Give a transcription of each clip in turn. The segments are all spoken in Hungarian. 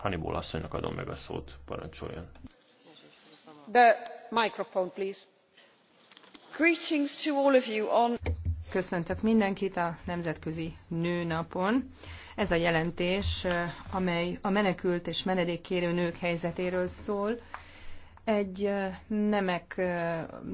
Hannibal asszonynak adom meg a szót, parancsoljon. The microphone, please. Greetings to all of you on... Köszöntök mindenkit a Nemzetközi Nőnapon. Ez a jelentés, eh, amely a menekült és menedékkérő nők helyzetéről szól, egy nemek,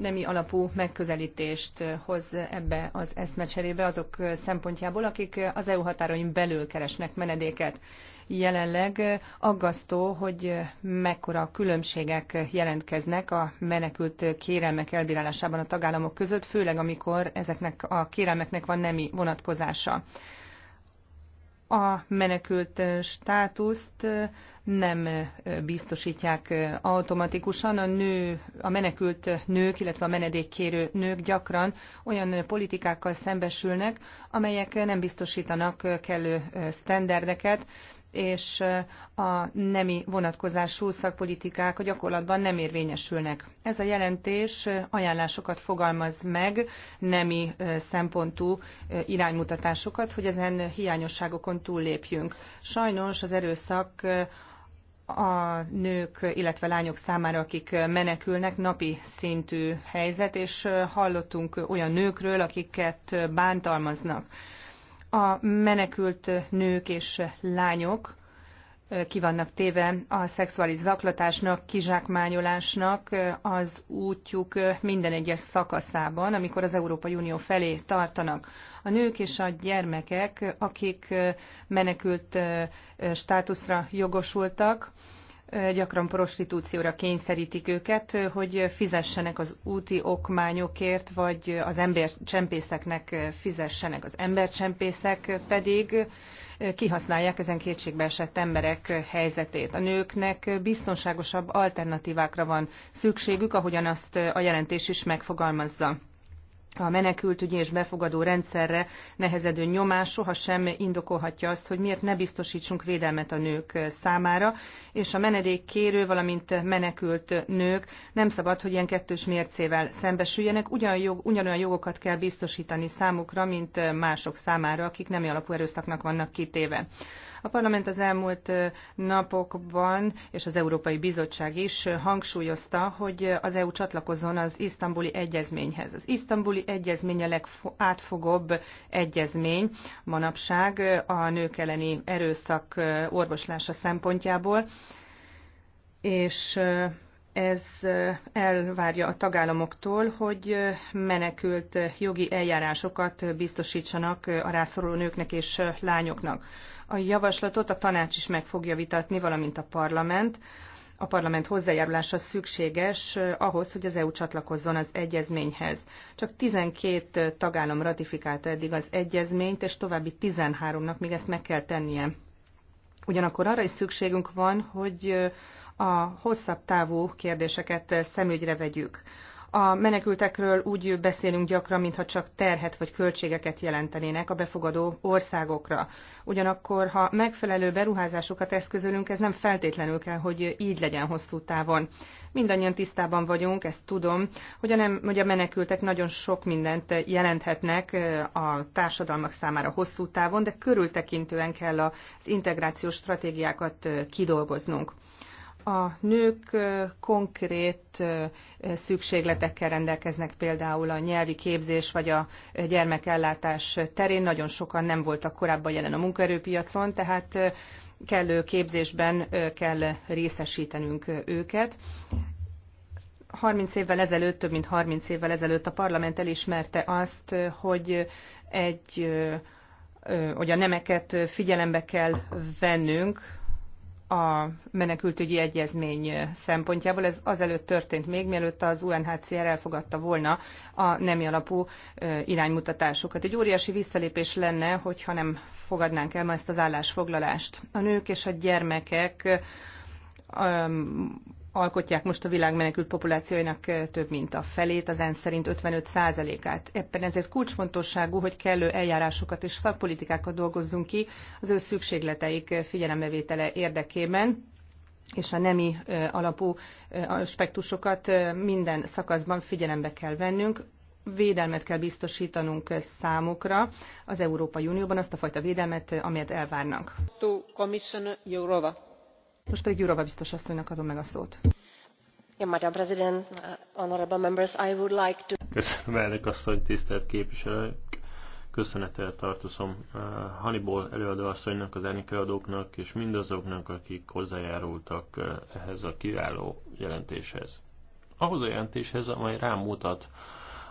nemi alapú megközelítést hoz ebbe az eszmecserébe azok szempontjából, akik az EU határain belül keresnek menedéket. Jelenleg aggasztó, hogy mekkora különbségek jelentkeznek a menekült kérelmek elbírálásában a tagállamok között, főleg amikor ezeknek a kérelmeknek van nemi vonatkozása a menekült státuszt nem biztosítják automatikusan. A, nő, a menekült nők, illetve a menedékkérő nők gyakran olyan politikákkal szembesülnek, amelyek nem biztosítanak kellő sztenderdeket, és a nemi vonatkozású szakpolitikák a gyakorlatban nem érvényesülnek. Ez a jelentés ajánlásokat fogalmaz meg, nemi szempontú iránymutatásokat, hogy ezen hiányosságokon túllépjünk. Sajnos az erőszak a nők, illetve lányok számára, akik menekülnek, napi szintű helyzet, és hallottunk olyan nőkről, akiket bántalmaznak a menekült nők és lányok ki vannak téve a szexuális zaklatásnak, kizsákmányolásnak az útjuk minden egyes szakaszában, amikor az Európai Unió felé tartanak. A nők és a gyermekek, akik menekült státuszra jogosultak, gyakran prostitúcióra kényszerítik őket, hogy fizessenek az úti okmányokért, vagy az embercsempészeknek fizessenek. Az embercsempészek pedig kihasználják ezen kétségbe esett emberek helyzetét. A nőknek biztonságosabb alternatívákra van szükségük, ahogyan azt a jelentés is megfogalmazza a menekültügyi és befogadó rendszerre nehezedő nyomás sohasem indokolhatja azt, hogy miért ne biztosítsunk védelmet a nők számára, és a menedékkérő, valamint menekült nők nem szabad, hogy ilyen kettős mércével szembesüljenek, Ugyan jog, ugyanolyan jogokat kell biztosítani számukra, mint mások számára, akik nem alapú erőszaknak vannak kitéve. A parlament az elmúlt napokban, és az Európai Bizottság is hangsúlyozta, hogy az EU csatlakozzon az isztambuli egyezményhez. Az isztambuli egyezmény a legátfogóbb egyezmény manapság a nők elleni erőszak orvoslása szempontjából, és ez elvárja a tagállamoktól, hogy menekült jogi eljárásokat biztosítsanak a rászoruló nőknek és lányoknak. A javaslatot a tanács is meg fogja vitatni, valamint a parlament. A parlament hozzájárulása szükséges eh, ahhoz, hogy az EU csatlakozzon az egyezményhez. Csak 12 eh, tagállam ratifikálta eddig az egyezményt, és további 13-nak még ezt meg kell tennie. Ugyanakkor arra is szükségünk van, hogy eh, a hosszabb távú kérdéseket szemügyre vegyük. A menekültekről úgy beszélünk gyakran, mintha csak terhet vagy költségeket jelentenének a befogadó országokra. Ugyanakkor, ha megfelelő beruházásokat eszközölünk, ez nem feltétlenül kell, hogy így legyen hosszú távon. Mindannyian tisztában vagyunk, ezt tudom, hogy a, nem, hogy a menekültek nagyon sok mindent jelenthetnek eh, a társadalmak számára hosszú távon, de körültekintően kell az integrációs stratégiákat eh, kidolgoznunk a nők konkrét szükségletekkel rendelkeznek, például a nyelvi képzés vagy a gyermekellátás terén. Nagyon sokan nem voltak korábban jelen a munkaerőpiacon, tehát kellő képzésben kell részesítenünk őket. 30 évvel ezelőtt, több mint 30 évvel ezelőtt a parlament elismerte azt, hogy egy hogy a nemeket figyelembe kell vennünk a menekültügyi egyezmény szempontjából. Ez azelőtt történt még, mielőtt az UNHCR elfogadta volna a nemi alapú iránymutatásokat. Egy óriási visszalépés lenne, hogyha nem fogadnánk el ma ezt az állásfoglalást. A nők és a gyermekek alkotják most a világ menekült populációinak több mint a felét, az ENSZ szerint 55%-át. Ebben ezért kulcsfontosságú, hogy kellő eljárásokat és szakpolitikákat dolgozzunk ki az ő szükségleteik figyelembevétele érdekében és a nemi alapú aspektusokat minden szakaszban figyelembe kell vennünk, védelmet kell biztosítanunk számukra az Európai Unióban, azt a fajta védelmet, amelyet elvárnak. To Commissioner Jourova most pedig Jurova biztos asszonynak adom meg a szót. Madam President, uh, honorable members, I would like to... Köszönöm, elnök asszony, tisztelt képviselők! Köszönettel tartozom uh, Hannibal előadóasszonynak, az elnök előadóknak és mindazoknak, akik hozzájárultak uh, ehhez a kiváló jelentéshez. Ahhoz a jelentéshez, amely rámutat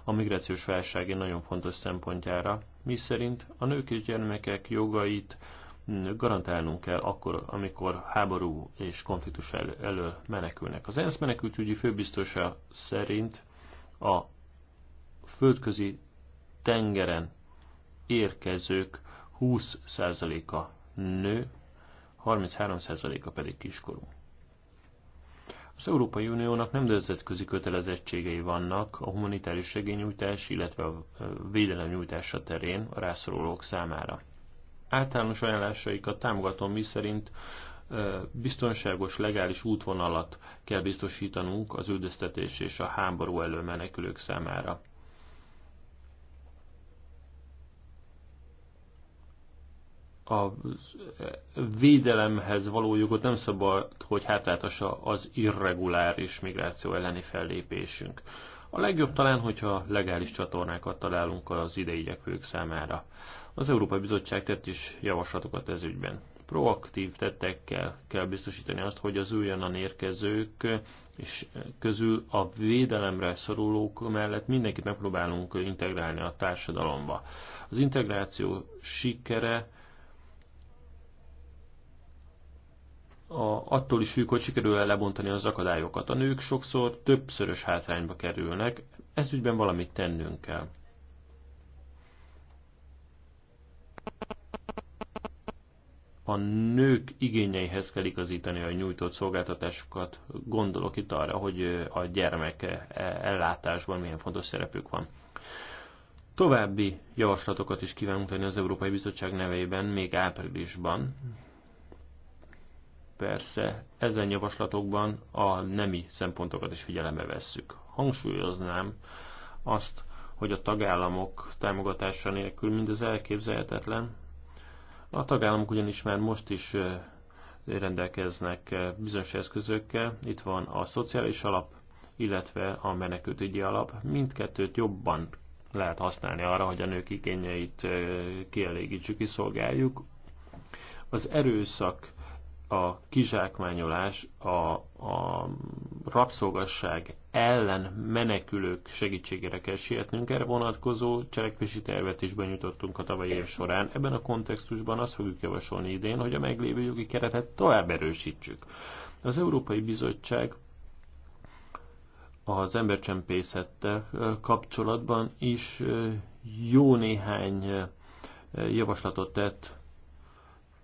a migrációs válság nagyon fontos szempontjára, miszerint a nők és gyermekek jogait, garantálnunk kell akkor, amikor háború és konfliktus elő elő menekülnek. Az ENSZ menekültügyi főbiztosa szerint a földközi tengeren érkezők 20%-a nő, 33%-a pedig kiskorú. Az Európai Uniónak nem nemzetközi kötelezettségei vannak a humanitárius segélynyújtás, illetve a védelemnyújtása terén a rászorulók számára. Általános ajánlásaikat támogatom, szerint biztonságos, legális útvonalat kell biztosítanunk az üldöztetés és a háború elől menekülők számára. a védelemhez való jogot nem szabad, hogy hátráltassa az irreguláris migráció elleni fellépésünk. A legjobb talán, hogyha legális csatornákat találunk az ideigyekvők számára. Az Európai Bizottság tett is javaslatokat ez ügyben. Proaktív tettekkel kell biztosítani azt, hogy az újonnan érkezők és közül a védelemre szorulók mellett mindenkit megpróbálunk integrálni a társadalomba. Az integráció sikere a, attól is függ, hogy sikerül-e lebontani az akadályokat. A nők sokszor többszörös hátrányba kerülnek, ez ügyben valamit tennünk kell. a nők igényeihez kell igazítani a nyújtott szolgáltatásokat. Gondolok itt arra, hogy a gyermek ellátásban milyen fontos szerepük van. További javaslatokat is kíván mutatni az Európai Bizottság nevében még áprilisban. Persze ezen javaslatokban a nemi szempontokat is figyelembe vesszük. Hangsúlyoznám azt, hogy a tagállamok támogatása nélkül mindez elképzelhetetlen, a tagállamok ugyanis már most is rendelkeznek bizonyos eszközökkel. Itt van a szociális alap, illetve a menekültügyi alap. Mindkettőt jobban lehet használni arra, hogy a nők igényeit kielégítsük, kiszolgáljuk. Az erőszak a kizsákmányolás, a, a rabszolgasság ellen menekülők segítségére kell sietnünk. Erre vonatkozó cselekvési tervet is benyújtottunk a tavalyi év során. Ebben a kontextusban azt fogjuk javasolni idén, hogy a meglévő jogi keretet tovább erősítsük. Az Európai Bizottság az embercsempészettel kapcsolatban is jó néhány javaslatot tett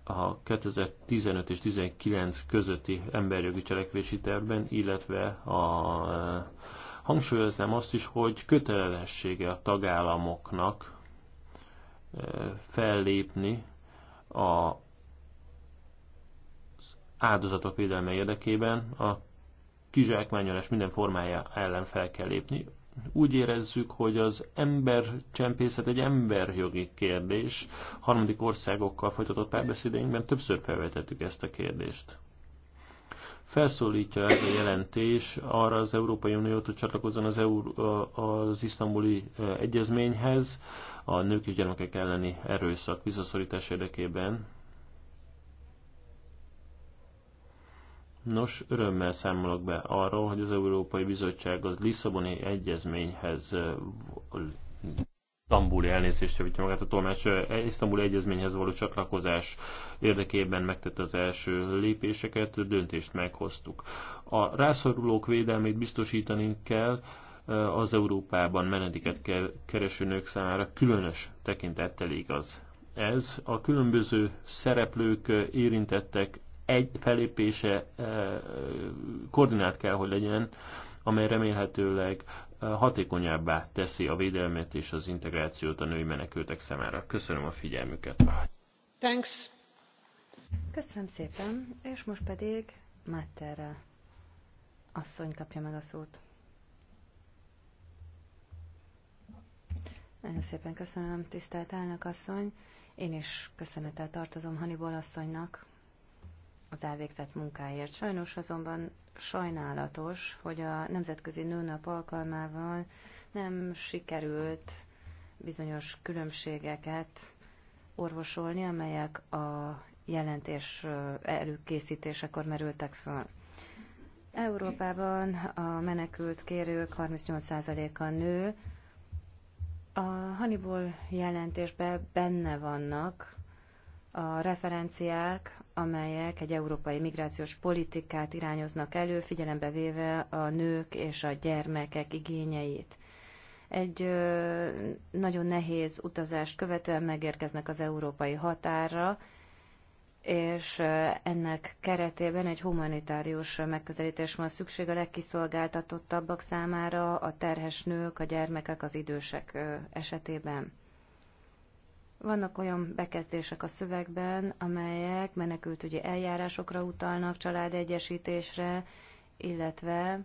a 2015 és 19 közötti emberjogi cselekvési tervben, illetve a, hangsúlyoznám azt is, hogy kötelessége a tagállamoknak e, fellépni a áldozatok védelme érdekében, a kizsákmányolás minden formája ellen fel kell lépni, úgy érezzük, hogy az embercsempészet egy emberjogi kérdés. Harmadik országokkal folytatott párbeszédeinkben többször felvetettük ezt a kérdést. Felszólítja ez a jelentés arra az Európai Uniót, hogy csatlakozzon az, Euró- az isztambuli egyezményhez a nők és gyermekek elleni erőszak visszaszorítás érdekében, Nos, örömmel számolok be arról, hogy az Európai Bizottság az Lisszaboni Egyezményhez, eh, Isztambuli elnézést javítja magát a tolmács, eh, Isztambuli Egyezményhez való csatlakozás érdekében megtett az első lépéseket, döntést meghoztuk. A rászorulók védelmét biztosítani kell, eh, az Európában menediket kereső nők számára különös tekintettel igaz. Ez a különböző szereplők érintettek egy felépése koordinát kell, hogy legyen, amely remélhetőleg hatékonyabbá teszi a védelmet és az integrációt a női menekültek számára. Köszönöm a figyelmüket. Thanks. Köszönöm szépen, és most pedig Máterre asszony kapja meg a szót. Nagyon szépen köszönöm, tisztelt elnök asszony. Én is köszönetel tartozom Hannibal asszonynak, az elvégzett munkáért. Sajnos azonban sajnálatos, hogy a Nemzetközi Nőnap alkalmával nem sikerült bizonyos különbségeket orvosolni, amelyek a jelentés előkészítésekor merültek föl. Európában a menekült kérők 38%-a nő. A Hannibal jelentésben benne vannak a referenciák, amelyek egy európai migrációs politikát irányoznak elő, figyelembe véve a nők és a gyermekek igényeit. Egy nagyon nehéz utazást követően megérkeznek az európai határra, és ennek keretében egy humanitárius megközelítés van szükség a legkiszolgáltatottabbak számára, a terhes nők, a gyermekek, az idősek esetében. Vannak olyan bekezdések a szövegben, amelyek menekültügyi eljárásokra utalnak, családegyesítésre, illetve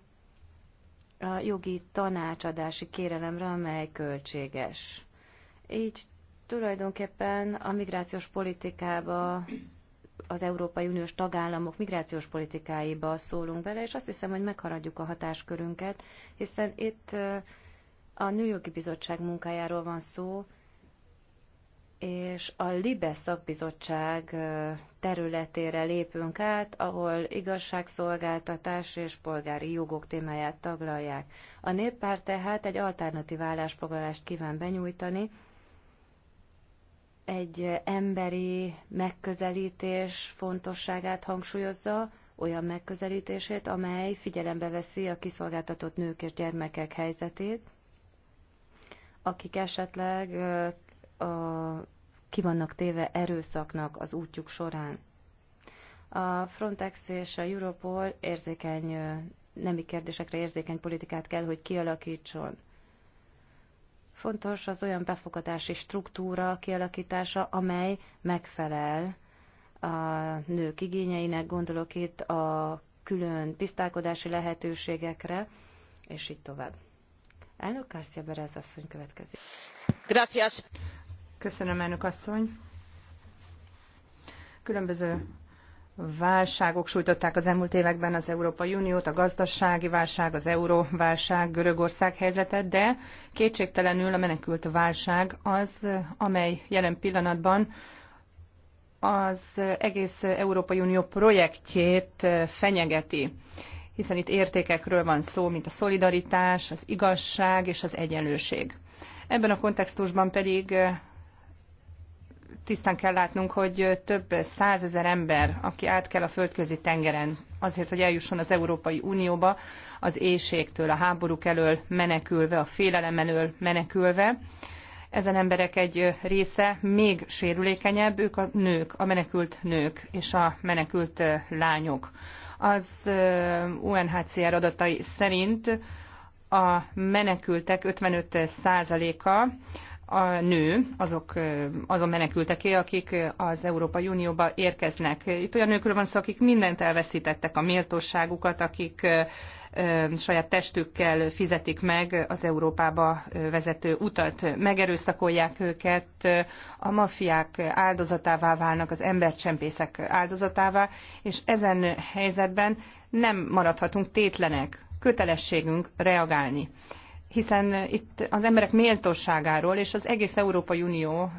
a jogi tanácsadási kérelemre, amely költséges. Így tulajdonképpen a migrációs politikába, az Európai Uniós tagállamok migrációs politikáiba szólunk bele, és azt hiszem, hogy megharadjuk a hatáskörünket, hiszen itt a Nőjogi Bizottság munkájáról van szó, és a LIBE szakbizottság területére lépünk át, ahol igazságszolgáltatás és polgári jogok témáját taglalják. A néppár tehát egy alternatív állásfoglalást kíván benyújtani, egy emberi megközelítés fontosságát hangsúlyozza, olyan megközelítését, amely figyelembe veszi a kiszolgáltatott nők és gyermekek helyzetét, akik esetleg a, ki vannak téve erőszaknak az útjuk során. A Frontex és a Europol érzékeny, nemi kérdésekre érzékeny politikát kell, hogy kialakítson. Fontos az olyan befogadási struktúra kialakítása, amely megfelel a nők igényeinek, gondolok itt a külön tisztálkodási lehetőségekre, és így tovább. Elnök Kárszia Berez asszony következik. Gracias. Köszönöm, elnök asszony. Különböző válságok sújtották az elmúlt években az Európai Uniót, a gazdasági válság, az euróválság, Görögország helyzetet, de kétségtelenül a menekült válság az, amely jelen pillanatban az egész Európai Unió projektjét fenyegeti hiszen itt értékekről van szó, mint a szolidaritás, az igazság és az egyenlőség. Ebben a kontextusban pedig tisztán kell látnunk, hogy több százezer ember, aki át kell a földközi tengeren azért, hogy eljusson az Európai Unióba, az éjségtől, a háborúk elől menekülve, a félelem elől menekülve. Ezen emberek egy része még sérülékenyebb, ők a nők, a menekült nők és a menekült lányok. Az UNHCR adatai szerint a menekültek 55%-a a nő azok, azon menekülteké, akik az Európai Unióba érkeznek. Itt olyan nőkről van szó, akik mindent elveszítettek, a méltóságukat, akik saját testükkel fizetik meg az Európába vezető utat. Megerőszakolják őket, a mafiák áldozatává válnak, az embercsempészek áldozatává, és ezen helyzetben nem maradhatunk tétlenek. Kötelességünk reagálni hiszen itt az emberek méltóságáról és az egész Európai Unió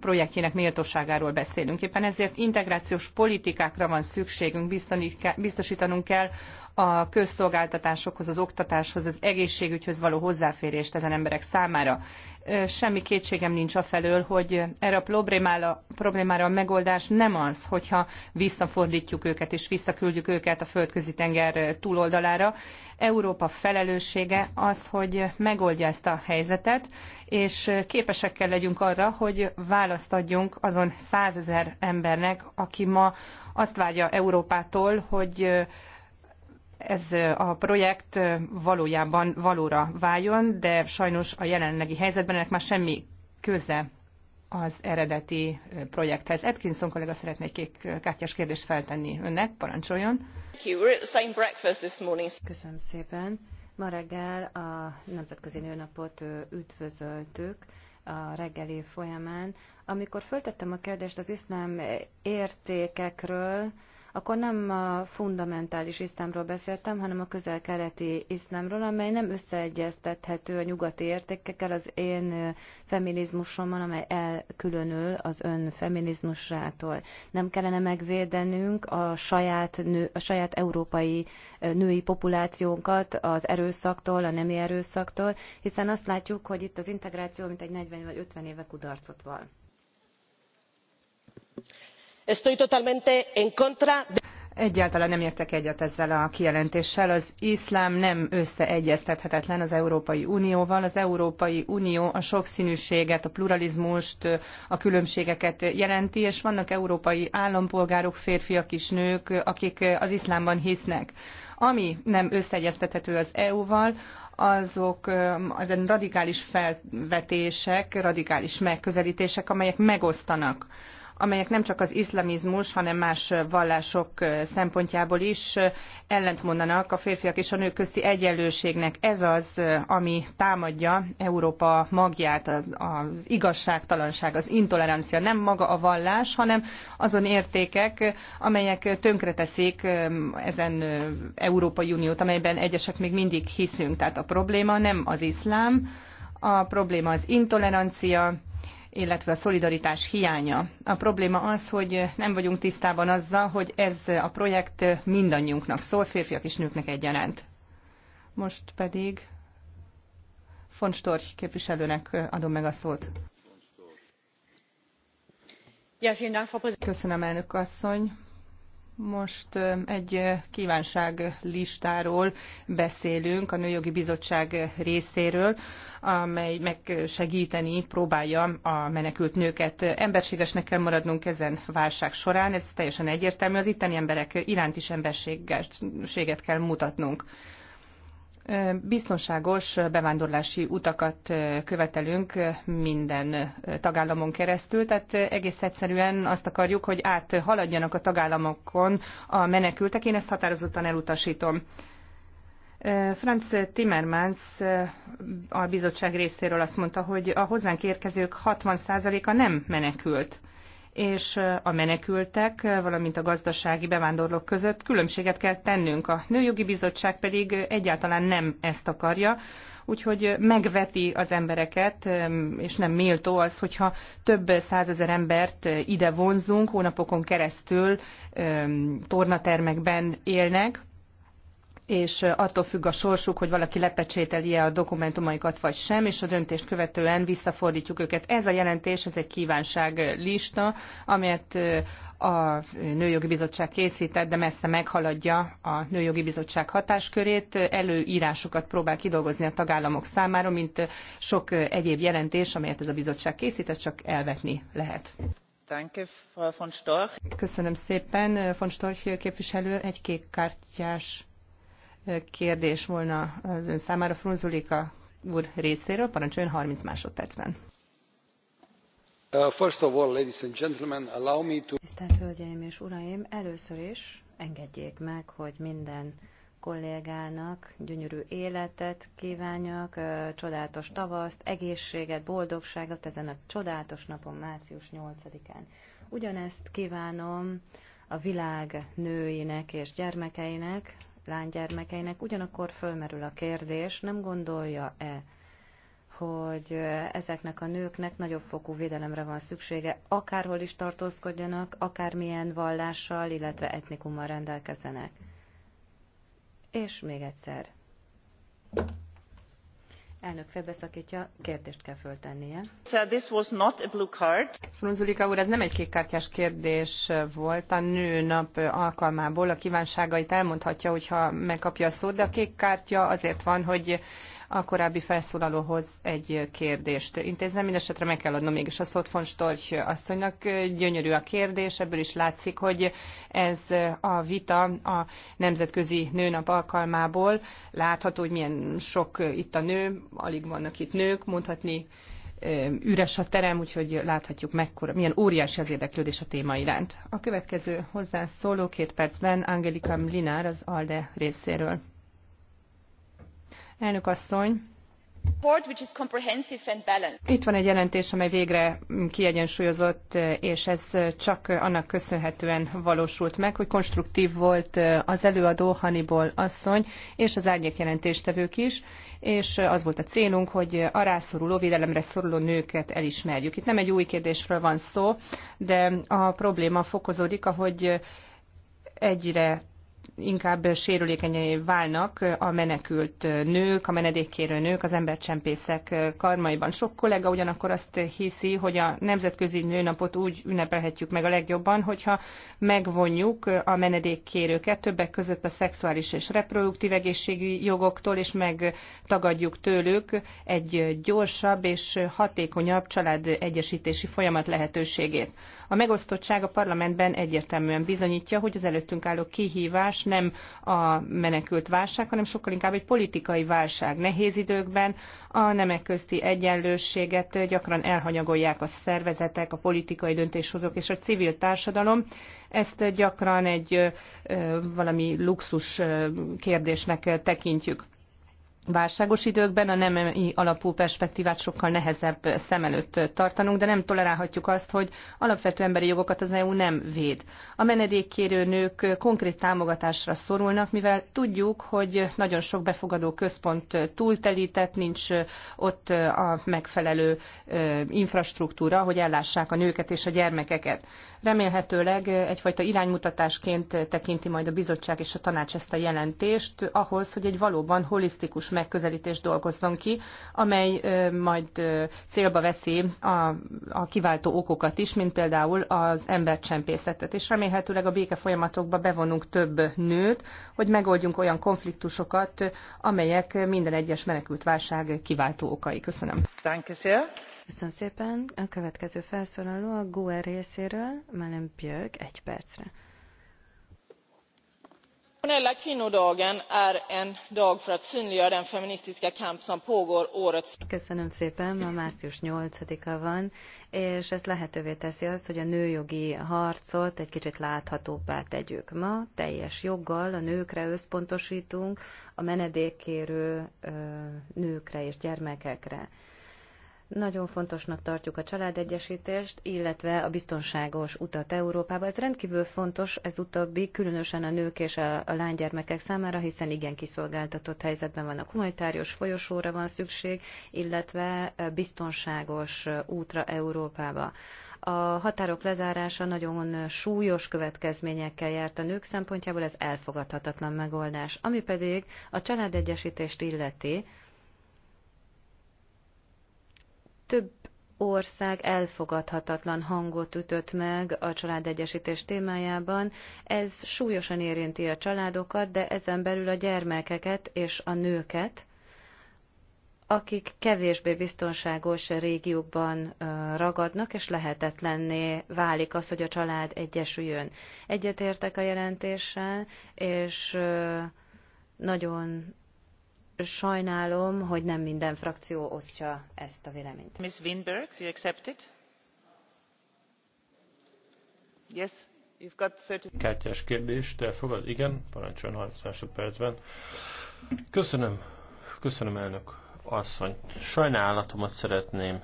projektjének méltóságáról beszélünk. Éppen ezért integrációs politikákra van szükségünk, biztosítanunk kell a közszolgáltatásokhoz, az oktatáshoz, az egészségügyhöz való hozzáférést ezen emberek számára. Semmi kétségem nincs a felől, hogy erre a problémára, problémára a megoldás nem az, hogyha visszafordítjuk őket és visszaküldjük őket a földközi tenger túloldalára. Európa felelőssége az, hogy megoldja ezt a helyzetet, és képesek kell legyünk arra, hogy választ adjunk azon százezer embernek, aki ma azt várja Európától, hogy ez a projekt valójában valóra váljon, de sajnos a jelenlegi helyzetben ennek már semmi köze az eredeti projekthez. Edkinson kollega szeretné egy kék kártyás kérdést feltenni önnek, parancsoljon. Köszönöm szépen. Ma reggel a Nemzetközi Nőnapot üdvözöltük a reggeli folyamán. Amikor föltettem a kérdést az iszlám értékekről, akkor nem a fundamentális iszlámról beszéltem, hanem a közel-keleti iszlámról, amely nem összeegyeztethető a nyugati értékekkel az én feminizmusommal, amely elkülönül az ön feminizmusától. Nem kellene megvédenünk a saját, nő, a saját európai női populációnkat az erőszaktól, a nemi erőszaktól, hiszen azt látjuk, hogy itt az integráció mint egy 40 vagy 50 éve kudarcot van egyáltalán nem értek egyet ezzel a kijelentéssel. Az iszlám nem összeegyeztethetetlen az Európai Unióval. Az Európai Unió a sokszínűséget, a pluralizmust, a különbségeket jelenti, és vannak európai állampolgárok, férfiak és nők, akik az iszlámban hisznek. Ami nem összeegyeztethető az EU-val, azok az eh, radikális felvetések, radikális megközelítések, amelyek megosztanak amelyek nem csak az iszlamizmus, hanem más vallások szempontjából is ellentmondanak a férfiak és a nők közti egyenlőségnek. Ez az, ami támadja Európa magját, az igazságtalanság, az intolerancia. Nem maga a vallás, hanem azon értékek, amelyek tönkreteszik ezen Európai Uniót, amelyben egyesek még mindig hiszünk. Tehát a probléma nem az iszlám, a probléma az intolerancia, illetve a szolidaritás hiánya. A probléma az, hogy nem vagyunk tisztában azzal, hogy ez a projekt mindannyiunknak szól, férfiak és nőknek egyaránt. Most pedig von Storch képviselőnek adom meg a szót. Köszönöm, elnök asszony most egy kívánság listáról beszélünk a Nőjogi Bizottság részéről, amely megsegíteni próbálja a menekült nőket. Emberségesnek kell maradnunk ezen válság során, ez teljesen egyértelmű, az itteni emberek iránt is emberséget kell mutatnunk biztonságos bevándorlási utakat követelünk minden tagállamon keresztül, tehát egész egyszerűen azt akarjuk, hogy áthaladjanak a tagállamokon a menekültek. Én ezt határozottan elutasítom. Franz Timmermans a bizottság részéről azt mondta, hogy a hozzánk érkezők 60%-a nem menekült és a menekültek, valamint a gazdasági bevándorlók között különbséget kell tennünk. A Nőjogi Bizottság pedig egyáltalán nem ezt akarja, úgyhogy megveti az embereket, és nem méltó az, hogyha több százezer embert ide vonzunk, hónapokon keresztül tornatermekben élnek, és attól függ a sorsuk, hogy valaki lepecsételi-e a dokumentumaikat vagy sem, és a döntést követően visszafordítjuk őket. Ez a jelentés, ez egy kívánság lista, amelyet a Nőjogi Bizottság készített, de messze meghaladja a Nőjogi Bizottság hatáskörét. Előírásokat próbál kidolgozni a tagállamok számára, mint sok egyéb jelentés, amelyet ez a bizottság készített, csak elvetni lehet. Köszönöm szépen, von Storch képviselő, egy kék kártyás kérdés volna az ön számára Frunzulika úr részéről. Parancsoljon 30 másodpercben. Uh, first of all, ladies and gentlemen, allow me to... Tisztelt Hölgyeim és Uraim, először is engedjék meg, hogy minden kollégának gyönyörű életet kívánjak, uh, csodálatos tavaszt, egészséget, boldogságot ezen a csodálatos napon, március 8-án. Ugyanezt kívánom a világ nőinek és gyermekeinek, lánygyermekeinek. Ugyanakkor fölmerül a kérdés, nem gondolja-e, hogy ezeknek a nőknek nagyobb fokú védelemre van szüksége, akárhol is tartózkodjanak, akármilyen vallással, illetve etnikummal rendelkezzenek. És még egyszer. Elnök felbeszakítja, kérdést kell föltennie. This was not a blue card. Frunzulika úr, ez nem egy kékkártyás kérdés volt. A nő nap alkalmából a kívánságait elmondhatja, hogyha megkapja a szót, de a kék kártya azért van, hogy a korábbi felszólalóhoz egy kérdést intézem. Mindenesetre meg kell adnom mégis a szót von Storch asszonynak. Gyönyörű a kérdés, ebből is látszik, hogy ez a vita a Nemzetközi Nőnap alkalmából látható, hogy milyen sok itt a nő, alig vannak itt nők, mondhatni üres a terem, úgyhogy láthatjuk, mekkora, milyen óriási az érdeklődés a téma iránt. A következő hozzászóló két percben Angelika Mlinár az ALDE részéről. Elnök asszony, itt van egy jelentés, amely végre kiegyensúlyozott, és ez csak annak köszönhetően valósult meg, hogy konstruktív volt az előadó Hannibal asszony, és az árnyék jelentéstevők is, és az volt a célunk, hogy a rászoruló, védelemre szoruló nőket elismerjük. Itt nem egy új kérdésről van szó, de a probléma fokozódik, ahogy egyre inkább sérülékenyé válnak a menekült nők, a menedékkérő nők, az embercsempészek karmaiban. Sok kollega ugyanakkor azt hiszi, hogy a nemzetközi nőnapot úgy ünnepelhetjük meg a legjobban, hogyha megvonjuk a menedékkérőket többek között a szexuális és reproduktív egészségügyi jogoktól, és megtagadjuk tőlük egy gyorsabb és hatékonyabb család egyesítési folyamat lehetőségét. A megosztottság a parlamentben egyértelműen bizonyítja, hogy az előttünk álló kihívás nem a menekült válság, hanem sokkal inkább egy politikai válság. Nehéz időkben a nemek közti egyenlősséget gyakran elhanyagolják a szervezetek, a politikai döntéshozók és a civil társadalom. Ezt gyakran egy valami luxus kérdésnek tekintjük válságos időkben a nemi alapú perspektívát sokkal nehezebb szem előtt tartanunk, de nem tolerálhatjuk azt, hogy alapvető emberi jogokat az EU nem véd. A menedékkérő nők konkrét támogatásra szorulnak, mivel tudjuk, hogy nagyon sok befogadó központ túltelített, nincs ott a megfelelő infrastruktúra, hogy ellássák a nőket és a gyermekeket. Remélhetőleg egyfajta iránymutatásként tekinti majd a bizottság és a tanács ezt a jelentést ahhoz, hogy egy valóban holisztikus megközelítést dolgozzon ki, amely majd célba veszi a, a kiváltó okokat is, mint például az embercsempészetet. És remélhetőleg a béke folyamatokba bevonunk több nőt, hogy megoldjunk olyan konfliktusokat, amelyek minden egyes menekült válság kiváltó okai. Köszönöm. Köszönöm szépen. A következő felszólaló a GUE részéről, Melen Björk, egy percre herr internationella kvinnodagen är en dag för att synliggöra den feministiska kamp som pågår årets. köszönöm szépen ma március 8 a van és ez lehetővé teszi azt hogy a nőjogi harcot egy kicsit láthatóbbá tegyük. ma teljes joggal a nőkre összpontosítunk, a menedékkérő nőkre és gyermekekre. Nagyon fontosnak tartjuk a családegyesítést, illetve a biztonságos utat Európába. Ez rendkívül fontos, ez utóbbi, különösen a nők és a, a lánygyermekek számára, hiszen igen kiszolgáltatott helyzetben vannak. Humanitárius folyosóra van szükség, illetve biztonságos útra Európába. A határok lezárása nagyon súlyos következményekkel járt a nők szempontjából, ez elfogadhatatlan megoldás. Ami pedig a családegyesítést illeti, több ország elfogadhatatlan hangot ütött meg a családegyesítés témájában. Ez súlyosan érinti a családokat, de ezen belül a gyermekeket és a nőket, akik kevésbé biztonságos régiókban ragadnak, és lehetetlenné válik az, hogy a család egyesüljön. Egyetértek a jelentéssel, és nagyon sajnálom, hogy nem minden frakció osztja ezt a véleményt. Ms. Winberg, do you accept it? Yes, you've got 30... Kártyás te fogad? Igen, parancsoljon 30 másodpercben. Köszönöm, köszönöm elnök asszony. Sajnálatomat szeretném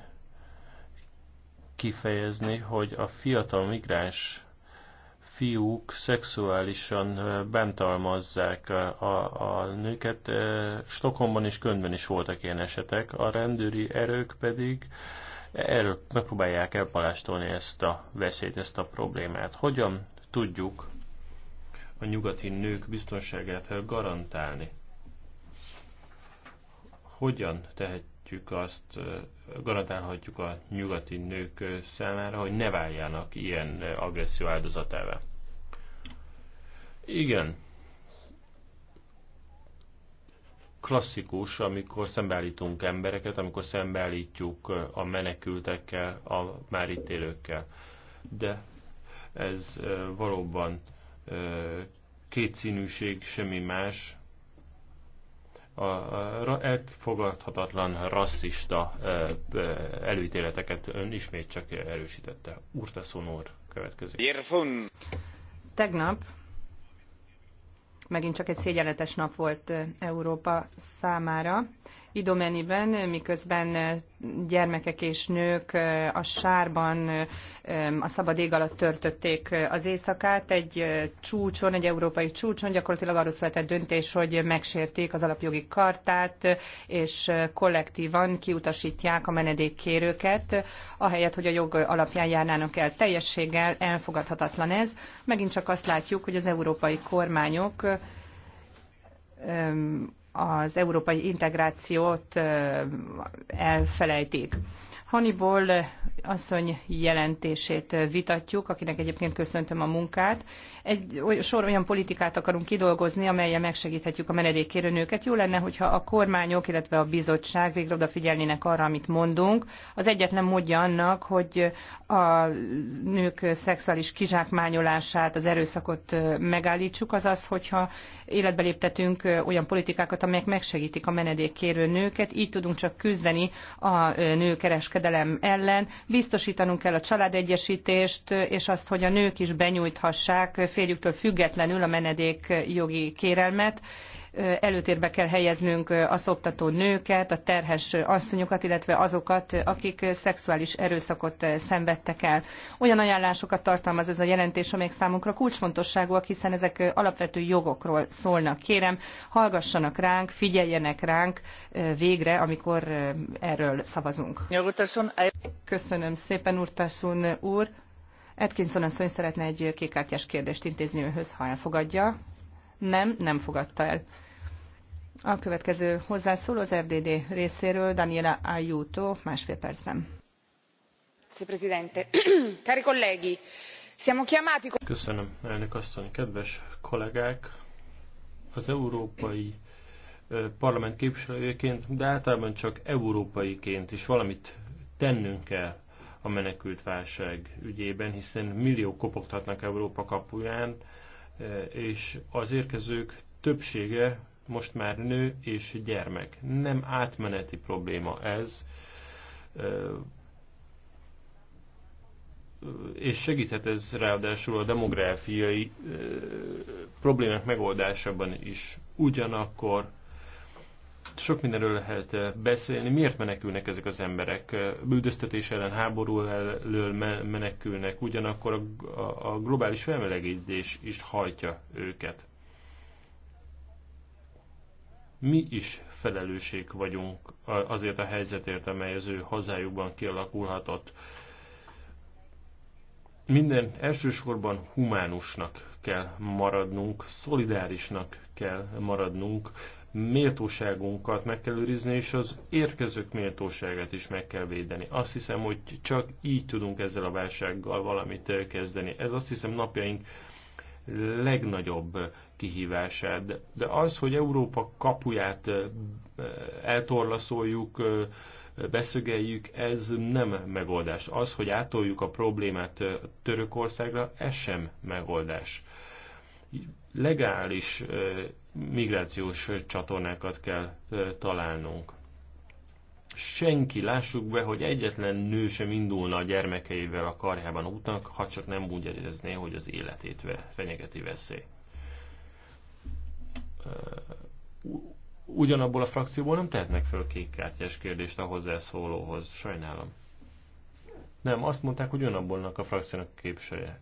kifejezni, hogy a fiatal migráns fiúk szexuálisan bántalmazzák a, a nőket. Stokholmban és Könyvben is voltak ilyen esetek, a rendőri erők pedig erről megpróbálják elpalástolni ezt a veszélyt, ezt a problémát. Hogyan tudjuk a nyugati nők biztonságát garantálni? Hogyan tehet, garantálhatjuk azt, garantálhatjuk a nyugati nők számára, hogy ne váljanak ilyen agresszió áldozatává. Igen, klasszikus, amikor szembeállítunk embereket, amikor szembeállítjuk a menekültekkel, a már itt élőkkel. De ez valóban kétszínűség, semmi más, a elfogadhatatlan rasszista előítéleteket ön ismét csak erősítette. Urta úr következik. Tegnap megint csak egy szégyenletes nap volt Európa számára idomeniben, miközben gyermekek és nők a sárban a szabad ég alatt törtötték az éjszakát. Egy csúcson, egy európai csúcson gyakorlatilag arról született döntés, hogy megsérték az alapjogi kartát, és kollektívan kiutasítják a menedékkérőket, ahelyett, hogy a jog alapján járnának el teljességgel, elfogadhatatlan ez. Megint csak azt látjuk, hogy az európai kormányok az európai integrációt elfelejtik. Hannibal asszony jelentését vitatjuk, akinek egyébként köszöntöm a munkát. Egy sor olyan politikát akarunk kidolgozni, amelyen megsegíthetjük a menedékkérőnőket. Jó lenne, hogyha a kormányok, illetve a bizottság végre odafigyelnének arra, amit mondunk. Az egyetlen módja annak, hogy a nők szexuális kizsákmányolását, az erőszakot megállítsuk, az az, hogyha életbe léptetünk olyan politikákat, amelyek megsegítik a menedékkérő nőket, így tudunk csak küzdeni a nőkereskedelmet kereskedelem ellen. Biztosítanunk kell a családegyesítést, és azt, hogy a nők is benyújthassák férjüktől függetlenül a menedékjogi kérelmet, előtérbe kell helyeznünk a szoptató nőket, a terhes asszonyokat, illetve azokat, akik szexuális erőszakot szenvedtek el. Olyan ajánlásokat tartalmaz ez a jelentés, amelyek számunkra kulcsfontosságúak, hiszen ezek alapvető jogokról szólnak. Kérem, hallgassanak ránk, figyeljenek ránk végre, amikor erről szavazunk. Köszönöm szépen, Urtasun úr. Edkinson asszony szeretne egy kékkártyás kérdést intézni önhöz, ha elfogadja. Nem, nem fogadta el. A következő hozzászóló az FDD részéről Daniela Ayuto, másfél percben. Köszönöm, elnök asszony, kedves kollégák! Az európai parlament képviselőjeként, de általában csak európaiként is valamit tennünk kell a menekült válság ügyében, hiszen milliók kopogtatnak Európa kapuján, és az érkezők többsége most már nő és gyermek. Nem átmeneti probléma ez, és segíthet ez ráadásul a demográfiai problémák megoldásában is. Ugyanakkor sok mindenről lehet beszélni. Miért menekülnek ezek az emberek? Bűdöztetés ellen, háború elől menekülnek, ugyanakkor a, globális felmelegítés is hajtja őket mi is felelősség vagyunk azért a helyzetért, amely az ő hazájukban kialakulhatott. Minden elsősorban humánusnak kell maradnunk, szolidárisnak kell maradnunk, méltóságunkat meg kell őrizni, és az érkezők méltóságát is meg kell védeni. Azt hiszem, hogy csak így tudunk ezzel a válsággal valamit kezdeni. Ez azt hiszem napjaink legnagyobb kihívását. De az, hogy Európa kapuját eltorlaszoljuk, beszögeljük, ez nem megoldás. Az, hogy átoljuk a problémát Törökországra, ez sem megoldás. Legális migrációs csatornákat kell találnunk. Senki, lássuk be, hogy egyetlen nő sem indulna a gyermekeivel a karjában útnak, ha csak nem úgy érezné, hogy az életét fenyegeti veszély ugyanabból a frakcióból nem tehetnek föl kékkártyás kérdést a hozzászólóhoz. Sajnálom. Nem, azt mondták, hogy önabbólnak a frakciónak a képviselője.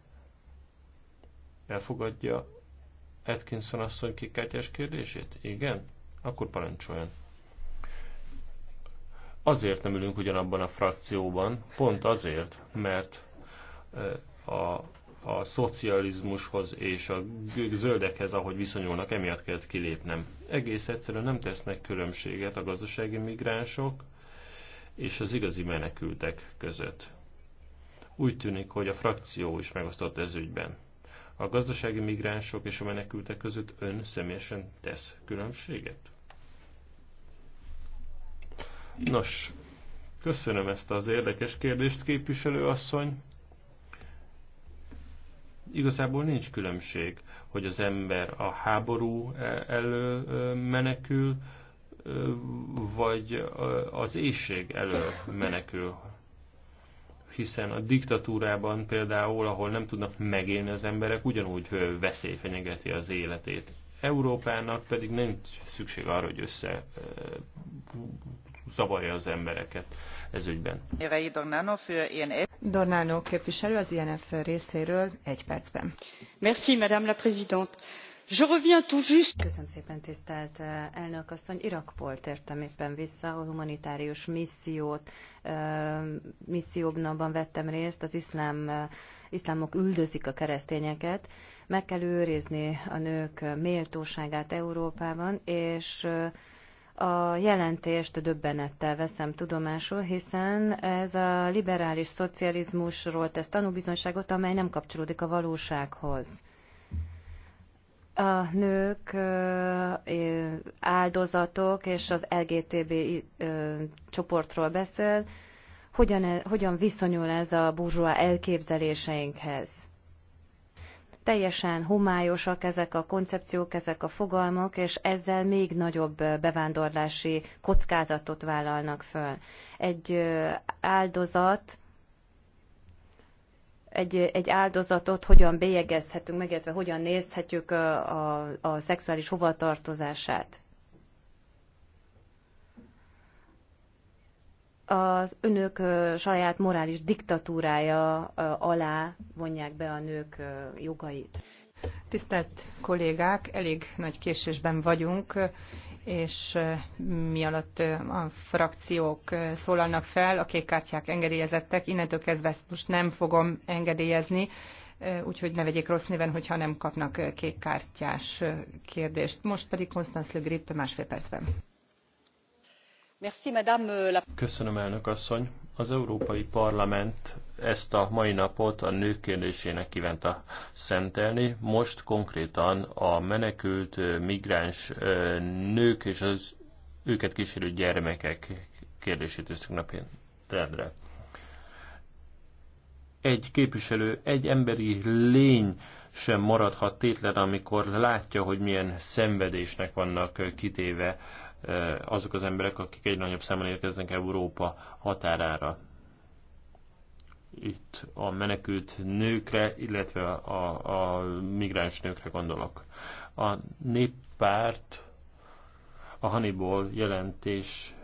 Elfogadja Atkinson asszony kékkártyás kérdését? Igen? Akkor parancsoljon. Azért nem ülünk ugyanabban a frakcióban, pont azért, mert a a szocializmushoz és a zöldekhez, ahogy viszonyulnak, emiatt kellett kilépnem. Egész egyszerűen nem tesznek különbséget a gazdasági migránsok és az igazi menekültek között. Úgy tűnik, hogy a frakció is megosztott ez ügyben. A gazdasági migránsok és a menekültek között ön személyesen tesz különbséget? Nos, köszönöm ezt az érdekes kérdést, képviselő asszony. Igazából nincs különbség, hogy az ember a háború e, elő e, menekül, e, vagy az éjség elő menekül. Hiszen a diktatúrában például, ahol nem tudnak megélni az emberek, ugyanúgy veszély fenyegeti az életét. Európának pedig nem szükség arra, hogy össze zavarja az embereket ez ügyben. Dornano képviselő az INF részéről egy percben. Merci, Madame la Présidente. Je reviens tout juste. Köszönöm szépen, tisztelt eh, elnök asszony. Irakból tértem éppen vissza, a humanitárius missziót, eh, misszióban vettem részt, az iszlám, eh, iszlámok üldözik a keresztényeket. Meg kell őrizni a nők méltóságát Európában, és a jelentést döbbenettel veszem tudomásul, hiszen ez a liberális szocializmusról tesz tanúbizonyságot, amely nem kapcsolódik a valósághoz. A nők áldozatok és az LGTB csoportról beszél. Hogyan, e, hogyan viszonyul ez a burzsóa elképzeléseinkhez? Teljesen homályosak ezek a koncepciók, ezek a fogalmak, és ezzel még nagyobb bevándorlási kockázatot vállalnak föl. Egy áldozat, egy, egy áldozatot hogyan bélyegezhetünk meg, illetve hogyan nézhetjük a, a, a szexuális hovatartozását. az önök saját morális diktatúrája alá vonják be a nők jogait. Tisztelt kollégák, elég nagy késésben vagyunk, és mi alatt a frakciók szólalnak fel, a kék kártyák engedélyezettek, innentől kezdve ezt most nem fogom engedélyezni, úgyhogy ne vegyék rossz néven, hogyha nem kapnak kék kártyás kérdést. Most pedig Konstanz Le Grip másfél percben. Euh, Köszönöm, elnök asszony. Az Európai Parlament ezt a mai napot a nők kérdésének kívánta szentelni. Most konkrétan a menekült, migráns nők és az őket kísérő gyermekek kérdését tűztük napján rendre. Egy képviselő, egy emberi lény sem maradhat tétlen, amikor látja, hogy milyen szenvedésnek vannak kitéve Eh, azok az emberek, akik egy nagyobb számon érkeznek Európa határára. Itt a menekült nőkre, illetve a, a migráns nőkre gondolok. A néppárt a Hannibal jelentés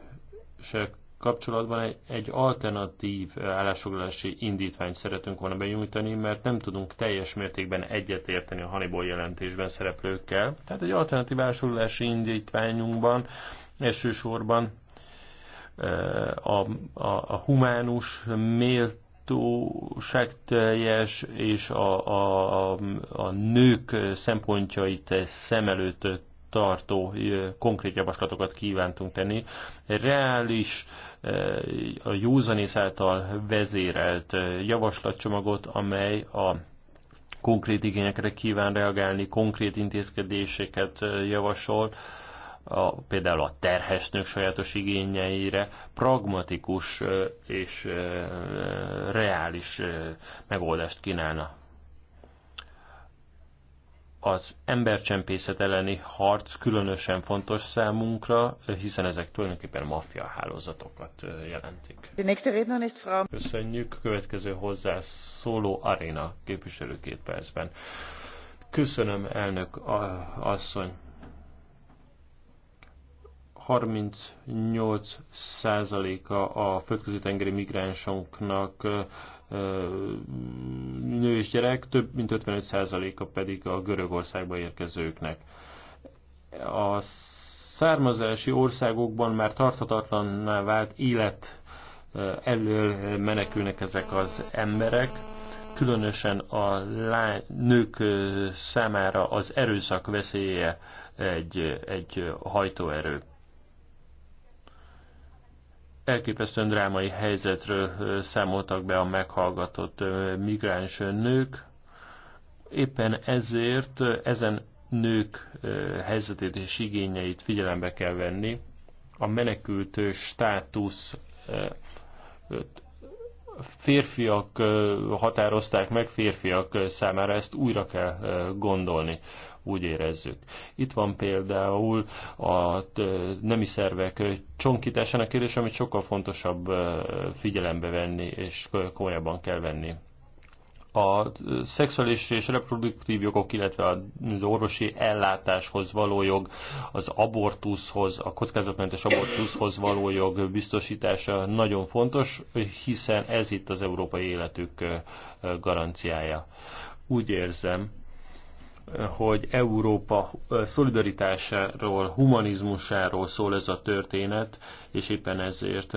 kapcsolatban egy, egy alternatív állásfoglalási indítványt szeretünk volna benyújtani, mert nem tudunk teljes mértékben egyetérteni a Hannibal jelentésben szereplőkkel. Tehát egy alternatív állásfoglalási indítványunkban elsősorban a, a, a humánus, méltóságteljes és a, a, a nők szempontjait szem előtt tartó konkrét javaslatokat kívántunk tenni. Reális, a józanész által vezérelt javaslatcsomagot, amely a konkrét igényekre kíván reagálni, konkrét intézkedéseket javasol, a, például a terhesnők sajátos igényeire pragmatikus és reális megoldást kínálna az embercsempészet elleni harc különösen fontos számunkra, hiszen ezek tulajdonképpen maffia hálózatokat jelentik. Köszönjük. Következő hozzászóló Arena képviselő két percben. Köszönöm, elnök asszony. 38%-a a, a földközi-tengeri migránsoknak nő és gyerek, több mint 55%-a pedig a Görögországba érkezőknek. A származási országokban már tarthatatlanná vált élet elől menekülnek ezek az emberek, különösen a nők számára az erőszak veszélye egy, egy hajtóerő. Elképesztően drámai helyzetről számoltak be a meghallgatott migráns nők. Éppen ezért ezen nők helyzetét és igényeit figyelembe kell venni. A menekült státusz férfiak határozták meg, férfiak számára ezt újra kell gondolni úgy érezzük. Itt van például a nemi szervek csonkításának kérdés, amit sokkal fontosabb figyelembe venni, és komolyabban kell venni a szexuális és reproduktív jogok, illetve az orvosi ellátáshoz való jog, az abortuszhoz, a kockázatmentes abortuszhoz való jog biztosítása nagyon fontos, hiszen ez itt az európai életük garanciája. Úgy érzem, hogy Európa szolidaritásáról, humanizmusáról szól ez a történet, és éppen ezért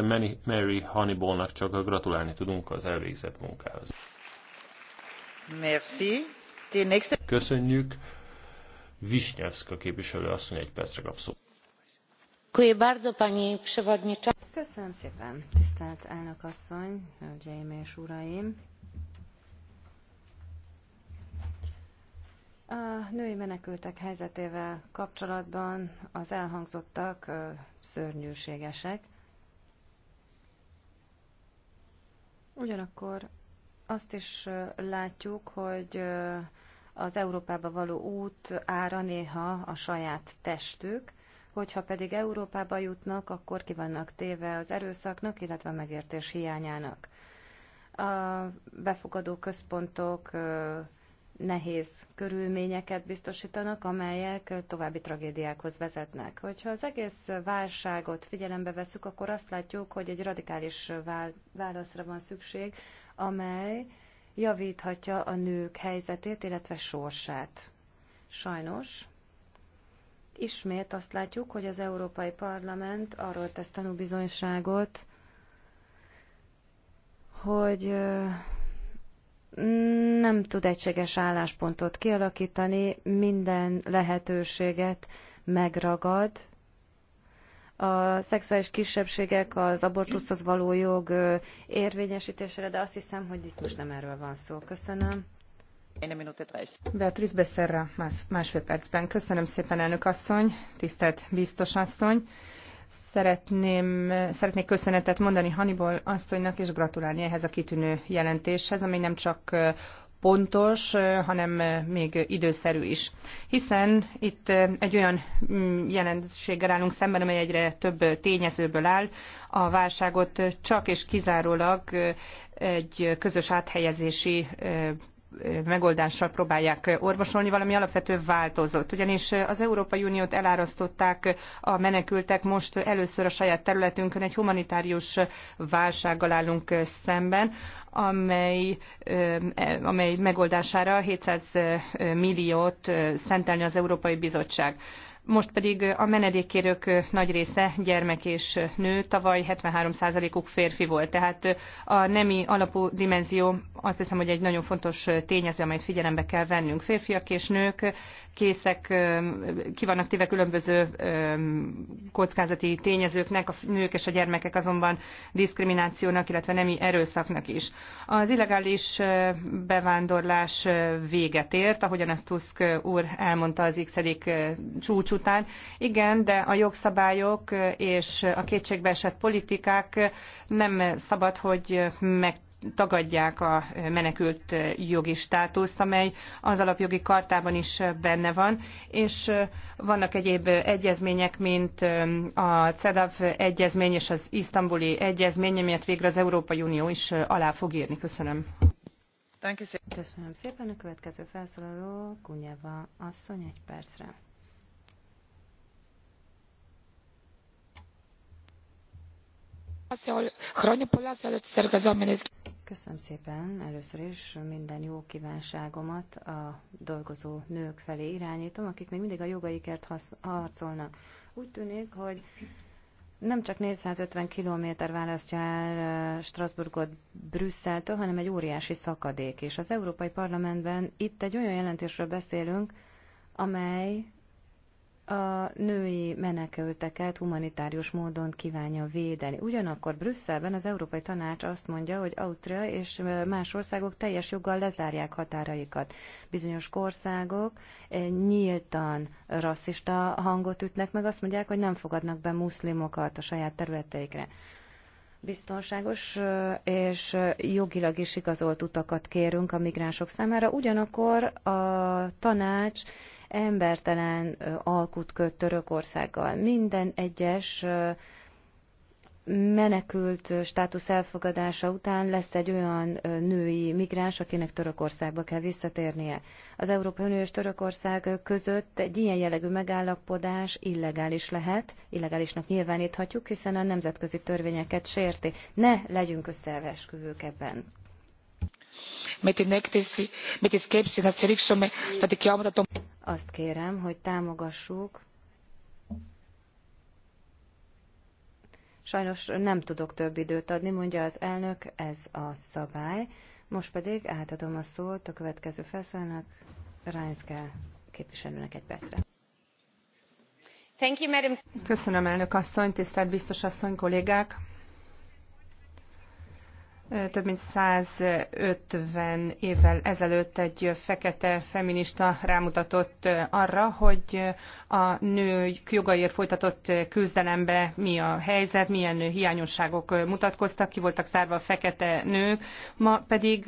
Mary Hannibalnak csak gratulálni tudunk az elvégzett munkához. Merci. Köszönjük. Visnyevska képviselő asszony egy percre kap szó. Köszönöm szépen, tisztelt elnök asszony, hölgyeim és uraim! A női menekültek helyzetével kapcsolatban az elhangzottak szörnyűségesek. Ugyanakkor azt is látjuk, hogy az Európába való út ára néha a saját testük, hogyha pedig Európába jutnak, akkor ki vannak téve az erőszaknak, illetve a megértés hiányának. A befogadó központok nehéz körülményeket biztosítanak, amelyek további tragédiákhoz vezetnek. Hogyha az egész válságot figyelembe veszük, akkor azt látjuk, hogy egy radikális válaszra van szükség, amely javíthatja a nők helyzetét, illetve sorsát. Sajnos ismét azt látjuk, hogy az Európai Parlament arról tesz tanúbizonyságot, hogy nem tud egységes álláspontot kialakítani, minden lehetőséget megragad. A szexuális kisebbségek az abortuszhoz való jog érvényesítésére, de azt hiszem, hogy itt most nem erről van szó. Köszönöm. Beatriz Becerra más, másfél percben. Köszönöm szépen, elnök asszony, tisztelt biztos asszony. Szeretném, szeretnék köszönetet mondani Hannibal asszonynak, és gratulálni ehhez a kitűnő jelentéshez, ami nem csak pontos, hanem még időszerű is. Hiszen itt egy olyan mm, jelenséggel állunk szemben, amely egyre több tényezőből áll. A válságot csak és kizárólag egy közös áthelyezési megoldással próbálják orvosolni, valami alapvető változott. Ugyanis az Európai Uniót elárasztották a menekültek, most először a saját területünkön egy humanitárius válsággal állunk szemben, amely, amely megoldására 700 milliót szentelni az Európai Bizottság. Most pedig a menedékkérők nagy része gyermek és nő, tavaly 73%-uk férfi volt. Tehát a nemi alapú dimenzió azt hiszem, hogy egy nagyon fontos tényező, amelyet figyelembe kell vennünk. Férfiak és nők készek, ki vannak téve különböző kockázati tényezőknek, a nők és a gyermekek azonban diszkriminációnak, illetve nemi erőszaknak is. Az illegális bevándorlás véget ért, ahogyan ezt Tusk úr elmondta az x csúcs után. Igen, de a jogszabályok és a kétségbeesett politikák nem szabad, hogy meg tagadják a menekült jogi státuszt, amely az alapjogi kartában is benne van, és vannak egyéb egyezmények, mint a CEDAV egyezmény és az isztambuli egyezmény, amelyet végre az Európai Unió is alá fog írni. Köszönöm. Köszönöm szépen. A következő felszólaló Kunyeva asszony egy percre. Köszönöm szépen. Először is minden jó kívánságomat a dolgozó nők felé irányítom, akik még mindig a jogaikért harcolnak. Úgy tűnik, hogy nem csak 450 kilométer választja el Strasbourgot Brüsszeltől, hanem egy óriási szakadék. És az Európai Parlamentben itt egy olyan jelentésről beszélünk, amely a női menekülteket humanitárius módon kívánja védeni. Ugyanakkor Brüsszelben az Európai Tanács azt mondja, hogy Ausztria és más országok teljes joggal lezárják határaikat. Bizonyos országok nyíltan rasszista hangot ütnek meg, azt mondják, hogy nem fogadnak be muszlimokat a saját területeikre biztonságos és jogilag is igazolt utakat kérünk a migránsok számára. Ugyanakkor a tanács embertelen alkut köt Törökországgal. Minden egyes menekült státusz elfogadása után lesz egy olyan női migráns, akinek Törökországba kell visszatérnie. Az Európai Unió és Törökország között egy ilyen jellegű megállapodás illegális lehet, illegálisnak nyilváníthatjuk, hiszen a nemzetközi törvényeket sérti. Ne legyünk összeesküvők ebben με την, έκθεση, με τη σκέψη να στηρίξουμε τα δικαιώματα των... Azt kérem, hogy támogassuk. Sajnos nem tudok több időt adni, mondja az elnök, ez a szabály. Most pedig átadom a szót a következő felszólalnak, Reinszke képviselőnek egy percre. Thank you, madam. Köszönöm, elnök asszony, tisztelt biztos asszony, kollégák! több mint 150 évvel ezelőtt egy fekete feminista rámutatott arra, hogy a nők jogaiért folytatott küzdelembe mi a helyzet, milyen hiányosságok mutatkoztak, ki voltak zárva a fekete nők. Ma pedig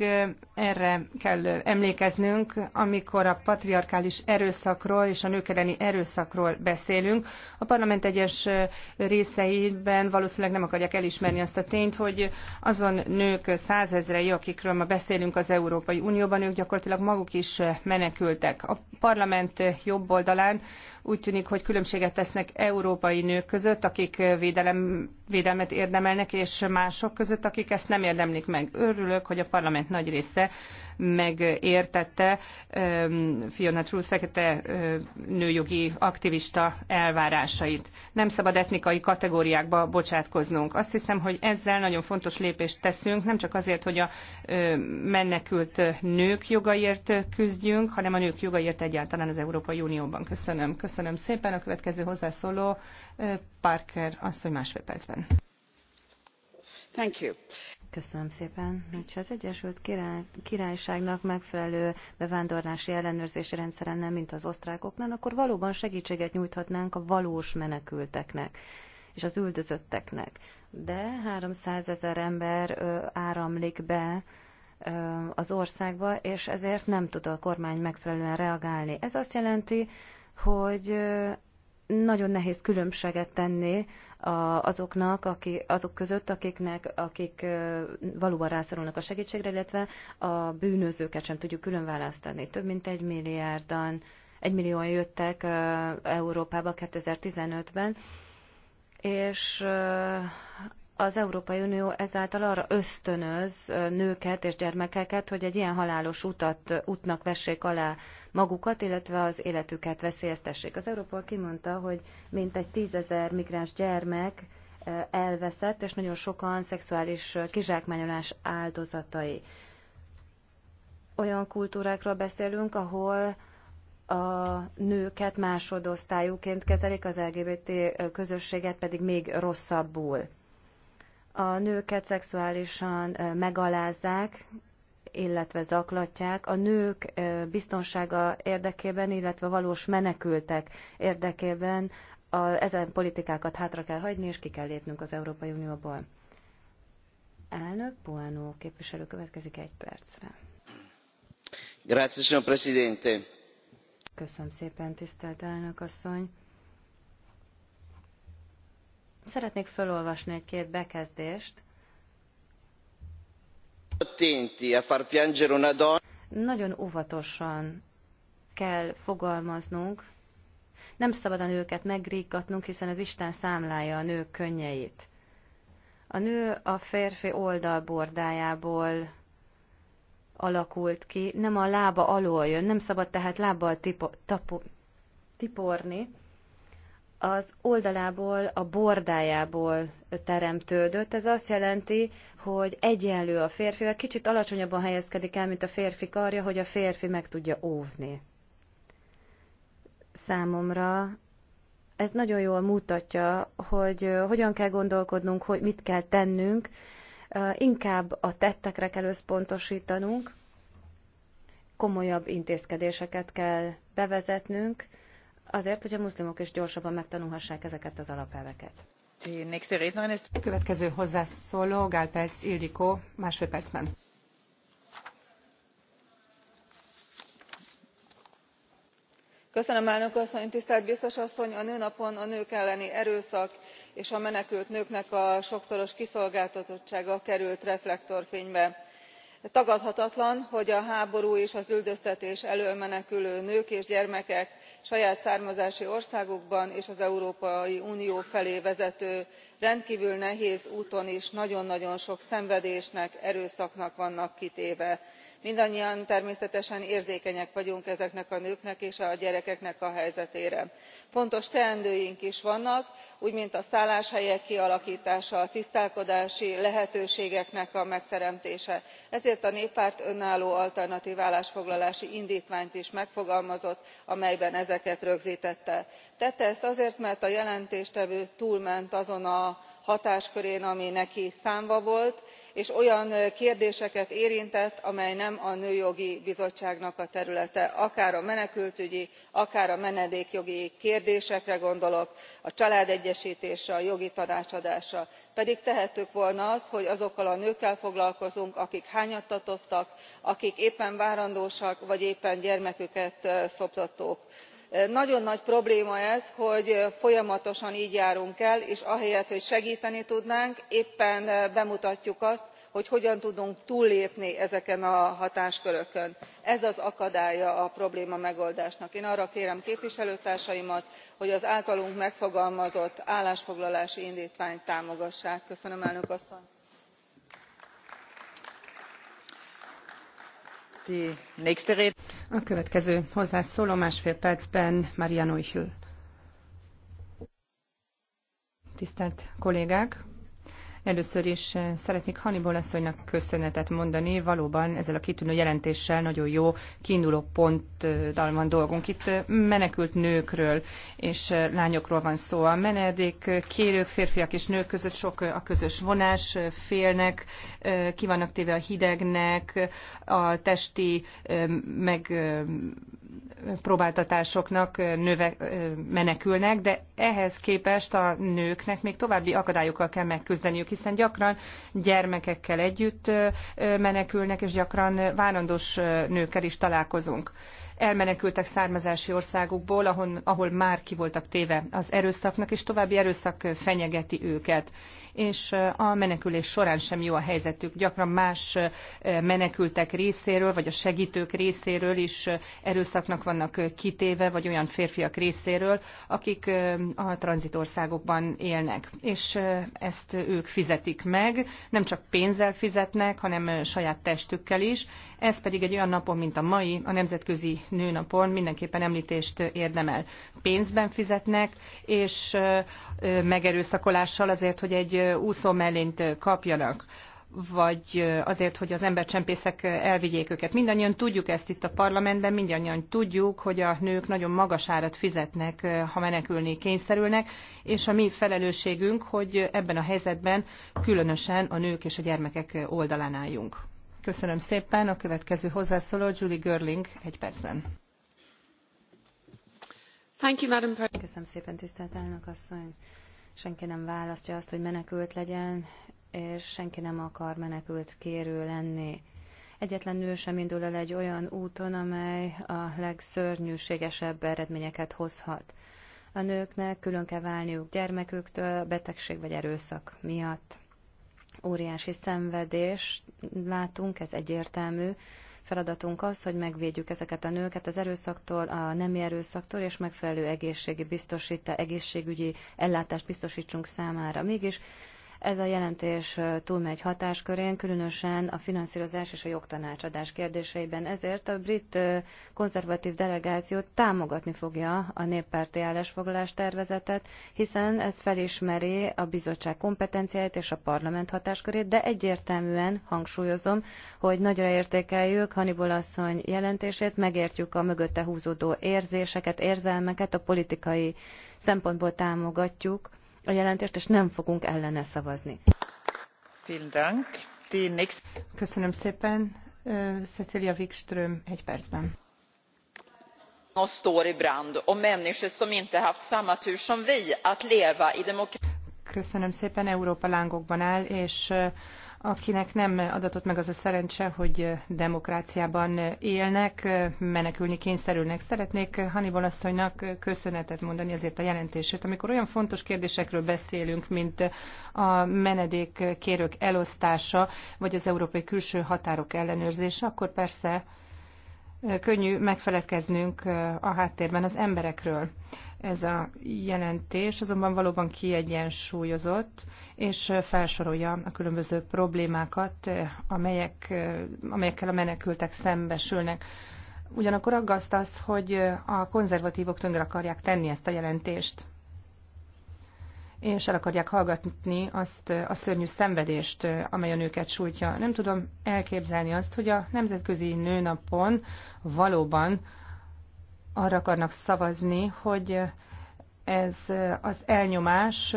erre kell emlékeznünk, amikor a patriarkális erőszakról és a nők elleni erőszakról beszélünk. A parlament egyes részeiben valószínűleg nem akarják elismerni azt a tényt, hogy azon nő nők százezrei, akikről ma beszélünk az Európai Unióban, ők gyakorlatilag maguk is menekültek. A parlament jobb oldalán úgy tűnik, hogy különbséget tesznek európai nők között, akik védelem, védelmet érdemelnek, és mások között, akik ezt nem érdemlik meg. Örülök, hogy a parlament nagy része megértette Fiona Truth fekete nőjogi aktivista elvárásait. Nem szabad etnikai kategóriákba bocsátkoznunk. Azt hiszem, hogy ezzel nagyon fontos lépést teszünk, nem csak azért, hogy a menekült nők jogaiért küzdjünk, hanem a nők jogaiért egyáltalán az Európai Unióban. Köszönöm. Köszönöm szépen. A következő hozzászóló Parker asszony másfél percben. Thank you. Köszönöm szépen. Hogy az Egyesült Király, Királyságnak megfelelő bevándorlási ellenőrzési rendszeren nem, mint az osztrákoknál, akkor valóban segítséget nyújthatnánk a valós menekülteknek és az üldözötteknek. De 300 ezer ember ö, áramlik be ö, az országba, és ezért nem tud a kormány megfelelően reagálni. Ez azt jelenti, hogy ö, nagyon nehéz különbséget tenni a, azoknak, aki, azok között, akiknek, akik valóban rászorulnak a segítségre, illetve a bűnözőket sem tudjuk különválasztani. Több mint egy milliárdan, egy millióan jöttek Európába 2015-ben, és az Európai Unió ezáltal arra ösztönöz nőket és gyermekeket, hogy egy ilyen halálos utat, útnak vessék alá magukat, illetve az életüket veszélyeztessék. Az Európol kimondta, hogy mintegy tízezer migráns gyermek elveszett, és nagyon sokan szexuális kizsákmányolás áldozatai. Olyan kultúrákról beszélünk, ahol a nőket másodosztályúként kezelik, az LGBT közösséget pedig még rosszabbul. A nőket szexuálisan megalázzák, illetve zaklatják a nők biztonsága érdekében, illetve valós menekültek érdekében a, ezen politikákat hátra kell hagyni, és ki kell lépnünk az Európai Unióból. Elnök Buano képviselő következik egy percre. Grazie, signor Presidente. Köszönöm szépen, tisztelt elnök asszony. Szeretnék felolvasni egy-két bekezdést, nagyon óvatosan kell fogalmaznunk, nem szabad a nőket megriggatnunk, hiszen az Isten számlája a nők könnyeit. A nő a férfi oldalbordájából alakult ki, nem a lába alól jön, nem szabad tehát lábbal tipo, tapo, tiporni, az oldalából, a bordájából teremtődött. Ez azt jelenti, hogy egyenlő a férfi, vagy kicsit alacsonyabban helyezkedik el, mint a férfi karja, hogy a férfi meg tudja óvni. Számomra ez nagyon jól mutatja, hogy hogyan kell gondolkodnunk, hogy mit kell tennünk, inkább a tettekre kell összpontosítanunk, komolyabb intézkedéseket kell bevezetnünk, azért, hogy a muszlimok is gyorsabban megtanulhassák ezeket az alapelveket. Következő hozzászóló Perc Ildikó, másfél percben. Köszönöm, elnök asszony, tisztelt biztos asszony! a nőnapon a nők elleni erőszak és a menekült nőknek a sokszoros kiszolgáltatottsága került reflektorfénybe tagadhatatlan hogy a háború és az üldöztetés elől menekülő nők és gyermekek saját származási országukban és az európai unió felé vezető rendkvül nehéz úton is nagyon nagyon sok szenvedésnek erőszaknak vannak kitéve mindannyian természetesen érzékenyek vagyunk ezeknek a nőknek és a gyerekeknek a helyzetére. fontos teendőink is vannak úgy mint a szálláshelyek kialaktása a tisztálkodási lehetőségeknek a megteremtése ezért a néppárt önálló alternatv állásfoglalási indtványt is megfogalmazott amelyben ezeket rögztette. tette ezt azért mert a jelentéstevő túlment azon a hatáskörén ami neki szánva volt és olyan kérdéseket érintett amely nem a nőjogi bizottságnak a területe akár a menekültügyi akár a menedékjogi kérdésekre gondolok a családegyestésre a jogi tanácsadásra pedig tehettük volna azt hogy azokkal a nőkkel foglalkozunk akik hányattatottak akik éppen várandósak vagy éppen gyermeküket szoptatták nagyon nagy probléma ez hogy folyamatosan gy járunk el és ahelyett hogy segteni tudnánk éppen bemutatjuk azt hogy hogyan tudunk túllépni ezeken a hatáskörökön. ez az akadálya a probléma megoldásnak. én arra kérem képviselőtársaimat hogy az általunk megfogalmazott állásfoglalási indtványt támogassák. köszönöm elnök asszony! A következő hozzászóló másfél percben Mariano Ihl. Tisztelt kollégák! Először is eh, szeretnék Hannibal asszonynak köszönetet mondani. Valóban ezzel a kitűnő jelentéssel nagyon jó kiinduló ponttal van dolgunk. Itt eh, menekült nőkről és eh, lányokról van szó. A menedék kérők, férfiak és nők között sok a közös vonás, félnek, ki vannak téve a hidegnek, a testi próbáltatásoknak növe, menekülnek, de ehhez képest a nőknek még további akadályokkal kell megküzdeniük, hiszen gyakran gyermekekkel együtt menekülnek, és gyakran várandós nőkkel is találkozunk elmenekültek származási országukból, ahon, ahol már ki voltak téve az erőszaknak, és további erőszak fenyegeti őket. És a menekülés során sem jó a helyzetük. Gyakran más menekültek részéről, vagy a segítők részéről is erőszaknak vannak kitéve, vagy olyan férfiak részéről, akik a tranzitországokban élnek. És ezt ők fizetik meg, nem csak pénzzel fizetnek, hanem saját testükkel is. Ez pedig egy olyan napon, mint a mai, a nemzetközi nőnapon mindenképpen említést érdemel. Pénzben fizetnek, és megerőszakolással azért, hogy egy úszó mellényt kapjanak vagy azért, hogy az embercsempészek elvigyék őket. Mindannyian tudjuk ezt itt a parlamentben, mindannyian tudjuk, hogy a nők nagyon magas árat fizetnek, ha menekülni kényszerülnek, és a mi felelősségünk, hogy ebben a helyzetben különösen a nők és a gyermekek oldalán álljunk. Köszönöm szépen. A következő hozzászóló Julie Görling egy percben. Thank you, Madam President. Köszönöm szépen, tisztelt elnök asszony. Senki nem választja azt, hogy menekült legyen, és senki nem akar menekült kérő lenni. Egyetlen nő sem indul el egy olyan úton, amely a legszörnyűségesebb eredményeket hozhat. A nőknek külön kell válniuk gyermeküktől, betegség vagy erőszak miatt óriási szenvedés látunk, ez egyértelmű. Feladatunk az, hogy megvédjük ezeket a nőket az erőszaktól, a nemi erőszaktól, és megfelelő egészségi biztosítá, egészségügyi ellátást biztosítsunk számára. Mégis ez a jelentés túlmegy hatáskörén, különösen a finanszírozás és a jogtanácsadás kérdéseiben. Ezért a brit konzervatív delegáció támogatni fogja a néppárti állásfoglalás tervezetet, hiszen ez felismeri a bizottság kompetenciáit és a parlament hatáskörét, de egyértelműen hangsúlyozom, hogy nagyra értékeljük Hannibal asszony jelentését, megértjük a mögötte húzódó érzéseket, érzelmeket, a politikai szempontból támogatjuk a jelentést, és nem fogunk ellene szavazni. Köszönöm szépen. Cecilia Wikström egy percben. brand Köszönöm szépen, Európa lángokban áll, és akinek nem adatott meg az a szerencse, hogy demokráciában élnek, menekülni kényszerülnek. Szeretnék Hannibal asszonynak köszönetet mondani azért a jelentését, amikor olyan fontos kérdésekről beszélünk, mint a menedékkérők elosztása, vagy az európai külső határok ellenőrzése, akkor persze könnyű megfeledkeznünk a háttérben az emberekről ez a jelentés, azonban valóban kiegyensúlyozott, és felsorolja a különböző problémákat, amelyek, amelyekkel a menekültek szembesülnek. Ugyanakkor aggaszt az, hogy a konzervatívok tönkre akarják tenni ezt a jelentést, és el akarják hallgatni azt a szörnyű szenvedést, amely a nőket sújtja. Nem tudom elképzelni azt, hogy a Nemzetközi Nőnapon valóban arra akarnak szavazni, hogy ez az elnyomás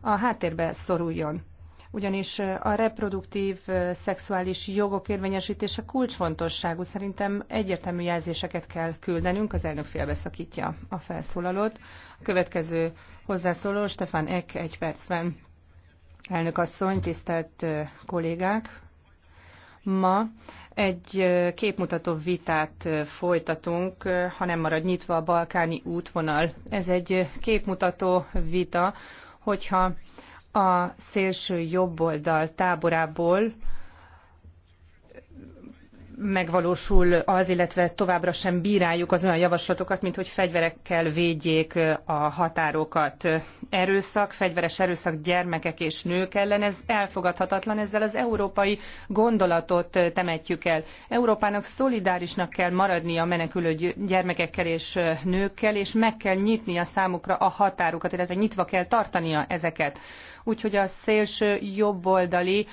a háttérbe szoruljon. Ugyanis a reproduktív szexuális jogok érvényesítése kulcsfontosságú. Szerintem egyértelmű jelzéseket kell küldenünk. Az elnök félbeszakítja a felszólalót. A következő hozzászóló Stefan Eck egy percben. Elnök asszony, tisztelt kollégák! Ma egy képmutató vitát folytatunk, hanem marad nyitva a balkáni útvonal. Ez egy képmutató vita, hogyha a szélső jobboldal táborából megvalósul az, illetve továbbra sem bíráljuk az olyan javaslatokat, mint hogy fegyverekkel védjék a határokat. Erőszak, fegyveres erőszak gyermekek és nők ellen, ez elfogadhatatlan, ezzel az európai gondolatot temetjük el. Európának szolidárisnak kell maradnia a menekülő gyermekekkel és nőkkel, és meg kell nyitnia számukra a határokat, illetve nyitva kell tartania ezeket úgyhogy a szélső jobboldali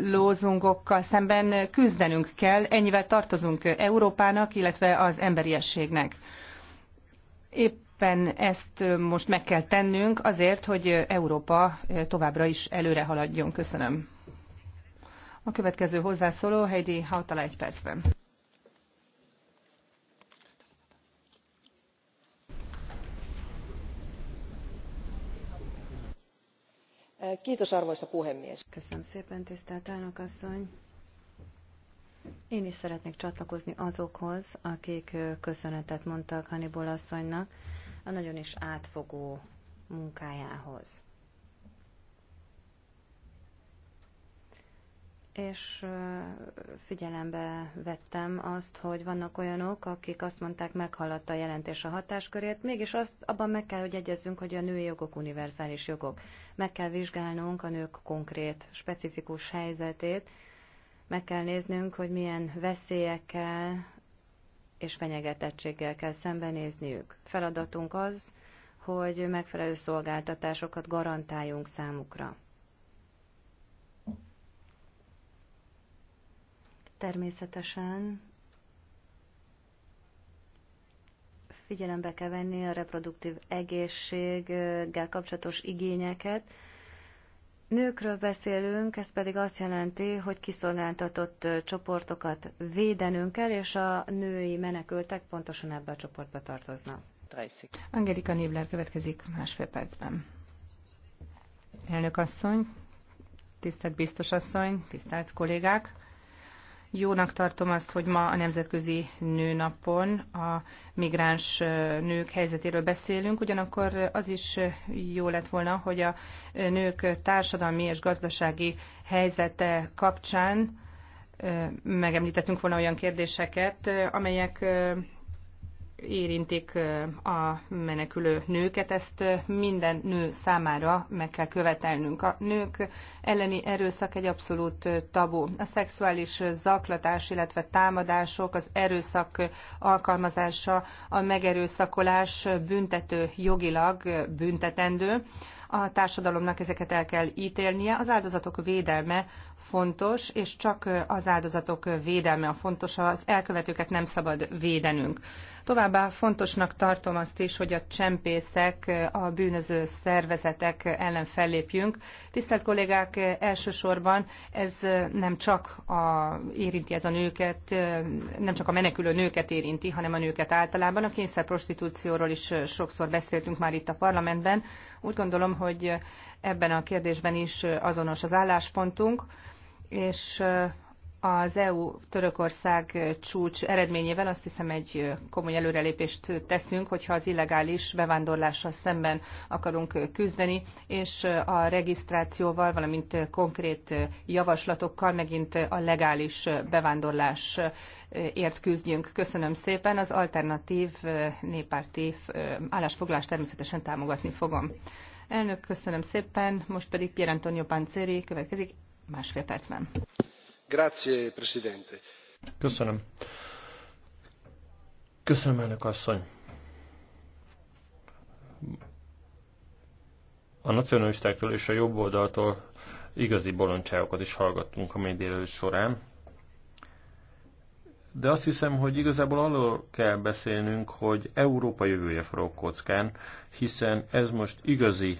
lózungokkal szemben küzdenünk kell, ennyivel tartozunk Európának, illetve az emberiességnek. Éppen ezt most meg kell tennünk azért, hogy Európa továbbra is előre haladjon. Köszönöm. A következő hozzászóló Heidi Hautala egy percben. arvoisa puhemies köszönöm szépen tisztelt én is szeretnék csatlakozni azokhoz akik köszönetet mondtak hannibal asszonynak a nagyon is átfogó munkájához és figyelembe vettem azt, hogy vannak olyanok, akik azt mondták, meghaladta a jelentés a hatáskörét, mégis azt abban meg kell, hogy egyezzünk, hogy a női jogok univerzális jogok meg kell vizsgálnunk a nők konkrét, specifikus helyzetét, meg kell néznünk, hogy milyen veszélyekkel és fenyegetettséggel kell szembenézniük. Feladatunk az, hogy megfelelő szolgáltatásokat garantáljunk számukra. Természetesen figyelembe kell venni a reproduktív egészséggel kapcsolatos igényeket. Nőkről beszélünk, ez pedig azt jelenti, hogy kiszolgáltatott csoportokat védenünk kell, és a női menekültek pontosan ebbe a csoportba tartoznak. Angelika Nébler következik másfél percben. Elnök asszony, tisztelt biztos asszony, tisztelt kollégák! Jónak tartom azt, hogy ma a Nemzetközi Nőnapon a migráns nők helyzetéről beszélünk, ugyanakkor az is jó lett volna, hogy a nők társadalmi és gazdasági helyzete kapcsán megemlítettünk volna olyan kérdéseket, amelyek érintik a menekülő nőket, ezt minden nő számára meg kell követelnünk. A nők elleni erőszak egy abszolút tabu. A szexuális zaklatás, illetve támadások, az erőszak alkalmazása, a megerőszakolás büntető jogilag büntetendő. A társadalomnak ezeket el kell ítélnie. Az áldozatok védelme fontos, és csak az áldozatok védelme a fontos, az elkövetőket nem szabad védenünk. Továbbá fontosnak tartom azt is, hogy a csempészek, a bűnöző szervezetek ellen fellépjünk. Tisztelt kollégák, elsősorban ez nem csak a, érinti ez a nőket, nem csak a menekülő nőket érinti, hanem a nőket általában. A kényszerprostitúcióról is sokszor beszéltünk már itt a parlamentben. Úgy gondolom, hogy ebben a kérdésben is azonos az álláspontunk és az EU-Törökország csúcs eredményével azt hiszem egy komoly előrelépést teszünk, hogyha az illegális bevándorlással szemben akarunk küzdeni, és a regisztrációval, valamint konkrét javaslatokkal megint a legális bevándorlás ért küzdjünk. Köszönöm szépen, az alternatív néppárti állásfoglalást természetesen támogatni fogom. Elnök, köszönöm szépen, most pedig Pier Antonio Panceri következik másfél percben. Köszönöm. A nacionalistáktól és a jobb oldaltól igazi bolondságokat is hallgattunk a mai délelőtt során. De azt hiszem, hogy igazából arról kell beszélnünk, hogy Európa jövője forog kockán, hiszen ez most igazi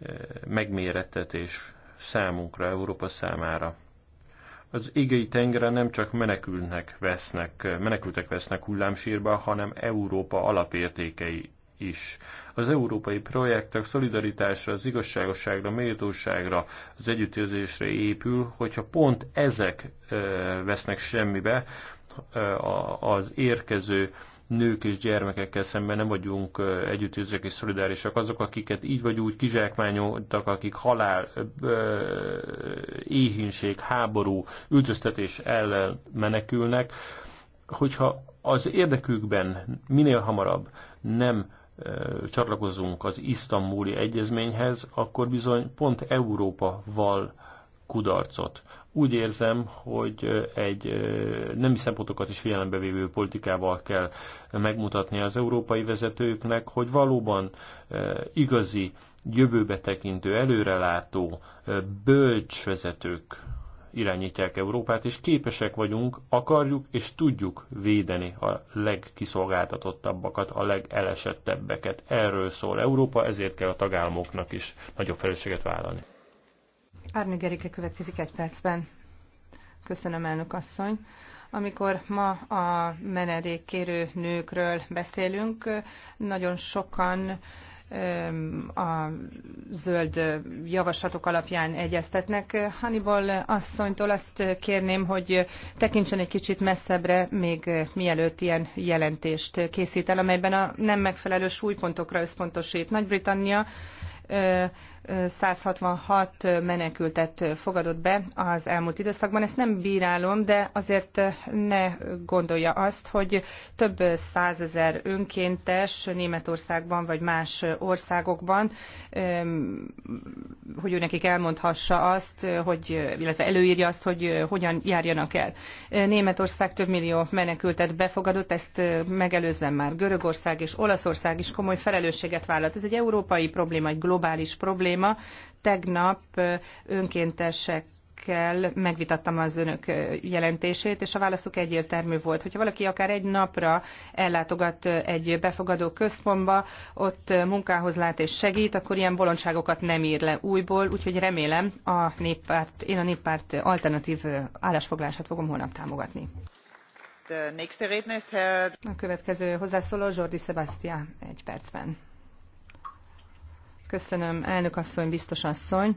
eh, megmérettetés számunkra, Európa számára az égei tengeren nem csak menekülnek vesznek, menekültek vesznek hullámsírba, hanem Európa alapértékei is. Az európai projektek szolidaritásra, az igazságosságra, méltóságra, az együttérzésre épül, hogyha pont ezek vesznek semmibe az érkező nők és gyermekekkel szemben nem vagyunk együttérzők és szolidárisak. Azok, akiket így vagy úgy kizsákmányoltak, akik halál, éhínség, háború, üldöztetés ellen menekülnek, hogyha az érdekükben minél hamarabb nem csatlakozunk az isztambuli egyezményhez, akkor bizony pont Európa val kudarcot. Úgy érzem, hogy egy nemi szempontokat is figyelembe vévő politikával kell megmutatni az európai vezetőknek, hogy valóban igazi, jövőbe tekintő, előrelátó, bölcs vezetők irányítják Európát, és képesek vagyunk, akarjuk és tudjuk védeni a legkiszolgáltatottabbakat, a legelesettebbeket. Erről szól Európa, ezért kell a tagállamoknak is nagyobb felelősséget vállalni. Árni Gerike következik egy percben. Köszönöm, elnök asszony. Amikor ma a menedékkérő nőkről beszélünk, nagyon sokan a zöld javaslatok alapján egyeztetnek. Hannibal asszonytól azt kérném, hogy tekintsen egy kicsit messzebbre, még mielőtt ilyen jelentést készít el, amelyben a nem megfelelő súlypontokra összpontosít. Nagy-Britannia 166 menekültet fogadott be az elmúlt időszakban. Ezt nem bírálom, de azért ne gondolja azt, hogy több százezer önkéntes Németországban vagy más országokban, hogy ő nekik elmondhassa azt, hogy, illetve előírja azt, hogy hogyan járjanak el. Németország több millió menekültet befogadott, ezt megelőzően már Görögország és Olaszország is komoly felelősséget vállalt. Ez egy európai probléma, egy globális probléma probléma. Tegnap önkéntesek kell, megvitattam az önök jelentését, és a válaszuk egyértelmű volt. Hogyha valaki akár egy napra ellátogat egy befogadó központba, ott munkához lát és segít, akkor ilyen bolondságokat nem ír le újból, úgyhogy remélem a néppárt, én a néppárt alternatív állásfoglását fogom holnap támogatni. A következő hozzászóló Jordi Sebastián egy percben. Köszönöm, elnök asszony, biztos asszony.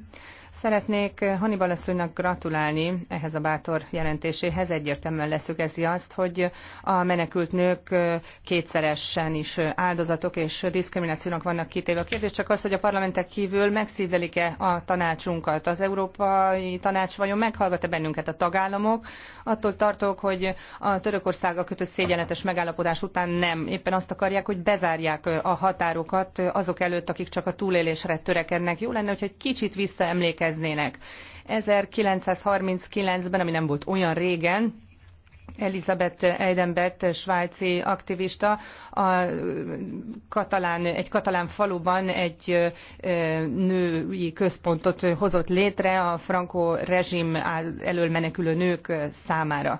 Szeretnék Hannibal asszonynak gratulálni ehhez a bátor jelentéséhez. Egyértelműen leszögezi azt, hogy a menekült nők kétszeresen is áldozatok és diszkriminációnak vannak kitéve. A kérdés csak az, hogy a parlamentek kívül megszívelik-e a tanácsunkat. Az Európai Tanács vajon meghallgat-e bennünket a tagállamok? Attól tartok, hogy a a kötött szégyenletes megállapodás után nem. Éppen azt akarják, hogy bezárják a határokat azok előtt, akik csak a túlélésre törekednek. Jó lenne, hogy egy kicsit visszaemlékeznek érkeznének. 1939-ben, ami nem volt olyan régen, Elizabeth Eidenbert, svájci aktivista, a katalán, egy katalán faluban egy női központot hozott létre a Franco rezsim elől menekülő nők számára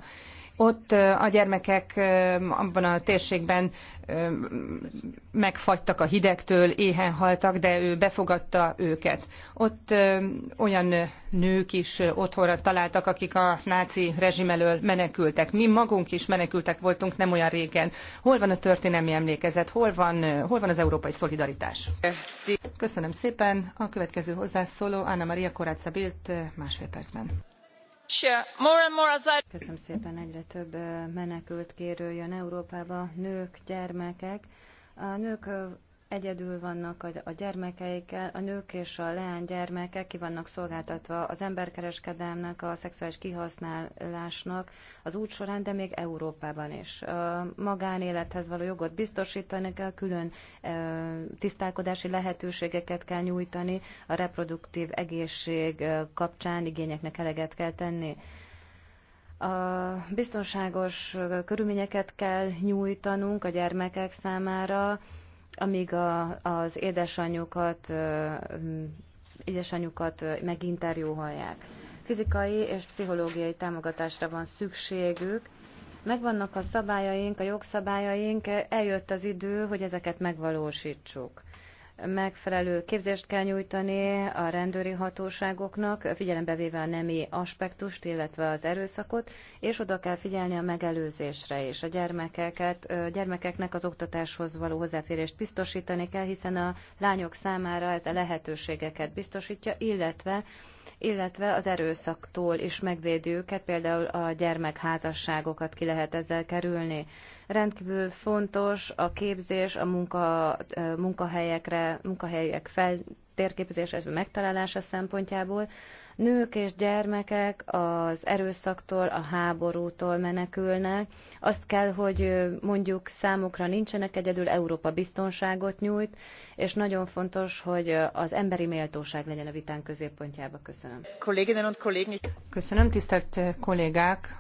ott a gyermekek abban a térségben megfagytak a hidegtől, éhen haltak, de ő befogadta őket. Ott olyan nők is otthonra találtak, akik a náci rezsim elől menekültek. Mi magunk is menekültek voltunk nem olyan régen. Hol van a történelmi emlékezet? Hol van, hol van az európai szolidaritás? Köszönöm szépen. A következő hozzászóló Anna Maria Koráca Bilt másfél percben. Köszönöm szépen, egyre több menekült kérő jön Európába, nők, gyermekek. A nők egyedül vannak a gyermekeikkel, a nők és a leánygyermekek ki vannak szolgáltatva az emberkereskedelmnek, a szexuális kihasználásnak az út során, de még Európában is. A magánélethez való jogot biztosítani kell, külön tisztálkodási lehetőségeket kell nyújtani, a reproduktív egészség kapcsán igényeknek eleget kell tenni a biztonságos körülményeket kell nyújtanunk a gyermekek számára, amíg a, az édesanyjukat, édesanyjukat meginterjúholják. Fizikai és pszichológiai támogatásra van szükségük, megvannak a szabályaink, a jogszabályaink, eljött az idő, hogy ezeket megvalósítsuk megfelelő képzést kell nyújtani a rendőri hatóságoknak, figyelembe véve a nemi aspektust, illetve az erőszakot, és oda kell figyelni a megelőzésre és a gyermekeket, gyermekeknek az oktatáshoz való hozzáférést biztosítani kell, hiszen a lányok számára ez a lehetőségeket biztosítja, illetve illetve az erőszaktól is megvédi őket, például a gyermekházasságokat ki lehet ezzel kerülni. Rendkívül fontos a képzés, a munka, munkahelyekre, munkahelyek fel, térképezés, ez megtalálása szempontjából, Nők és gyermekek az erőszaktól, a háborútól menekülnek. Azt kell, hogy mondjuk számukra nincsenek egyedül, Európa biztonságot nyújt, és nagyon fontos, hogy az emberi méltóság legyen a vitán középpontjába. Köszönöm. Köszönöm, tisztelt kollégák!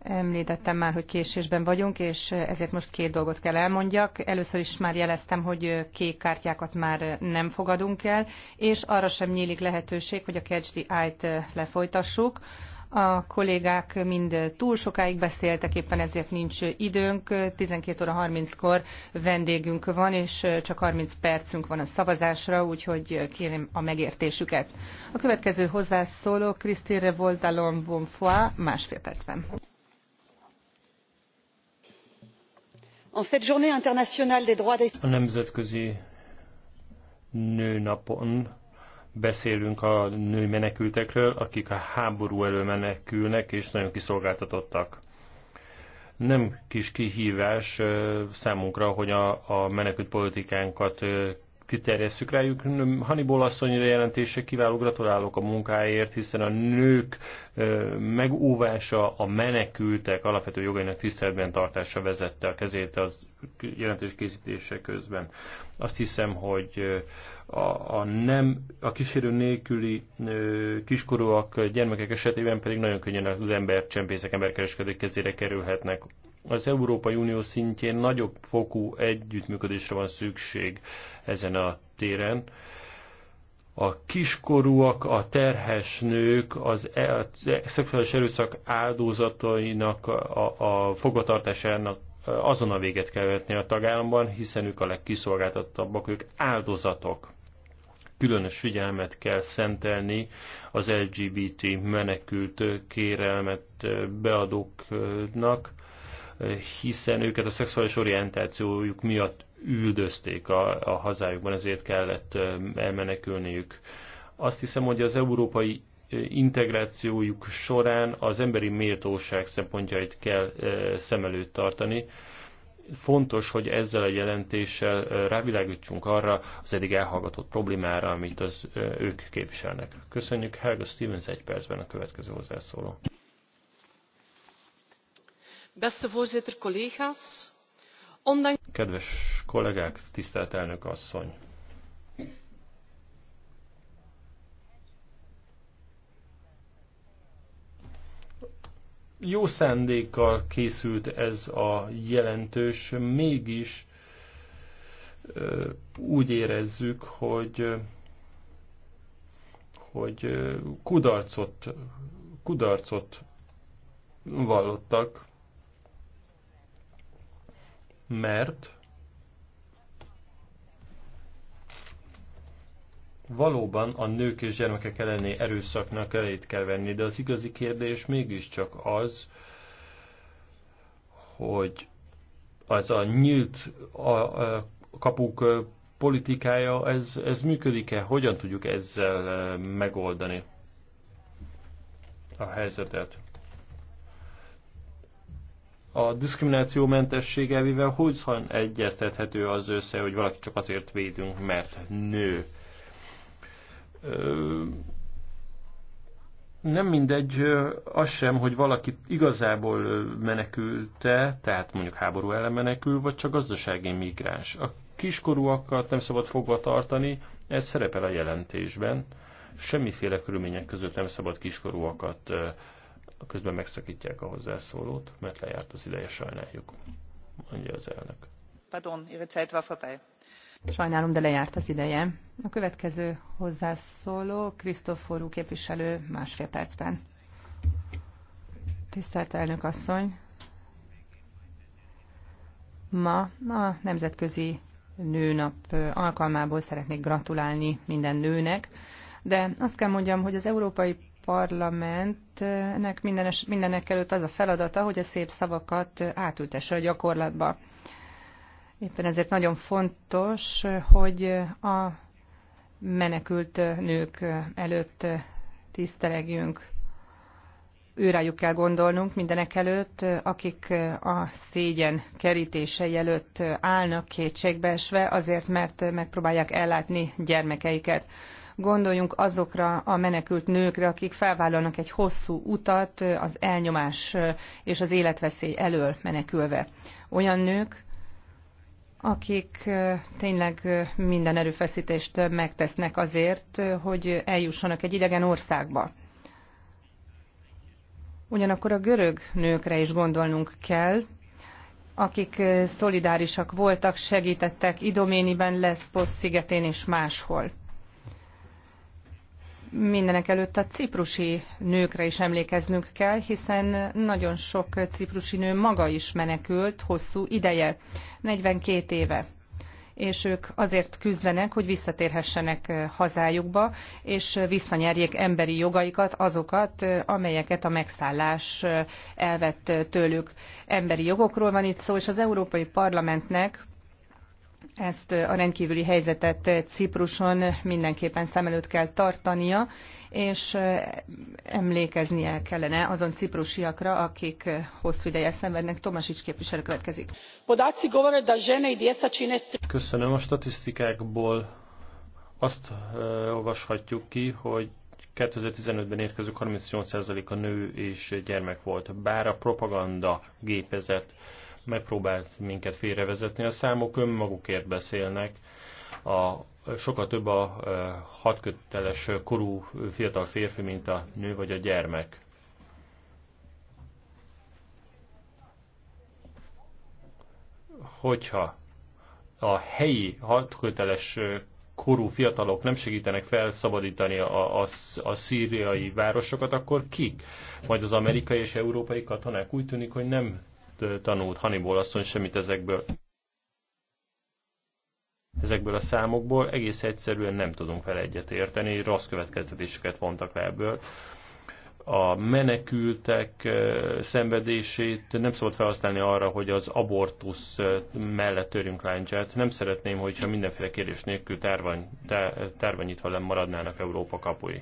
Említettem már, hogy késésben vagyunk, és ezért most két dolgot kell elmondjak. Először is már jeleztem, hogy kék kártyákat már nem fogadunk el, és arra sem nyílik lehetőség, hogy a Catch the Eye-t lefolytassuk a kollégák mind túl sokáig beszéltek, éppen ezért nincs időnk. 12 óra 30-kor vendégünk van, és csak 30 percünk van a szavazásra, úgyhogy kérem a megértésüket. A következő hozzászóló Krisztin Revoltalon Bonfoy másfél percben. en cette journée internationale des droits des beszélünk a női menekültekről, akik a háború elől menekülnek, és nagyon kiszolgáltatottak. Nem kis kihívás számunkra, hogy a, a menekült politikánkat kiterjesszük rájuk. Hannibal asszonyra jelentése kiváló, gratulálok a munkáért, hiszen a nők megóvása, a menekültek alapvető jogainak tiszteletben tartása vezette a kezét az jelentés készítése közben. Azt hiszem, hogy a, a nem, a kísérő nélküli kiskorúak, gyermekek esetében pedig nagyon könnyen az ember csempészek, emberkereskedők kezére kerülhetnek az Európai Unió szintjén nagyobb fokú együttműködésre van szükség ezen a téren. A kiskorúak, a terhes nők, az e, a szexuális erőszak áldozatainak a, a fogatartásának azon a véget kell vetni a tagállamban, hiszen ők a legkiszolgáltatottabbak, ők áldozatok. Különös figyelmet kell szentelni az LGBT menekült kérelmet beadóknak, hiszen őket a szexuális orientációjuk miatt üldözték a, a hazájukban, ezért kellett elmenekülniük. Azt hiszem, hogy az európai integrációjuk során az emberi méltóság szempontjait kell szem előtt tartani. Fontos, hogy ezzel a jelentéssel rávilágítsunk arra az eddig elhallgatott problémára, amit az ők képviselnek. Köszönjük Helga Stevens egy percben a következő hozzászóló voorzitter collega's ondanks. kedves kollégák tisztelt elnök asszony! jó szándékkal készült ez a jelentős, mégis úgy érezzük, hogy hogy kudarcot, kudarcot vallottak mert valóban a nők és gyermekek elleni erőszaknak elét kell venni, de az igazi kérdés mégiscsak az, hogy az a nyílt a, a kapuk politikája, ez, ez működik-e? Hogyan tudjuk ezzel megoldani a helyzetet? a diszkriminációmentesség hogy hogyan egyeztethető az össze, hogy valaki csak azért védünk, mert nő. Nem mindegy az sem, hogy valaki igazából menekülte, tehát mondjuk háború ellen menekül, vagy csak gazdasági migráns. A kiskorúakat nem szabad fogva tartani, ez szerepel a jelentésben. Semmiféle körülmények között nem szabad kiskorúakat a közben megszakítják a hozzászólót, mert lejárt az ideje, sajnáljuk, mondja az elnök. Pardon, Ihre Zeit war vorbei. Sajnálom, de lejárt az ideje. A következő hozzászóló Krisztoforú képviselő másfél percben. Tisztelt elnök asszony! Ma a Nemzetközi Nőnap alkalmából szeretnék gratulálni minden nőnek, de azt kell mondjam, hogy az Európai parlamentnek mindenes, mindenek előtt az a feladata, hogy a szép szavakat átültesse a gyakorlatba. Éppen ezért nagyon fontos, hogy a menekült nők előtt tisztelegjünk. Őrájuk kell gondolnunk mindenek előtt, akik a szégyen kerítései előtt állnak kétségbeesve, azért mert megpróbálják ellátni gyermekeiket. Gondoljunk azokra a menekült nőkre, akik felvállalnak egy hosszú utat az elnyomás és az életveszély elől menekülve. Olyan nők, akik tényleg minden erőfeszítést megtesznek azért, hogy eljussanak egy idegen országba. Ugyanakkor a görög nőkre is gondolnunk kell, akik szolidárisak voltak, segítettek Idoméniben, Leszposz szigetén és máshol mindenek előtt a ciprusi nőkre is emlékeznünk kell, hiszen nagyon sok ciprusi nő maga is menekült hosszú ideje, 42 éve és ők azért küzdenek, hogy visszatérhessenek hazájukba, és visszanyerjék emberi jogaikat, azokat, amelyeket a megszállás elvett tőlük. Emberi jogokról van itt szó, és az Európai Parlamentnek ezt a rendkívüli helyzetet Cipruson mindenképpen szem előtt kell tartania, és emlékeznie kellene azon ciprusiakra, akik hosszú ideje szenvednek. Tomasics képviselő következik. govore da žene i djeca Köszönöm a statisztikákból. Azt olvashatjuk ki, hogy 2015-ben érkező 38% a nő és gyermek volt, bár a propaganda gépezet megpróbált minket félrevezetni. A számok önmagukért beszélnek. A, sokkal több a, a e, hatköteles korú fiatal férfi, mint a nő vagy a gyermek. Hogyha a helyi hatköteles korú fiatalok nem segítenek felszabadítani a, a, a szíriai városokat, akkor kik? Majd az amerikai és európai katonák úgy tűnik, hogy nem tanult Hannibal asszony semmit ezekből. Ezekből a számokból egész egyszerűen nem tudunk vele egyet érteni, rossz következtetéseket vontak le ebből. A menekültek szenvedését nem szabad felhasználni arra, hogy az abortusz mellett törjünk láncsát. Nem szeretném, hogyha mindenféle kérdés nélkül tárvany, tárvanyitva nem maradnának Európa kapui.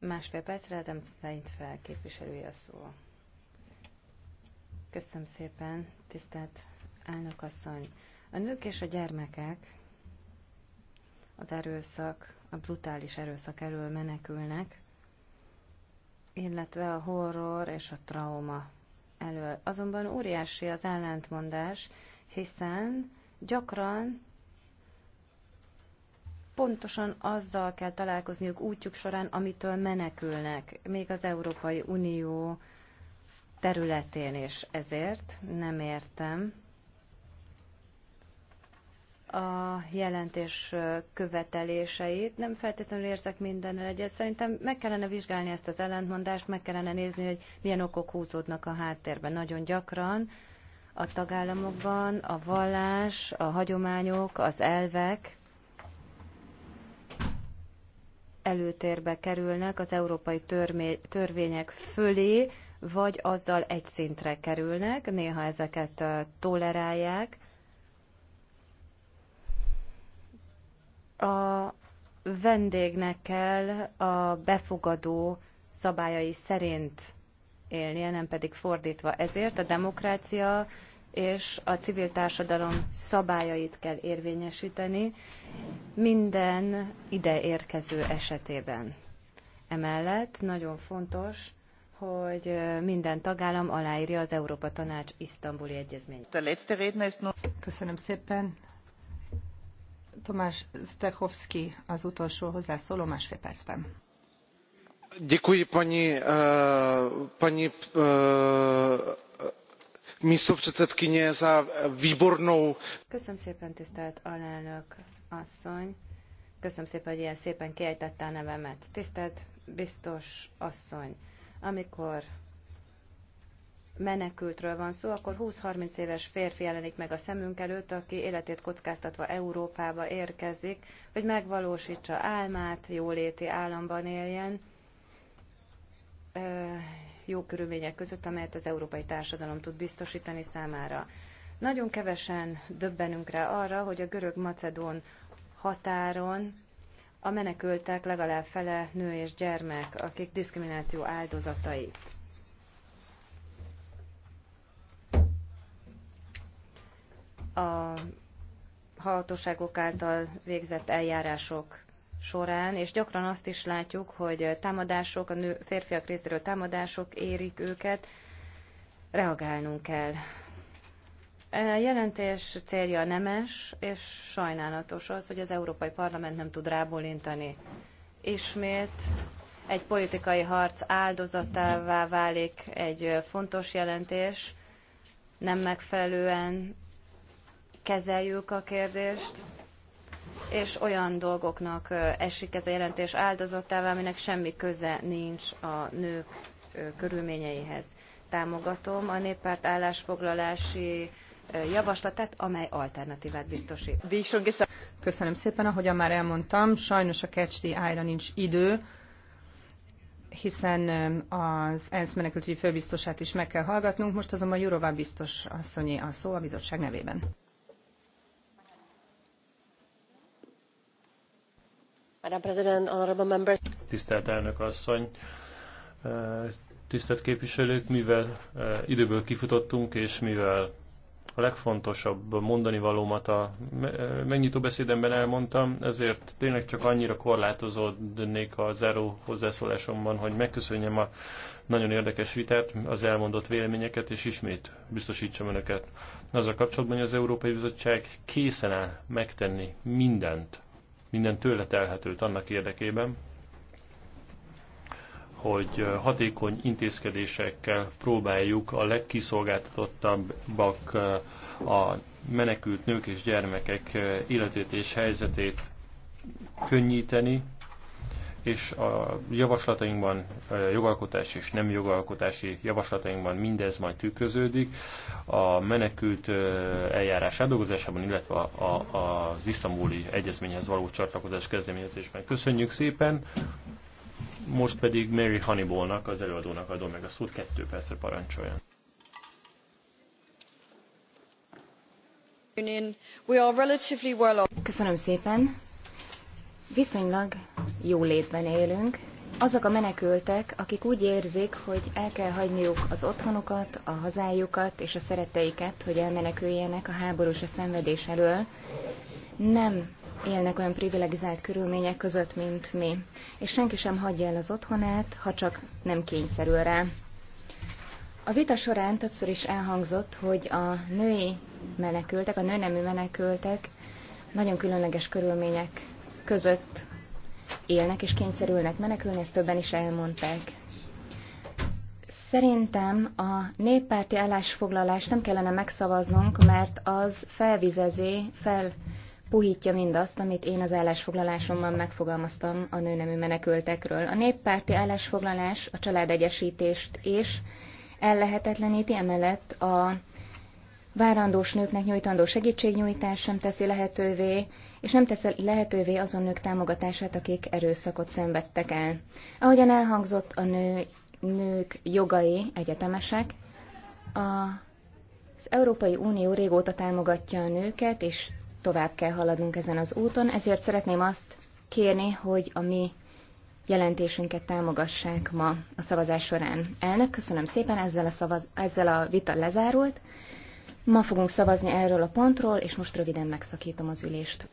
Másfél percre Adam Saint felképviselője a szó. Köszönöm szépen, tisztelt elnökasszony. A nők és a gyermekek az erőszak, a brutális erőszak elől menekülnek, illetve a horror és a trauma elől. Azonban óriási az ellentmondás, hiszen gyakran pontosan azzal kell találkozniuk útjuk során, amitől menekülnek. Még az Európai Unió területén, és ezért nem értem a jelentés követeléseit. Nem feltétlenül érzek mindennel egyet. Szerintem meg kellene vizsgálni ezt az ellentmondást, meg kellene nézni, hogy milyen okok húzódnak a háttérben. Nagyon gyakran a tagállamokban a vallás, a hagyományok, az elvek előtérbe kerülnek az európai törvények fölé, vagy azzal egy szintre kerülnek, néha ezeket tolerálják. A vendégnek kell a befogadó szabályai szerint élnie, nem pedig fordítva. Ezért a demokrácia és a civil társadalom szabályait kell érvényesíteni minden ide érkező esetében. Emellett nagyon fontos hogy minden tagállam aláírja az Európa Tanács isztambuli egyezményét. Köszönöm szépen. Tomás Stechowski az utolsó hozzászóló másfél percben. Děkuji, paní, eh, paní uh, místopředsedkyně za výbornou... Köszönöm szépen, tisztelt alelnök asszony. Köszönöm szépen, hogy ilyen szépen kiejtette a nevemet. Tisztelt biztos asszony amikor menekültről van szó, akkor 20-30 éves férfi jelenik meg a szemünk előtt, aki életét kockáztatva Európába érkezik, hogy megvalósítsa álmát, jóléti államban éljen, jó körülmények között, amelyet az európai társadalom tud biztosítani számára. Nagyon kevesen döbbenünk rá arra, hogy a görög-macedón határon a menekültek legalább fele nő és gyermek, akik diszkrimináció áldozatai. A hatóságok által végzett eljárások során, és gyakran azt is látjuk, hogy támadások, a nő, férfiak részéről támadások érik őket, reagálnunk kell. A e, jelentés célja nemes, és sajnálatos az, hogy az Európai Parlament nem tud rábólintani. Ismét egy politikai harc áldozatává válik egy fontos jelentés, nem megfelelően kezeljük a kérdést, és olyan dolgoknak esik ez a jelentés áldozatává, aminek semmi köze nincs a nők körülményeihez. Támogatom a néppárt állásfoglalási javaslatát, amely alternatívát biztosít. Köszönöm szépen, ahogyan már elmondtam, sajnos a KCDI-ra nincs idő, hiszen az ENSZ menekültügyi főbiztosát is meg kell hallgatnunk, most azonban Jurová biztos asszonyé a szó a bizottság nevében. Tisztelt elnök asszony, tisztelt képviselők, mivel időből kifutottunk, és mivel a legfontosabb mondani valómat a e, megnyitó beszédemben elmondtam, ezért tényleg csak annyira korlátozódnék a zero hozzászólásomban, hogy megköszönjem a nagyon érdekes vitát, az elmondott véleményeket, és ismét biztosítsam önöket. Azzal kapcsolatban, hogy az Európai Bizottság készen áll megtenni mindent, minden tőle telhetőt annak érdekében, hogy hatékony intézkedésekkel próbáljuk a legkiszolgáltatottabbak a menekült nők és gyermekek életét és helyzetét könnyíteni, és a javaslatainkban, jogalkotási és nem jogalkotási javaslatainkban mindez majd tükröződik. A menekült eljárás eldolgozásában illetve a, az isztambuli egyezményhez való csatlakozás kezdeményezésben. Köszönjük szépen! Most pedig Mary Hannibalnak, az előadónak adom meg a szót, kettő percre parancsoljon. Köszönöm szépen. Viszonylag jó létben élünk. Azok a menekültek, akik úgy érzik, hogy el kell hagyniuk az otthonukat, a hazájukat és a szeretteiket, hogy elmeneküljenek a háborús a szenvedés elől, nem élnek olyan privilegizált körülmények között, mint mi. És senki sem hagyja el az otthonát, ha csak nem kényszerül rá. A vita során többször is elhangzott, hogy a női menekültek, a nőnemű menekültek nagyon különleges körülmények között élnek és kényszerülnek menekülni, ezt többen is elmondták. Szerintem a néppárti állásfoglalást nem kellene megszavaznunk, mert az felvizezi, fel puhítja mindazt, amit én az állásfoglalásomban megfogalmaztam a nőnemű menekültekről. A néppárti állásfoglalás a családegyesítést és ellehetetleníti, emellett a várandós nőknek nyújtandó segítségnyújtás sem teszi lehetővé, és nem teszi lehetővé azon nők támogatását, akik erőszakot szenvedtek el. Ahogyan elhangzott, a nő, nők jogai egyetemesek. A, az Európai Unió régóta támogatja a nőket, és tovább kell haladnunk ezen az úton, ezért szeretném azt kérni, hogy a mi jelentésünket támogassák ma a szavazás során. Elnök, köszönöm szépen, ezzel a, szavaz, ezzel a vita lezárult. Ma fogunk szavazni erről a pontról, és most röviden megszakítom az ülést.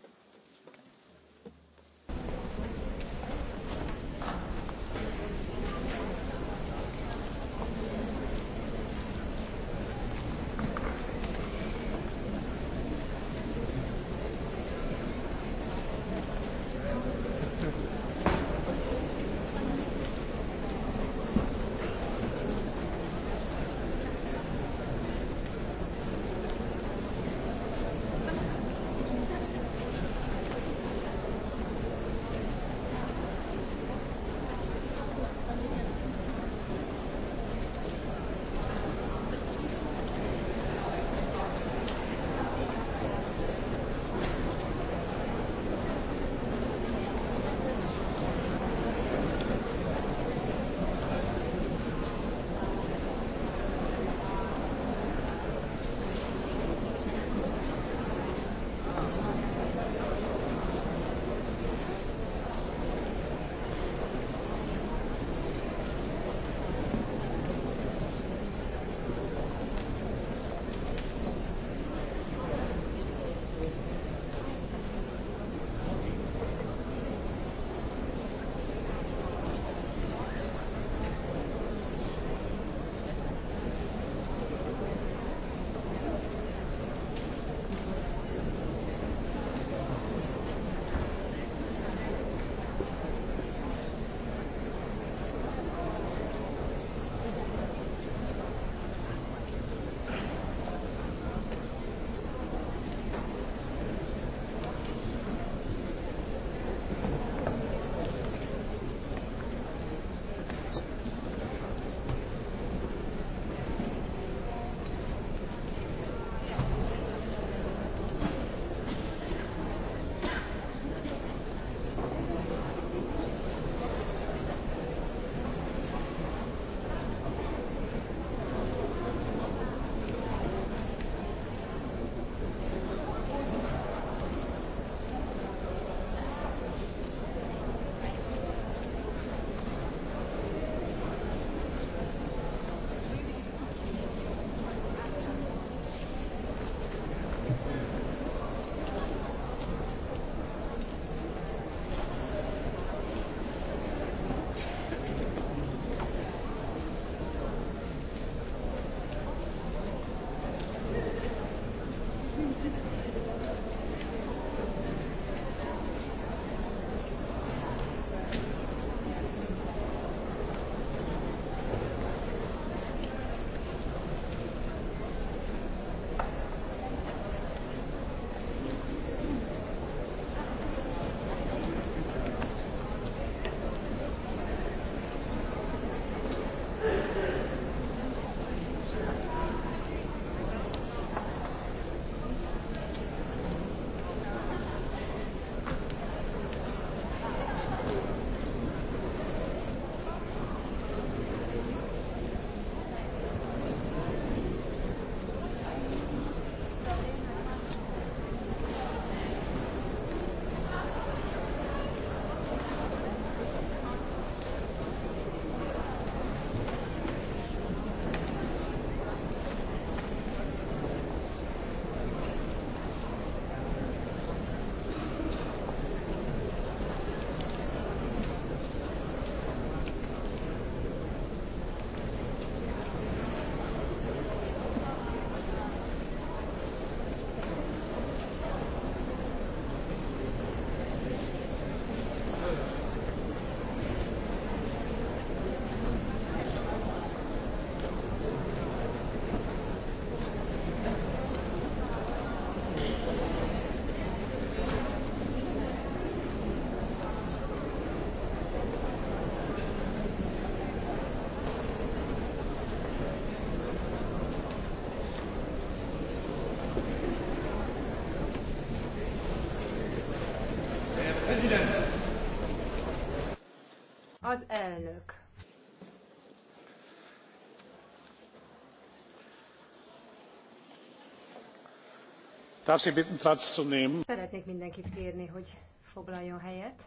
Szeretnék mindenkit kérni, hogy foglaljon helyet.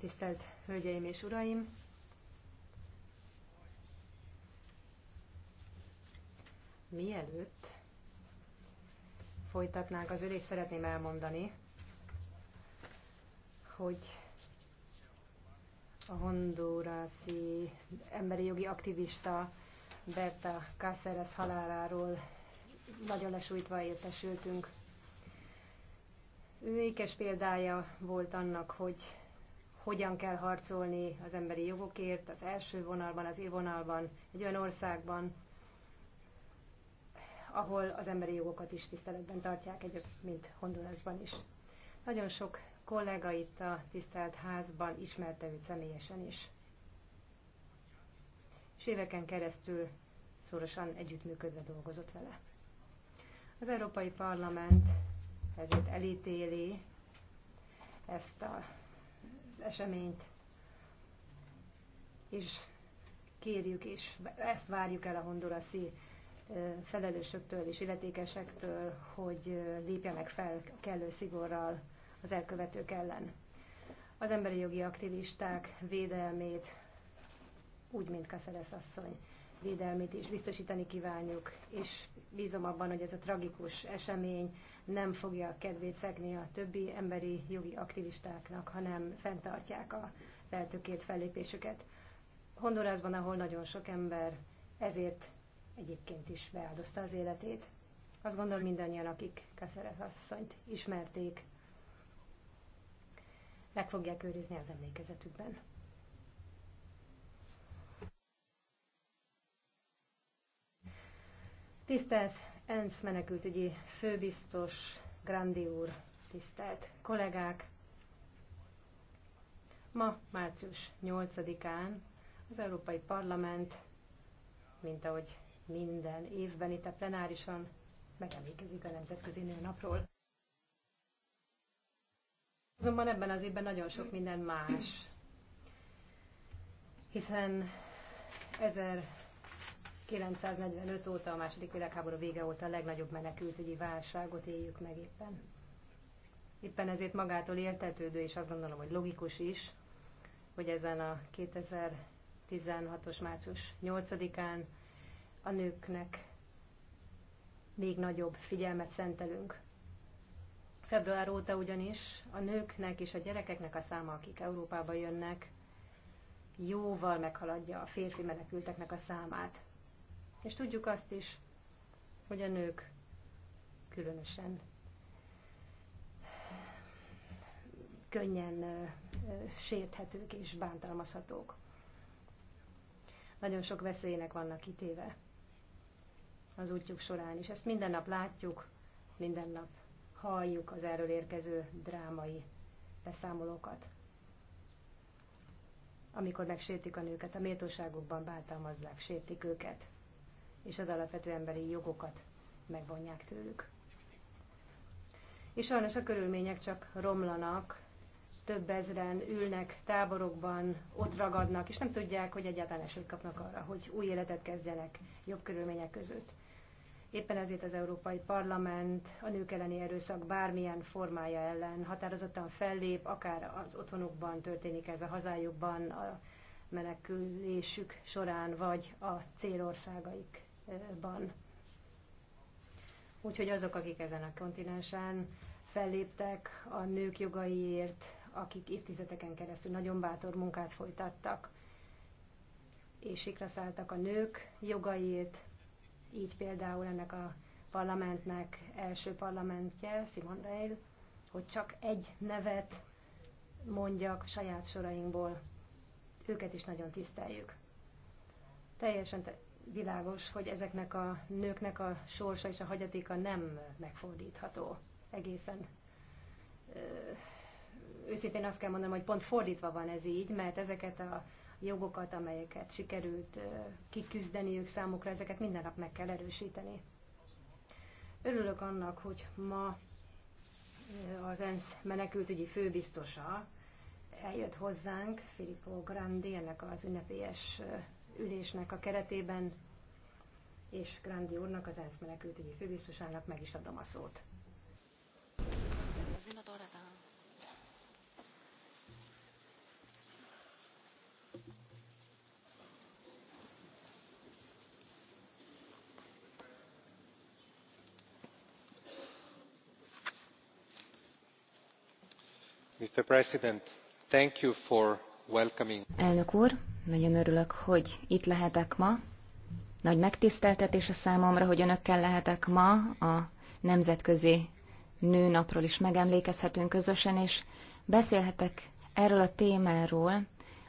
tisztelt hölgyeim és uraim! Mielőtt folytatnánk az ülést, szeretném elmondani, hogy a hondurászi emberi jogi aktivista Berta Cáceres haláláról nagyon lesújtva értesültünk. Ő ékes példája volt annak, hogy hogyan kell harcolni az emberi jogokért az első vonalban, az élvonalban, egy olyan országban, ahol az emberi jogokat is tiszteletben tartják, egy, mint Hondurasban is. Nagyon sok kollega itt a tisztelt házban ismerte őt személyesen is. És éveken keresztül szorosan együttműködve dolgozott vele. Az Európai Parlament ezért elítéli ezt a, az eseményt, és kérjük, és ezt várjuk el a hondurasi felelősöktől és illetékesektől, hogy lépjenek fel kellő szigorral az elkövetők ellen. Az emberi jogi aktivisták védelmét, úgy, mint Kaszeres asszony védelmét is biztosítani kívánjuk, és bízom abban, hogy ez a tragikus esemény nem fogja a kedvét szegni a többi emberi jogi aktivistáknak, hanem fenntartják lehető két fellépésüket. Hondurasban, ahol nagyon sok ember ezért egyébként is beáldozta az életét. Azt gondolom mindannyian, akik Kaszeres asszonyt ismerték, meg fogják őrizni az emlékezetükben. Tisztelt ENSZ menekültügyi főbiztos Grandi úr, tisztelt kollégák! Ma, március 8-án az Európai Parlament, mint ahogy minden évben itt a plenárisan megemlékezik a Nemzetközi Nőnapról. Azonban ebben az évben nagyon sok minden más, hiszen 1945 óta, a második világháború vége óta a legnagyobb menekültügyi válságot éljük meg éppen. Éppen ezért magától értetődő, és azt gondolom, hogy logikus is, hogy ezen a 2016-os március 8-án a nőknek még nagyobb figyelmet szentelünk. Február óta ugyanis a nőknek és a gyerekeknek a száma, akik Európába jönnek, jóval meghaladja a férfi menekülteknek a számát. És tudjuk azt is, hogy a nők különösen könnyen sérthetők és bántalmazhatók. Nagyon sok veszélynek vannak kitéve az útjuk során is. Ezt minden nap látjuk, minden nap halljuk az erről érkező drámai beszámolókat, amikor megsértik a nőket, a méltóságukban bántalmazzák, sértik őket, és az alapvető emberi jogokat megvonják tőlük. És sajnos a körülmények csak romlanak, több ezren ülnek táborokban, ott ragadnak, és nem tudják, hogy egyáltalán esélyt kapnak arra, hogy új életet kezdjenek jobb körülmények között. Éppen ezért az Európai Parlament a nők elleni erőszak bármilyen formája ellen határozottan fellép, akár az otthonukban történik ez a hazájukban, a menekülésük során, vagy a célországaikban. Úgyhogy azok, akik ezen a kontinensen felléptek a nők jogaiért, akik évtizedeken keresztül nagyon bátor munkát folytattak, és sikra szálltak a nők jogaiért, így például ennek a parlamentnek első parlamentje, Simon Weil, hogy csak egy nevet mondjak saját sorainkból. Őket is nagyon tiszteljük. Teljesen világos, hogy ezeknek a nőknek a sorsa és a hagyatéka nem megfordítható. Egészen őszintén azt kell mondanom, hogy pont fordítva van ez így, mert ezeket a jogokat, amelyeket sikerült kiküzdeni ők számukra, ezeket minden nap meg kell erősíteni. Örülök annak, hogy ma az ENSZ menekültügyi főbiztosa eljött hozzánk, Filippo Grandi, ennek az ünnepélyes ülésnek a keretében, és Grandi úrnak, az ENSZ menekültügyi főbiztosának meg is adom a szót. elnök úr nagyon örülök hogy itt lehetek ma nagy megtiszteltetés a számomra hogy önökkel lehetek ma a nemzetközi nőnapról is megemlékezhetünk közösen és beszélhetek erről a témáról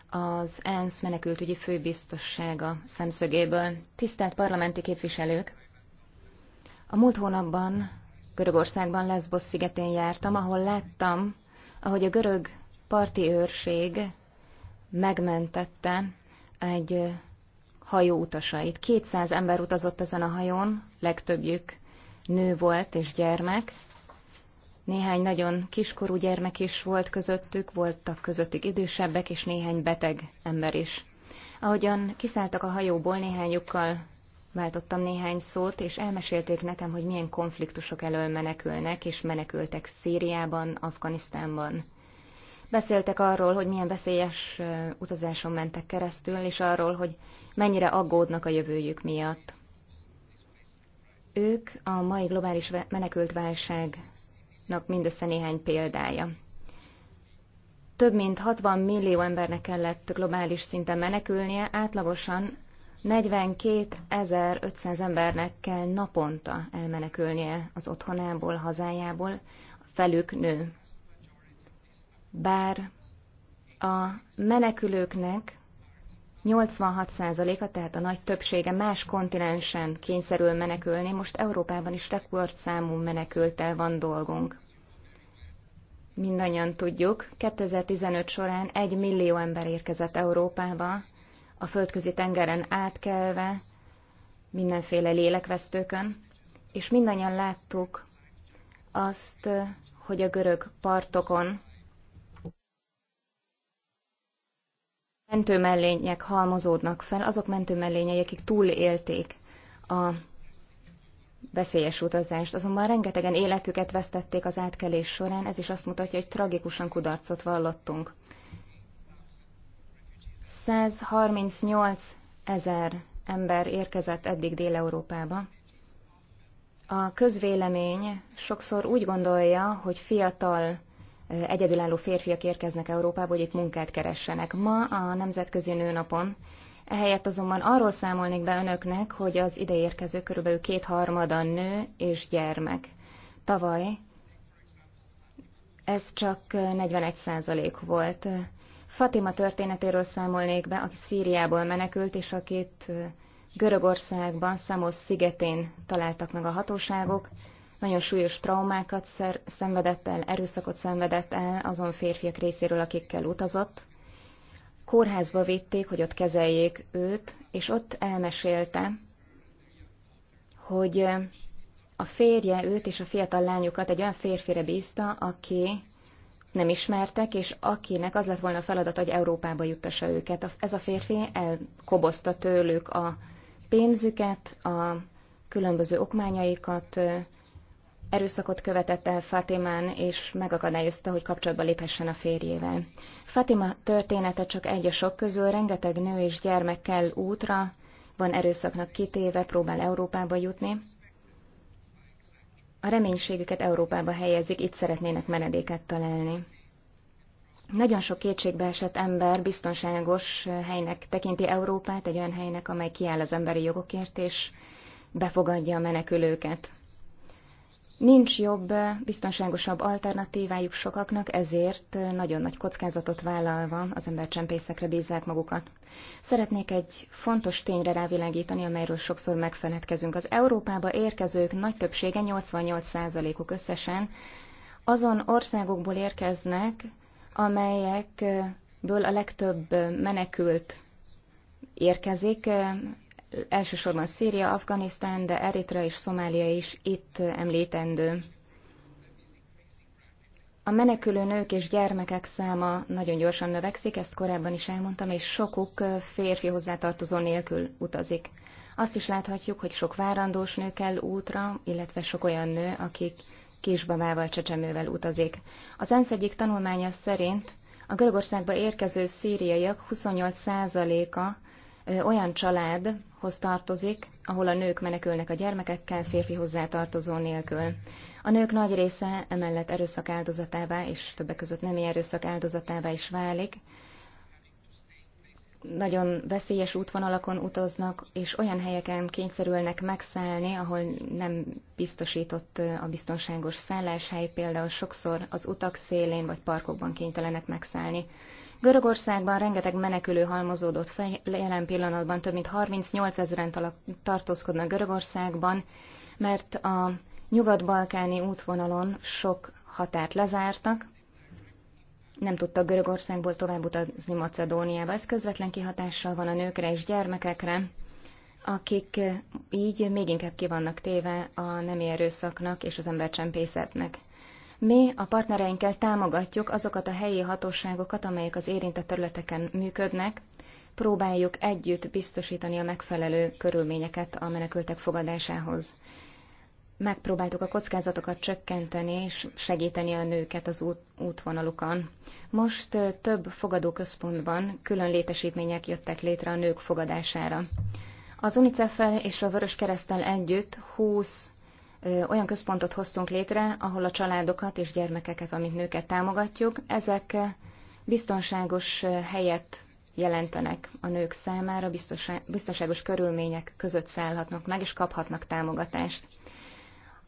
az ENSZ menekültügyi főbiztossága szemszögéből. Tisztelt parlamenti képviselők! A múlt hónapban Görögországban Lesbos szigetén jártam, ahol láttam, ahogy a görög parti őrség megmentette egy hajó utasait. 200 ember utazott ezen a hajón, legtöbbjük nő volt és gyermek. Néhány nagyon kiskorú gyermek is volt közöttük, voltak közöttük idősebbek, és néhány beteg ember is. Ahogyan kiszálltak a hajóból, néhányukkal váltottam néhány szót, és elmesélték nekem, hogy milyen konfliktusok elől menekülnek, és menekültek Szíriában, Afganisztánban. Beszéltek arról, hogy milyen veszélyes utazáson mentek keresztül, és arról, hogy mennyire aggódnak a jövőjük miatt. Ők a mai globális menekültválságnak mindössze néhány példája. Több mint 60 millió embernek kellett globális szinten menekülnie, átlagosan 42.500 embernek kell naponta elmenekülnie az otthonából, hazájából, felük nő. Bár a menekülőknek 86%-a, tehát a nagy többsége más kontinensen kényszerül menekülni, most Európában is rekordszámú menekültel van dolgunk. Mindannyian tudjuk, 2015 során egy millió ember érkezett Európába, a földközi tengeren átkelve, mindenféle lélekvesztőkön, és mindannyian láttuk azt, hogy a görög partokon mentőmellények halmozódnak fel, azok mentőmellényei, akik túlélték a veszélyes utazást. Azonban rengetegen életüket vesztették az átkelés során, ez is azt mutatja, hogy tragikusan kudarcot vallottunk. 138 ezer ember érkezett eddig Dél-Európába. A közvélemény sokszor úgy gondolja, hogy fiatal, egyedülálló férfiak érkeznek Európába, hogy itt munkát keressenek. Ma a Nemzetközi Nőnapon Ehelyett azonban arról számolnék be önöknek, hogy az ide érkező körülbelül kétharmada nő és gyermek. Tavaly ez csak 41 százalék volt. Fatima történetéről számolnék be, aki Szíriából menekült, és akit Görögországban, Szamos szigetén találtak meg a hatóságok. Nagyon súlyos traumákat szer- szenvedett el, erőszakot szenvedett el azon férfiak részéről, akikkel utazott. Kórházba vitték, hogy ott kezeljék őt, és ott elmesélte, hogy a férje őt és a fiatal lányukat egy olyan férfire bízta, aki nem ismertek, és akinek az lett volna a feladat, hogy Európába juttassa őket. Ez a férfi elkobozta tőlük a pénzüket, a különböző okmányaikat, erőszakot követett el Fatimán, és megakadályozta, hogy kapcsolatba léphessen a férjével. Fatima története csak egy a sok közül, rengeteg nő és gyermek kell útra, van erőszaknak kitéve, próbál Európába jutni a reménységüket Európába helyezik, itt szeretnének menedéket találni. Nagyon sok kétségbe esett ember biztonságos helynek tekinti Európát, egy olyan helynek, amely kiáll az emberi jogokért, és befogadja a menekülőket. Nincs jobb, biztonságosabb alternatívájuk sokaknak, ezért nagyon nagy kockázatot vállalva az embercsempészekre bízzák magukat. Szeretnék egy fontos tényre rávilágítani, amelyről sokszor megfeledkezünk. Az Európába érkezők nagy többsége, 88%-uk összesen, azon országokból érkeznek, amelyekből a legtöbb menekült érkezik, elsősorban Szíria, Afganisztán, de Eritrea és Szomália is itt említendő. A menekülő nők és gyermekek száma nagyon gyorsan növekszik, ezt korábban is elmondtam, és sokuk férfi hozzátartozó nélkül utazik. Azt is láthatjuk, hogy sok várandós nő kell útra, illetve sok olyan nő, akik kisbabával, csecsemővel utazik. Az ENSZ egyik tanulmánya szerint a Görögországba érkező szíriaiak 28%-a olyan családhoz tartozik, ahol a nők menekülnek a gyermekekkel, férfi hozzátartozó nélkül. A nők nagy része emellett erőszak áldozatává, és többek között nemi erőszak áldozatává is válik. Nagyon veszélyes útvonalakon utaznak, és olyan helyeken kényszerülnek megszállni, ahol nem biztosított a biztonságos szálláshely, például sokszor az utak szélén vagy parkokban kénytelenek megszállni. Görögországban rengeteg menekülő halmozódott fel, jelen pillanatban több mint 38 ezeren tartózkodnak Görögországban, mert a nyugat-balkáni útvonalon sok határt lezártak, nem tudtak Görögországból tovább utazni Macedóniába. Ez közvetlen kihatással van a nőkre és gyermekekre, akik így még inkább kivannak téve a nemi erőszaknak és az embercsempészetnek. Mi a partnereinkkel támogatjuk azokat a helyi hatóságokat, amelyek az érintett területeken működnek, próbáljuk együtt biztosítani a megfelelő körülményeket a menekültek fogadásához. Megpróbáltuk a kockázatokat csökkenteni és segíteni a nőket az út, útvonalukon. Most több fogadóközpontban külön létesítmények jöttek létre a nők fogadására. Az unicef és a Vörös Keresztel együtt 20 olyan központot hoztunk létre, ahol a családokat és gyermekeket, amit nőket támogatjuk, ezek biztonságos helyet jelentenek a nők számára, biztonságos körülmények között szállhatnak meg, és kaphatnak támogatást.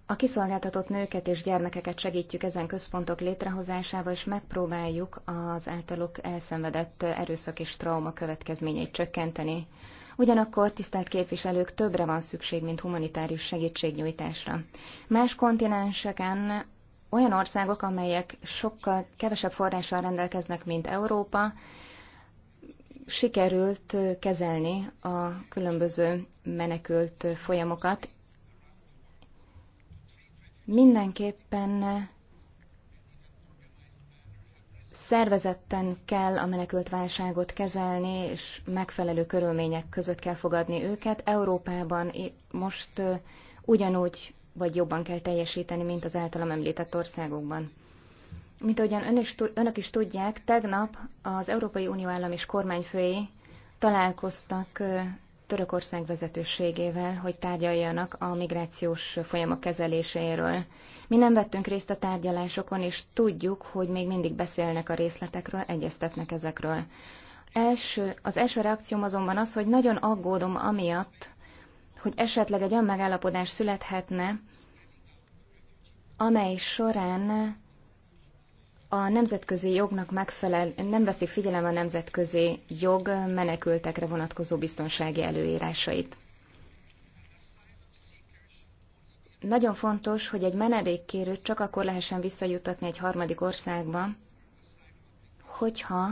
A kiszolgáltatott nőket és gyermekeket segítjük ezen központok létrehozásával, és megpróbáljuk az általuk elszenvedett erőszak és trauma következményeit csökkenteni ugyanakkor tisztelt képviselők többre van szükség, mint humanitárius segítségnyújtásra. Más kontinenseken olyan országok, amelyek sokkal kevesebb forrással rendelkeznek, mint Európa, sikerült kezelni a különböző menekült folyamokat. Mindenképpen szervezetten kell a menekült válságot kezelni, és megfelelő körülmények között kell fogadni őket. Európában most ugyanúgy vagy jobban kell teljesíteni, mint az általam említett országokban. Mint ahogyan ön is, önök is tudják, tegnap az Európai Unió állam és kormányfői találkoztak Törökország vezetőségével, hogy tárgyaljanak a migrációs folyamok kezeléséről. Mi nem vettünk részt a tárgyalásokon, és tudjuk, hogy még mindig beszélnek a részletekről, egyeztetnek ezekről. Első, az első reakcióm azonban az, hogy nagyon aggódom amiatt, hogy esetleg egy olyan megállapodás születhetne, amely során a nemzetközi jognak megfelel, nem veszik figyelembe a nemzetközi jog menekültekre vonatkozó biztonsági előírásait. Nagyon fontos, hogy egy menedékkérőt csak akkor lehessen visszajutatni egy harmadik országba, hogyha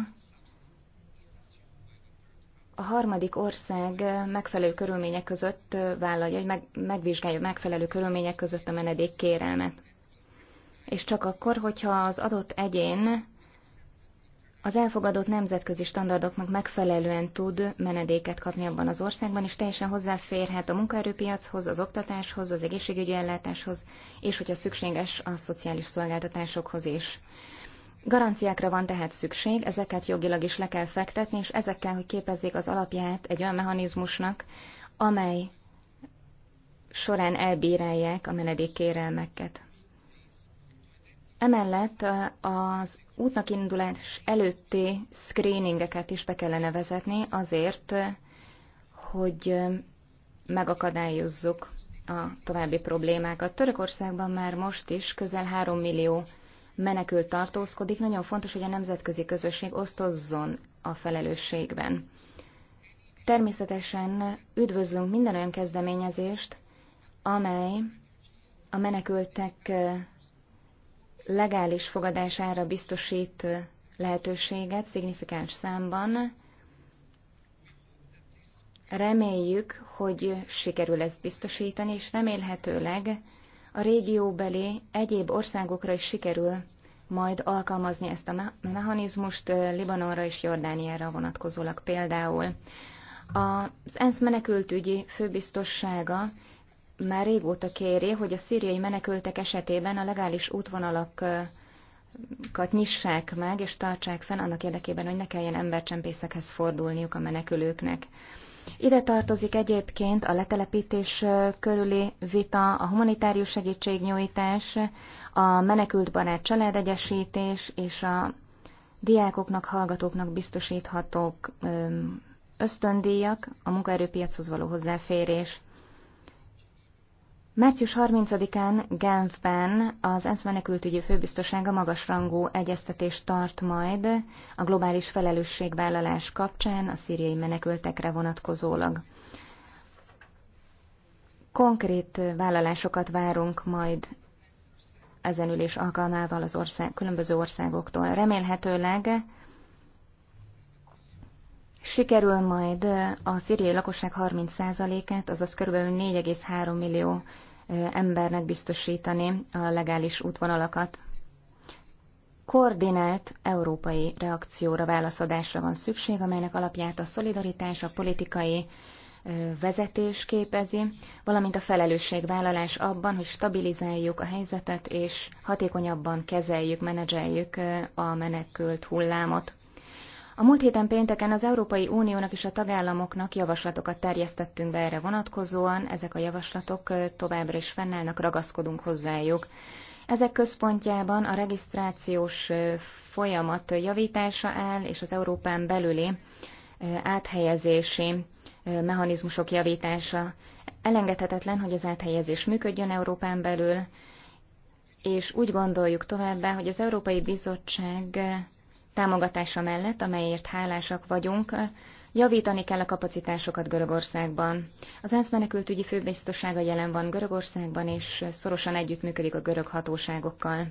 a harmadik ország megfelelő körülmények között vállalja, hogy meg, megvizsgálja megfelelő körülmények között a menedék kérelmet és csak akkor, hogyha az adott egyén az elfogadott nemzetközi standardoknak megfelelően tud menedéket kapni abban az országban, és teljesen hozzáférhet a munkaerőpiachoz, az oktatáshoz, az egészségügyi ellátáshoz, és hogyha szükséges, a szociális szolgáltatásokhoz is. Garanciákra van tehát szükség, ezeket jogilag is le kell fektetni, és ezekkel, hogy képezzék az alapját egy olyan mechanizmusnak, amely során elbírálják a menedékkérelmeket. Emellett az útnak indulás előtti screeningeket is be kellene vezetni azért, hogy megakadályozzuk a további problémákat. Törökországban már most is közel 3 millió menekült tartózkodik. Nagyon fontos, hogy a nemzetközi közösség osztozzon a felelősségben. Természetesen üdvözlünk minden olyan kezdeményezést, amely a menekültek legális fogadására biztosít lehetőséget szignifikáns számban. Reméljük, hogy sikerül ezt biztosítani, és remélhetőleg a régióbeli egyéb országokra is sikerül majd alkalmazni ezt a mechanizmust Libanonra és Jordániára vonatkozólag például. Az ENSZ menekültügyi főbiztossága már régóta kéri, hogy a szíriai menekültek esetében a legális útvonalakat nyissák meg és tartsák fenn annak érdekében, hogy ne kelljen embercsempészekhez fordulniuk a menekülőknek. Ide tartozik egyébként a letelepítés körüli vita, a humanitárius segítségnyújtás, a barát családegyesítés és a diákoknak, hallgatóknak biztosíthatók ösztöndíjak, a munkaerőpiachoz való hozzáférés. Március 30-án Genfben az ENSZ menekültügyi magas magasrangú egyeztetést tart majd a globális felelősségvállalás kapcsán a szíriai menekültekre vonatkozólag. Konkrét vállalásokat várunk majd ezen ülés alkalmával az ország, különböző országoktól. Remélhetőleg Sikerül majd a szíriai lakosság 30%-át, azaz kb. 4,3 millió embernek biztosítani a legális útvonalakat. Koordinált európai reakcióra, válaszadásra van szükség, amelynek alapját a szolidaritás, a politikai vezetés képezi, valamint a felelősségvállalás abban, hogy stabilizáljuk a helyzetet és hatékonyabban kezeljük, menedzseljük a menekült hullámot. A múlt héten pénteken az Európai Uniónak és a tagállamoknak javaslatokat terjesztettünk be erre vonatkozóan, ezek a javaslatok továbbra is fennállnak, ragaszkodunk hozzájuk. Ezek központjában a regisztrációs folyamat javítása áll, és az Európán belüli áthelyezési mechanizmusok javítása. Elengedhetetlen, hogy az áthelyezés működjön Európán belül, és úgy gondoljuk továbbá, hogy az Európai Bizottság támogatása mellett, amelyért hálásak vagyunk, Javítani kell a kapacitásokat Görögországban. Az ENSZ menekültügyi főbiztossága jelen van Görögországban, és szorosan együttműködik a görög hatóságokkal.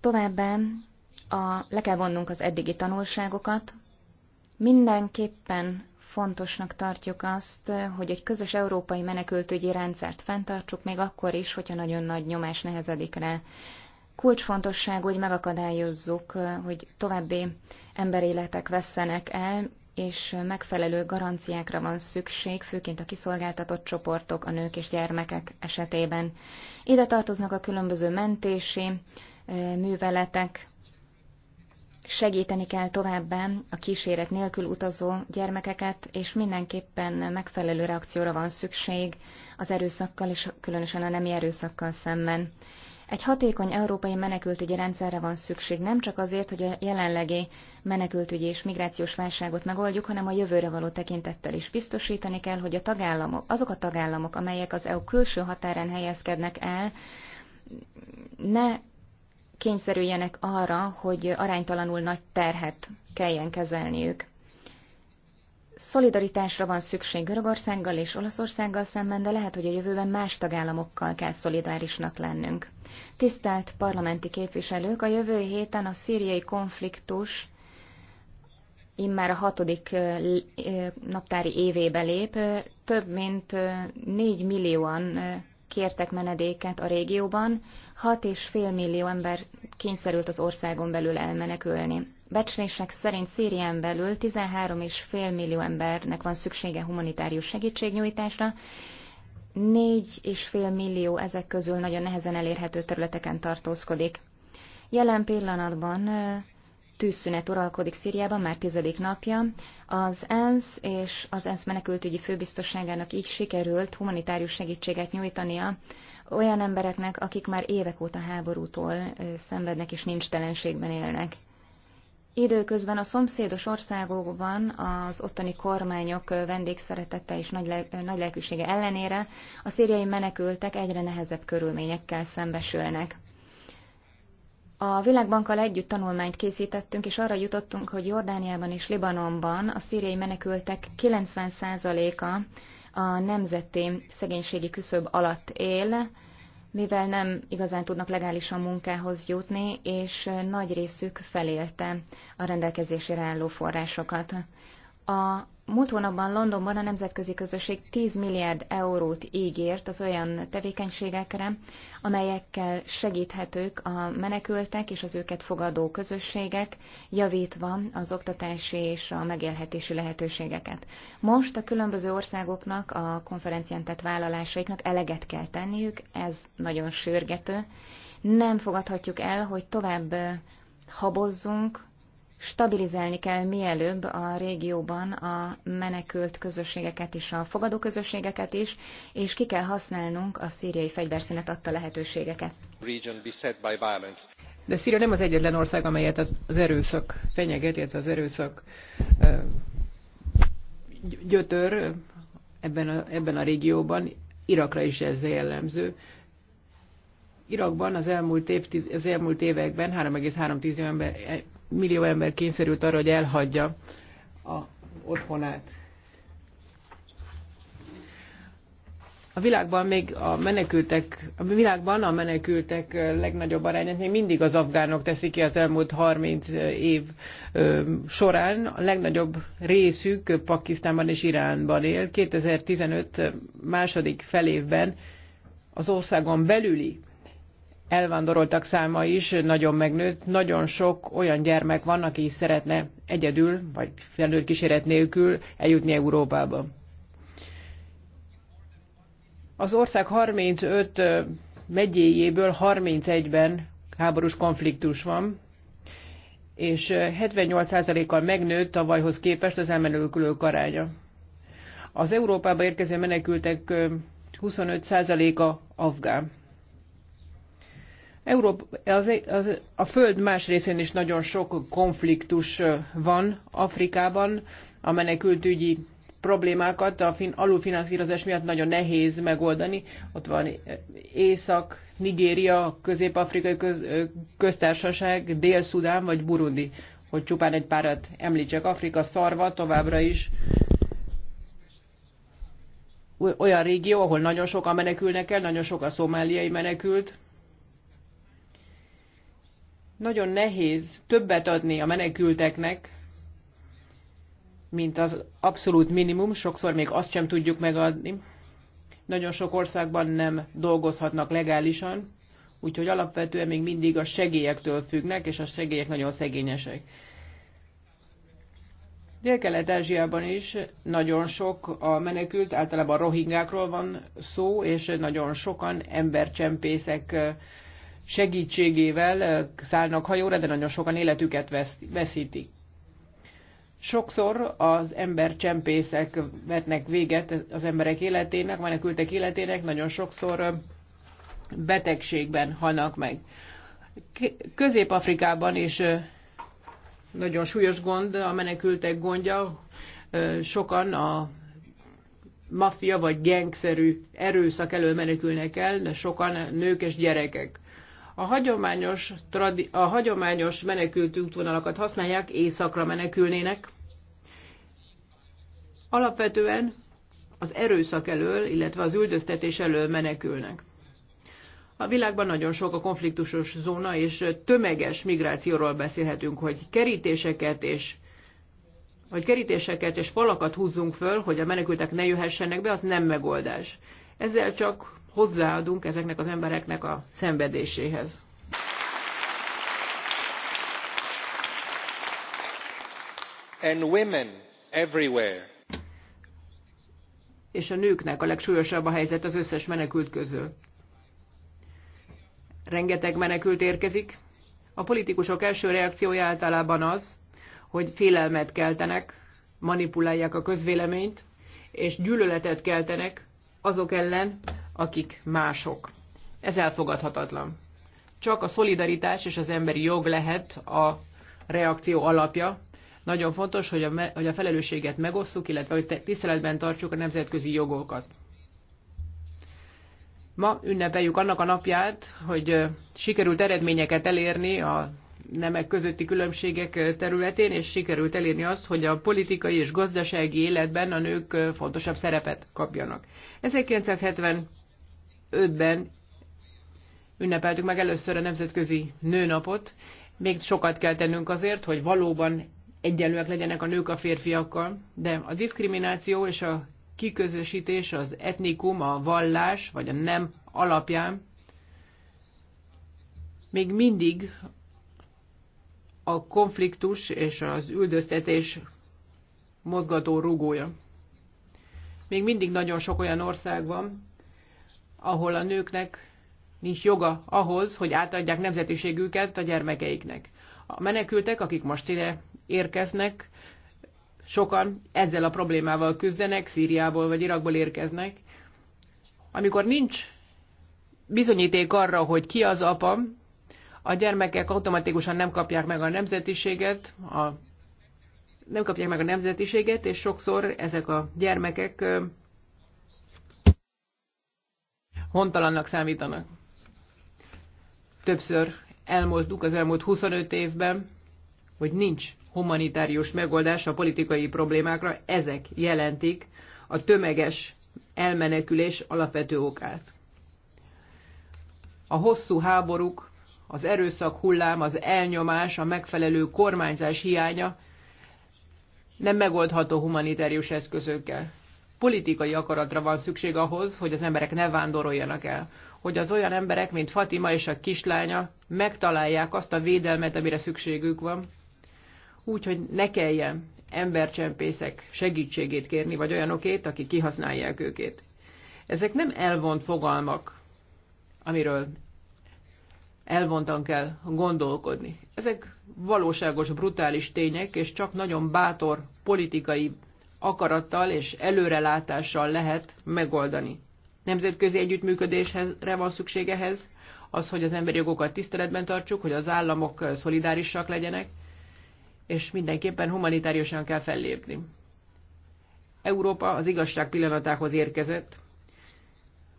Továbbá a, le kell vonnunk az eddigi tanulságokat. Mindenképpen fontosnak tartjuk azt, hogy egy közös európai menekültügyi rendszert fenntartsuk, még akkor is, hogyha nagyon nagy nyomás nehezedik rá kulcsfontosság, hogy megakadályozzuk, hogy további emberéletek vesszenek el, és megfelelő garanciákra van szükség, főként a kiszolgáltatott csoportok, a nők és gyermekek esetében. Ide tartoznak a különböző mentési eh, műveletek, segíteni kell továbbá a kíséret nélkül utazó gyermekeket, és mindenképpen megfelelő reakcióra van szükség az erőszakkal, és különösen a nemi erőszakkal szemben. Egy hatékony európai menekültügyi rendszerre van szükség, nem csak azért, hogy a jelenlegi menekültügyi és migrációs válságot megoldjuk, hanem a jövőre való tekintettel is biztosítani kell, hogy a tagállamok, azok a tagállamok, amelyek az EU külső határen helyezkednek el, ne kényszerüljenek arra, hogy aránytalanul nagy terhet kelljen kezelniük. Szolidaritásra van szükség Görögországgal és Olaszországgal szemben, de lehet, hogy a jövőben más tagállamokkal kell szolidárisnak lennünk. Tisztelt parlamenti képviselők, a jövő héten a szíriai konfliktus immár a hatodik naptári évébe lép, több mint 4 millióan kértek menedéket a régióban, 6,5 millió ember kényszerült az országon belül elmenekülni. Becslések szerint Szírián belül 13,5 millió embernek van szüksége humanitárius segítségnyújtásra, 4,5 millió ezek közül nagyon nehezen elérhető területeken tartózkodik. Jelen pillanatban tűzszünet uralkodik Szíriában már tizedik napja. Az ENSZ és az ENSZ menekültügyi főbiztosságának így sikerült humanitárius segítséget nyújtania olyan embereknek, akik már évek óta háborútól szenvednek és nincs telenségben élnek. Időközben a szomszédos országokban az ottani kormányok vendégszeretete és nagy, le, nagy lelkűsége ellenére a szíriai menekültek egyre nehezebb körülményekkel szembesülnek. A Világbankkal együtt tanulmányt készítettünk, és arra jutottunk, hogy Jordániában és Libanonban a szíriai menekültek 90%-a a nemzeti szegénységi küszöb alatt él, mivel nem igazán tudnak legálisan munkához jutni, és nagy részük felélte a rendelkezésére álló forrásokat. A Múlt hónapban Londonban a nemzetközi közösség 10 milliárd eurót ígért az olyan tevékenységekre, amelyekkel segíthetők a menekültek és az őket fogadó közösségek, javítva az oktatási és a megélhetési lehetőségeket. Most a különböző országoknak, a konferencián tett vállalásaiknak eleget kell tenniük, ez nagyon sürgető. Nem fogadhatjuk el, hogy tovább habozzunk, stabilizálni kell mielőbb a régióban a menekült közösségeket is, a fogadó közösségeket is, és ki kell használnunk a szíriai fegyverszünet adta lehetőségeket. De Szíria nem az egyetlen ország, amelyet az erőszak fenyeget, illetve az erőszak gyötör ebben a, ebben a régióban. Irakra is ez jellemző. Irakban az elmúlt, évtiz, az elmúlt években 3,3 millió ember, millió ember kényszerült arra, hogy elhagyja a otthonát. A világban még a menekültek, a világban a menekültek legnagyobb arányát még mindig az afgánok teszik ki az elmúlt 30 év során. A legnagyobb részük Pakisztánban és Iránban él. 2015 második felévben az országon belüli elvándoroltak száma is nagyon megnőtt. Nagyon sok olyan gyermek van, aki szeretne egyedül, vagy felnőtt kíséret nélkül eljutni Európába. Az ország 35 megyéjéből 31-ben háborús konfliktus van, és 78%-kal megnőtt tavalyhoz képest az elmenekülők aránya. Az Európába érkező menekültek 25%-a afgán. Európa, az, az, a föld más részén is nagyon sok konfliktus van Afrikában, a menekültügyi problémákat a fin, alulfinanszírozás miatt nagyon nehéz megoldani. Ott van Észak, Nigéria, Közép-Afrikai köz, Köztársaság, Dél-Szudán vagy Burundi, hogy csupán egy párat említsek. Afrika szarva továbbra is olyan régió, ahol nagyon sokan menekülnek el, nagyon sok a szomáliai menekült, nagyon nehéz többet adni a menekülteknek, mint az abszolút minimum, sokszor még azt sem tudjuk megadni. Nagyon sok országban nem dolgozhatnak legálisan, úgyhogy alapvetően még mindig a segélyektől függnek, és a segélyek nagyon szegényesek. Dél-Kelet-Ázsiában is nagyon sok a menekült, általában rohingákról van szó, és nagyon sokan embercsempészek segítségével szállnak hajóra, de nagyon sokan életüket veszítik. Sokszor az ember csempészek vetnek véget az emberek életének, menekültek életének, nagyon sokszor betegségben halnak meg. Közép-Afrikában is nagyon súlyos gond a menekültek gondja. Sokan a maffia vagy gengszerű erőszak elől menekülnek el, de sokan nők és gyerekek a hagyományos, tradi- a hagyományos menekült útvonalakat használják, éjszakra menekülnének. Alapvetően az erőszak elől, illetve az üldöztetés elől menekülnek. A világban nagyon sok a konfliktusos zóna, és tömeges migrációról beszélhetünk, hogy kerítéseket és hogy kerítéseket és falakat húzzunk föl, hogy a menekültek ne jöhessenek be, az nem megoldás. Ezzel csak hozzáadunk ezeknek az embereknek a szenvedéséhez. And women everywhere. És a nőknek a legsúlyosabb a helyzet az összes menekült közül. Rengeteg menekült érkezik. A politikusok első reakciója általában az, hogy félelmet keltenek, manipulálják a közvéleményt, és gyűlöletet keltenek azok ellen, akik mások. Ez elfogadhatatlan. Csak a szolidaritás és az emberi jog lehet a reakció alapja. Nagyon fontos, hogy a, me, hogy a felelősséget megosszuk, illetve hogy tiszteletben tartsuk a nemzetközi jogokat. Ma ünnepeljük annak a napját, hogy sikerült eredményeket elérni a nemek közötti különbségek területén, és sikerült elérni azt, hogy a politikai és gazdasági életben a nők fontosabb szerepet kapjanak. 1975-ben ünnepeltük meg először a Nemzetközi Nőnapot. Még sokat kell tennünk azért, hogy valóban egyenlőek legyenek a nők a férfiakkal, de a diszkrimináció és a kiközösítés az etnikum, a vallás vagy a nem alapján még mindig a konfliktus és az üldöztetés mozgató rugója. Még mindig nagyon sok olyan ország van, ahol a nőknek nincs joga ahhoz, hogy átadják nemzetiségüket a gyermekeiknek. A menekültek, akik most ide érkeznek, sokan ezzel a problémával küzdenek, Szíriából vagy Irakból érkeznek. Amikor nincs bizonyíték arra, hogy ki az apa, a gyermekek automatikusan nem kapják meg a nemzetiséget, a, nem kapják meg a nemzetiséget, és sokszor ezek a gyermekek hontalannak számítanak. Többször elmozduk az elmúlt 25 évben, hogy nincs humanitárius megoldás a politikai problémákra, ezek jelentik a tömeges elmenekülés alapvető okát. A hosszú háborúk az erőszak hullám, az elnyomás, a megfelelő kormányzás hiánya nem megoldható humanitárius eszközökkel. Politikai akaratra van szükség ahhoz, hogy az emberek ne vándoroljanak el, hogy az olyan emberek, mint Fatima és a kislánya megtalálják azt a védelmet, amire szükségük van, úgy, hogy ne kelljen embercsempészek segítségét kérni, vagy olyanokét, akik kihasználják őket. Ezek nem elvont fogalmak, amiről elvontan kell gondolkodni. Ezek valóságos, brutális tények, és csak nagyon bátor politikai akarattal és előrelátással lehet megoldani. Nemzetközi együttműködésre van szükség ehhez, az, hogy az emberi jogokat tiszteletben tartsuk, hogy az államok szolidárisak legyenek, és mindenképpen humanitáriusan kell fellépni. Európa az igazság pillanatához érkezett,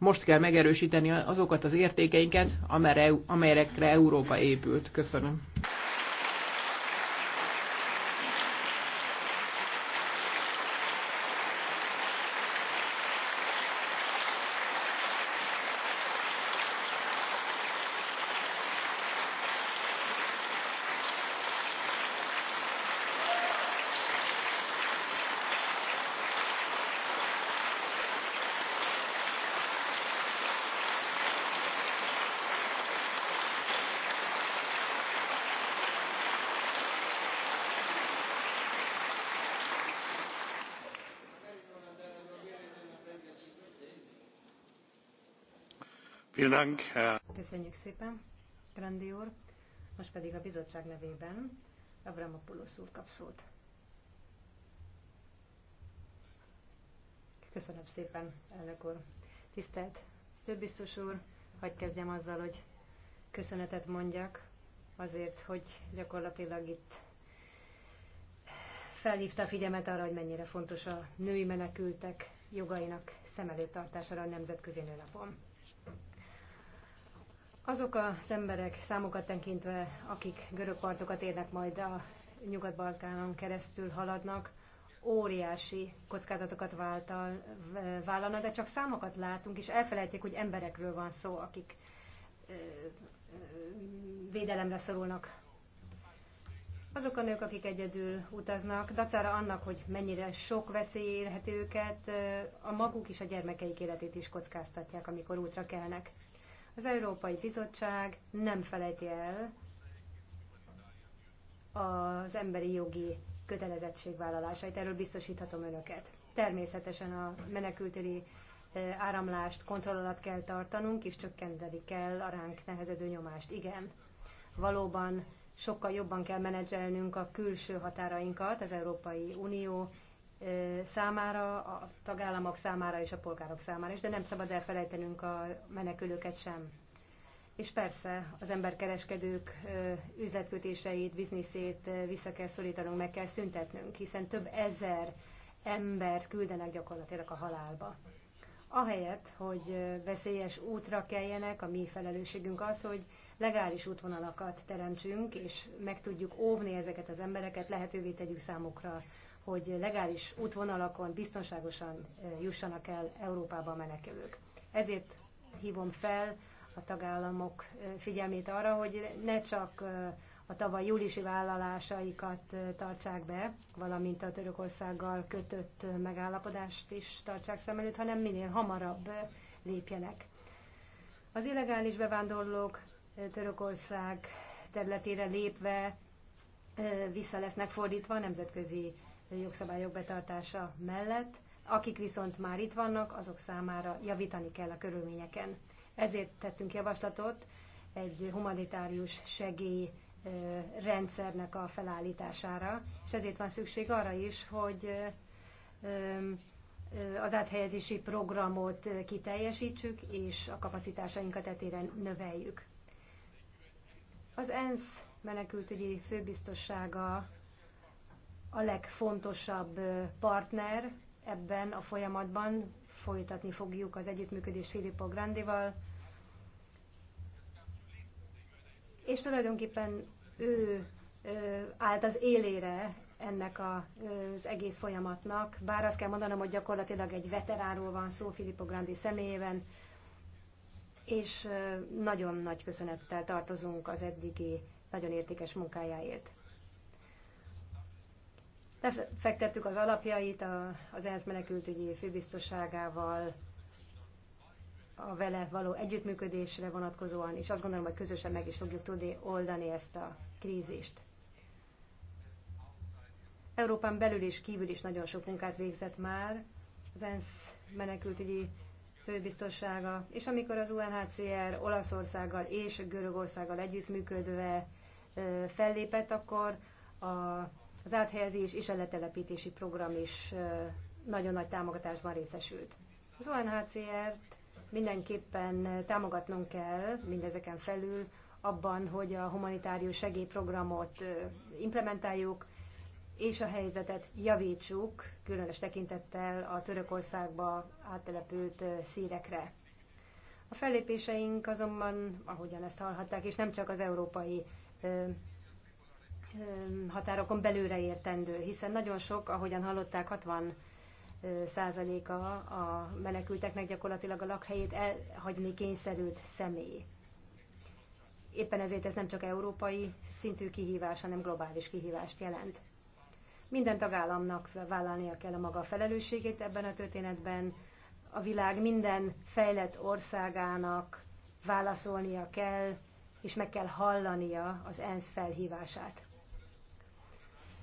most kell megerősíteni azokat az értékeinket, amelyekre Európa épült. Köszönöm. Köszönjük szépen, Grandi úr. Most pedig a bizottság nevében Avramopoulos úr kap szót. Köszönöm szépen, elnök úr. Tisztelt főbiztos úr, hagyd kezdjem azzal, hogy köszönetet mondjak azért, hogy gyakorlatilag itt felhívta a figyelmet arra, hogy mennyire fontos a női menekültek jogainak szem előtt tartására a nemzetközi nőnapon. Azok az emberek számokat tekintve, akik görög partokat érnek majd a Nyugat-Balkánon keresztül haladnak, óriási kockázatokat váltal, vállalnak, de csak számokat látunk, és elfelejtjük, hogy emberekről van szó, akik védelemre szorulnak. Azok a nők, akik egyedül utaznak, dacára annak, hogy mennyire sok veszély érhet őket, a maguk és a gyermekeik életét is kockáztatják, amikor útra kelnek. Az Európai Bizottság nem felejti el az emberi jogi kötelezettségvállalásait, erről biztosíthatom önöket. Természetesen a menekültéri e, áramlást kontroll alatt kell tartanunk, és csökkenteni kell a ránk nehezedő nyomást. Igen, valóban sokkal jobban kell menedzselnünk a külső határainkat, az Európai Unió számára, a tagállamok számára és a polgárok számára is, de nem szabad elfelejtenünk a menekülőket sem. És persze az emberkereskedők üzletkötéseit, bizniszét vissza kell szorítanunk, meg kell szüntetnünk, hiszen több ezer embert küldenek gyakorlatilag a halálba. Ahelyett, hogy veszélyes útra keljenek, a mi felelősségünk az, hogy legális útvonalakat teremtsünk, és meg tudjuk óvni ezeket az embereket, lehetővé tegyük számukra, hogy legális útvonalakon biztonságosan jussanak el Európába a menekülők. Ezért hívom fel a tagállamok figyelmét arra, hogy ne csak a tavaly júliusi vállalásaikat tartsák be, valamint a Törökországgal kötött megállapodást is tartsák szem előtt, hanem minél hamarabb lépjenek. Az illegális bevándorlók Törökország területére lépve vissza lesznek fordítva nemzetközi jogszabályok betartása mellett. Akik viszont már itt vannak, azok számára javítani kell a körülményeken. Ezért tettünk javaslatot egy humanitárius segély rendszernek a felállítására, és ezért van szükség arra is, hogy az áthelyezési programot kiteljesítsük, és a kapacitásainkat etéren növeljük. Az ENSZ menekültügyi főbiztossága a legfontosabb partner ebben a folyamatban. Folytatni fogjuk az együttműködést Filippo Grandival, és tulajdonképpen ő állt az élére ennek az egész folyamatnak, bár azt kell mondanom, hogy gyakorlatilag egy veteránról van szó Filippo Grandi személyében, és nagyon nagy köszönettel tartozunk az eddigi nagyon értékes munkájáért. Befektettük az alapjait az ENSZ menekültügyi főbiztosságával, a vele való együttműködésre vonatkozóan, és azt gondolom, hogy közösen meg is fogjuk tudni oldani ezt a krízist. Európán belül és kívül is nagyon sok munkát végzett már az ENSZ menekültügyi főbiztossága, és amikor az UNHCR Olaszországgal és Görögországgal együttműködve fellépett, akkor a, az áthelyezés és a letelepítési program is nagyon nagy támogatásban részesült. Az UNHCR-t mindenképpen támogatnunk kell mindezeken felül abban, hogy a humanitárius segélyprogramot implementáljuk, és a helyzetet javítsuk, különös tekintettel a Törökországba áttelepült szírekre. A fellépéseink azonban, ahogyan ezt hallhatták, és nem csak az európai ö, ö, határokon belőle értendő, hiszen nagyon sok, ahogyan hallották, 60 százaléka a menekülteknek gyakorlatilag a lakhelyét elhagyni kényszerült személy. Éppen ezért ez nem csak európai szintű kihívás, hanem globális kihívást jelent. Minden tagállamnak vállalnia kell a maga felelősségét ebben a történetben. A világ minden fejlett országának válaszolnia kell, és meg kell hallania az ENSZ felhívását.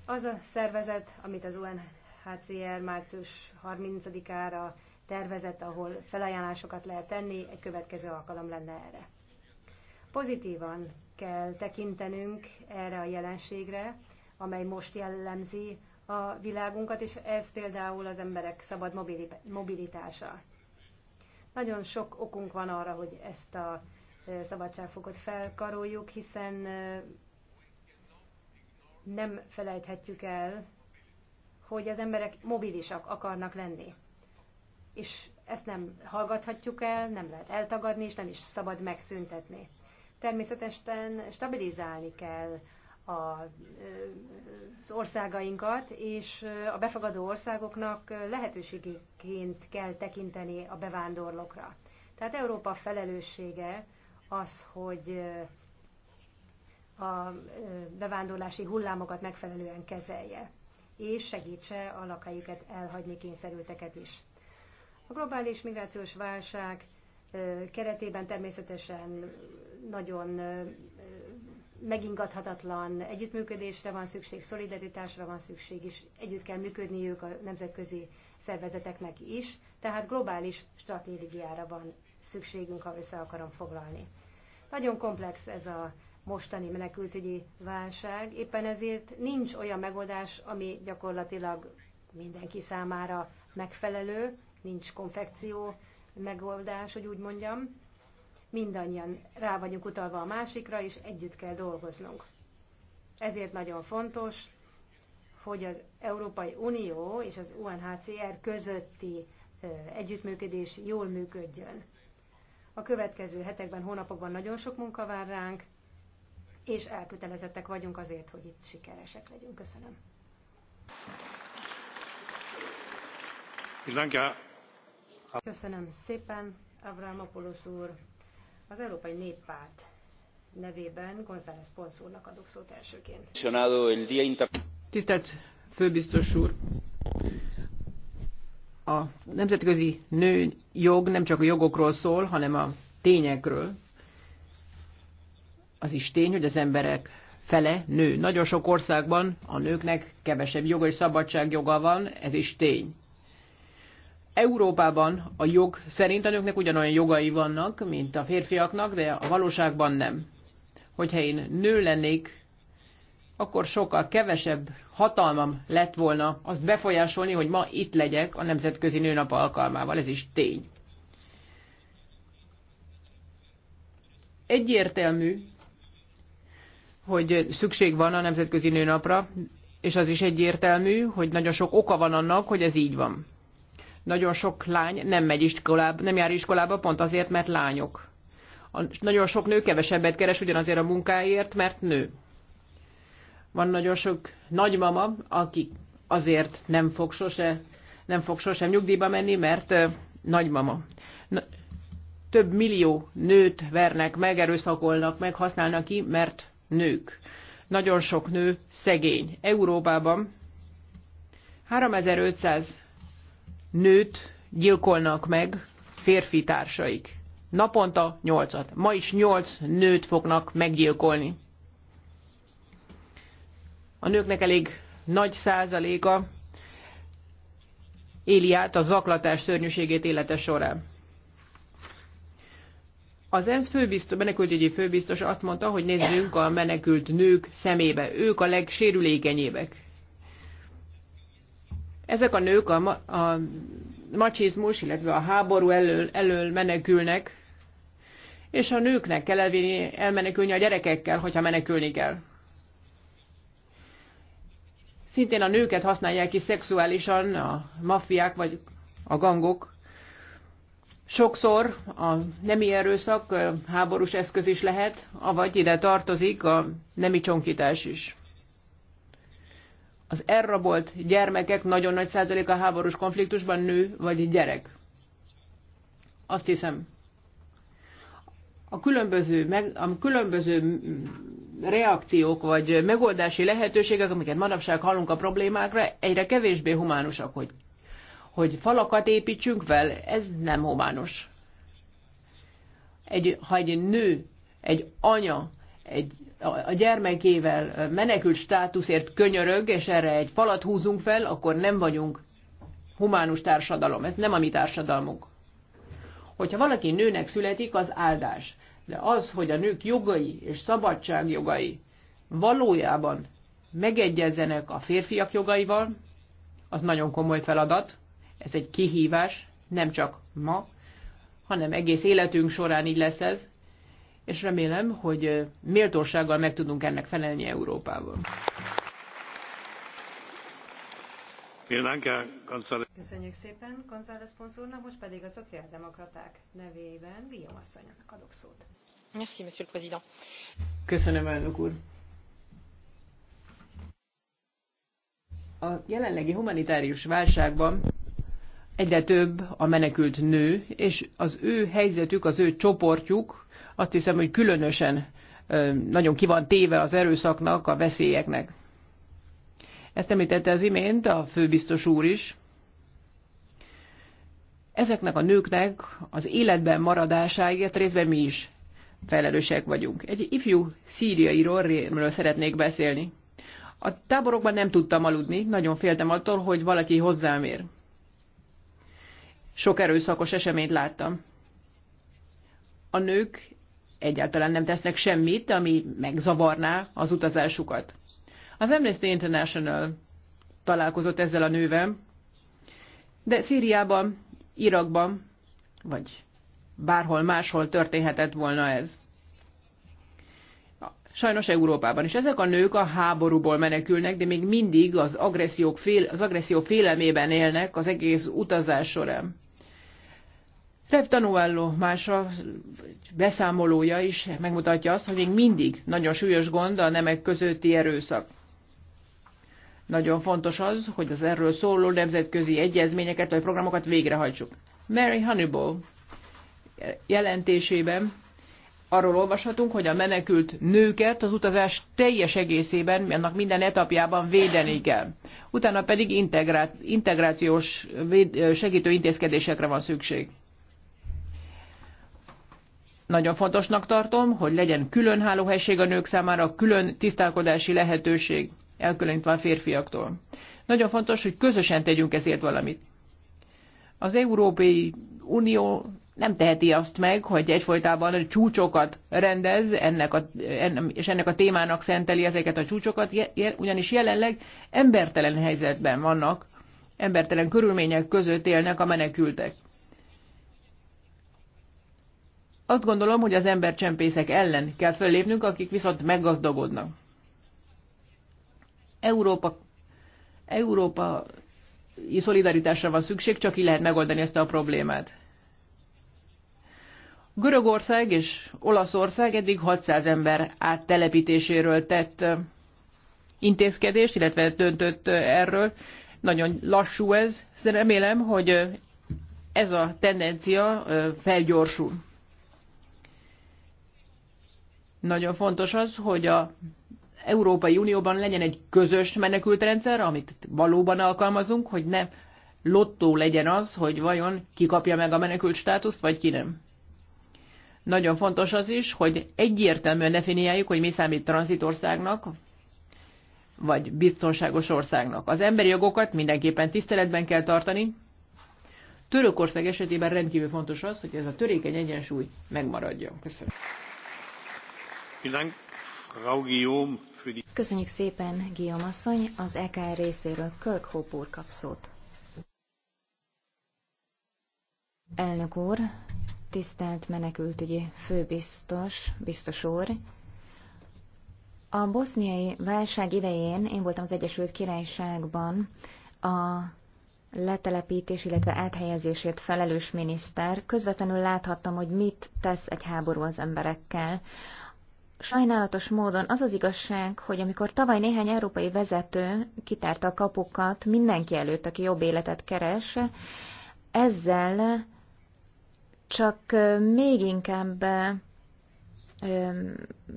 Az a szervezet, amit az UNHCR március 30-ára tervezett, ahol felajánlásokat lehet tenni, egy következő alkalom lenne erre. Pozitívan kell tekintenünk erre a jelenségre, amely most jellemzi a világunkat, és ez például az emberek szabad mobilitása. Nagyon sok okunk van arra, hogy ezt a szabadságfokot felkaroljuk, hiszen nem felejthetjük el, hogy az emberek mobilisak akarnak lenni. És ezt nem hallgathatjuk el, nem lehet eltagadni, és nem is szabad megszüntetni. Természetesen stabilizálni kell a, az országainkat, és a befogadó országoknak lehetőségként kell tekinteni a bevándorlókra. Tehát Európa felelőssége az, hogy a bevándorlási hullámokat megfelelően kezelje, és segítse a lakájukat elhagyni kényszerülteket is. A globális migrációs válság keretében természetesen nagyon megingathatatlan együttműködésre van szükség, szolidaritásra van szükség, és együtt kell működniük a nemzetközi szervezeteknek is, tehát globális stratégiára van szükségünk, ha össze akarom foglalni. Nagyon komplex ez a mostani menekültügyi válság, éppen ezért nincs olyan megoldás, ami gyakorlatilag mindenki számára megfelelő, nincs konfekció megoldás, hogy úgy mondjam, mindannyian rá vagyunk utalva a másikra, és együtt kell dolgoznunk. Ezért nagyon fontos, hogy az Európai Unió és az UNHCR közötti együttműködés jól működjön. A következő hetekben, hónapokban nagyon sok munka vár ránk, és elkötelezettek vagyunk azért, hogy itt sikeresek legyünk. Köszönöm. Köszönöm szépen, Avramopoulos úr. Az Európai Néppárt nevében González Ponszónak adok szót elsőként. Tisztelt főbiztos úr! A nemzetközi nő jog nem csak a jogokról szól, hanem a tényekről. Az is tény, hogy az emberek fele nő. Nagyon sok országban a nőknek kevesebb joga és szabadságjoga van, ez is tény. Európában a jog szerint a nőknek ugyanolyan jogai vannak, mint a férfiaknak, de a valóságban nem. Hogyha én nő lennék, akkor sokkal kevesebb hatalmam lett volna azt befolyásolni, hogy ma itt legyek a Nemzetközi Nőnap alkalmával. Ez is tény. Egyértelmű, hogy szükség van a Nemzetközi Nőnapra, és az is egyértelmű, hogy nagyon sok oka van annak, hogy ez így van. Nagyon sok lány nem megy iskolába, nem jár iskolába pont azért, mert lányok. A, nagyon sok nő kevesebbet keres ugyanazért a munkáért, mert nő. Van nagyon sok nagymama, aki azért nem fog sose, nem fog sosem nyugdíjba menni, mert ö, nagymama. Na, több millió nőt vernek meg, erőszakolnak meg, használnak ki, mert nők. Nagyon sok nő szegény. Európában 3500 nőt gyilkolnak meg férfi társaik. Naponta nyolcat. Ma is nyolc nőt fognak meggyilkolni. A nőknek elég nagy százaléka éli át a zaklatás szörnyűségét élete során. Az ENSZ főbiztos, menekültügyi főbiztos azt mondta, hogy nézzünk a menekült nők szemébe. Ők a legsérülékenyebbek. Ezek a nők a, ma, a macsizmus, illetve a háború elől, elől menekülnek, és a nőknek kell elvinni, elmenekülni a gyerekekkel, hogyha menekülni kell. Szintén a nőket használják ki szexuálisan a maffiák vagy a gangok. Sokszor a nemi erőszak háborús eszköz is lehet, avagy ide tartozik a nemi csonkítás is az elrabolt gyermekek nagyon nagy százaléka háborús konfliktusban nő vagy gyerek. Azt hiszem, a különböző, meg, a különböző reakciók vagy megoldási lehetőségek, amiket manapság hallunk a problémákra, egyre kevésbé humánusak, hogy, hogy falakat építsünk fel, ez nem humánus. Egy, ha egy nő, egy anya egy, a, a gyermekével menekült státuszért könyörög, és erre egy falat húzunk fel, akkor nem vagyunk humánus társadalom. Ez nem a mi társadalmunk. Hogyha valaki nőnek születik, az áldás. De az, hogy a nők jogai és szabadságjogai valójában megegyezzenek a férfiak jogaival, az nagyon komoly feladat. Ez egy kihívás, nem csak ma, hanem egész életünk során így lesz ez és remélem, hogy méltósággal meg tudunk ennek felelni Európában. Köszönjük szépen, González Ponzorna, most pedig a szociáldemokraták nevében Guillaume asszonynak adok szót. Merci, monsieur le président. Köszönöm, elnök úr. A jelenlegi humanitárius válságban egyre több a menekült nő, és az ő helyzetük, az ő csoportjuk azt hiszem, hogy különösen nagyon ki van téve az erőszaknak, a veszélyeknek. Ezt említette az imént a főbiztos úr is. Ezeknek a nőknek az életben maradásáért részben mi is felelősek vagyunk. Egy ifjú rorréről szeretnék beszélni. A táborokban nem tudtam aludni, nagyon féltem attól, hogy valaki hozzám ér. Sok erőszakos eseményt láttam. A nők egyáltalán nem tesznek semmit, ami megzavarná az utazásukat. Az Amnesty International találkozott ezzel a nővel, de Szíriában, Irakban, vagy bárhol máshol történhetett volna ez. Sajnos Európában is. Ezek a nők a háborúból menekülnek, de még mindig az, agressziók fél, az agresszió félelmében élnek az egész utazás során. Rev Tanuello más a beszámolója is megmutatja azt, hogy még mindig nagyon súlyos gond a nemek közötti erőszak. Nagyon fontos az, hogy az erről szóló nemzetközi egyezményeket vagy programokat végrehajtsuk. Mary Hannibal jelentésében arról olvashatunk, hogy a menekült nőket az utazás teljes egészében, annak minden etapjában védeni kell. Utána pedig integrá- integrációs segítő intézkedésekre van szükség. Nagyon fontosnak tartom, hogy legyen külön hálóhelység a nők számára, külön tisztálkodási lehetőség, elkülönítve a férfiaktól. Nagyon fontos, hogy közösen tegyünk ezért valamit. Az Európai Unió nem teheti azt meg, hogy egyfolytában csúcsokat rendez, ennek a, en, és ennek a témának szenteli ezeket a csúcsokat, ugyanis jelenleg embertelen helyzetben vannak, embertelen körülmények között élnek a menekültek. Azt gondolom, hogy az embercsempészek ellen kell föllépnünk, akik viszont meggazdagodnak. Európa, Európa szolidaritásra van szükség, csak így lehet megoldani ezt a problémát. Görögország és Olaszország eddig 600 ember áttelepítéséről tett intézkedést, illetve döntött erről. Nagyon lassú ez, remélem, hogy ez a tendencia felgyorsul. Nagyon fontos az, hogy a Európai Unióban legyen egy közös menekültrendszer, amit valóban alkalmazunk, hogy ne lottó legyen az, hogy vajon ki kapja meg a menekült státuszt, vagy ki nem. Nagyon fontos az is, hogy egyértelműen definiáljuk, hogy mi számít tranzitországnak, vagy biztonságos országnak. Az emberi jogokat mindenképpen tiszteletben kell tartani. Törökország esetében rendkívül fontos az, hogy ez a törékeny egyensúly megmaradjon. Köszönöm. Köszönjük szépen, Guillaume asszony, az EKR részéről Kölk Hópúr kap szót. Elnök úr, tisztelt menekültügyi főbiztos, biztos úr, a boszniai válság idején én voltam az Egyesült Királyságban a letelepítés, illetve áthelyezésért felelős miniszter. Közvetlenül láthattam, hogy mit tesz egy háború az emberekkel. Sajnálatos módon az az igazság, hogy amikor tavaly néhány európai vezető kitárta a kapukat mindenki előtt, aki jobb életet keres, ezzel csak még inkább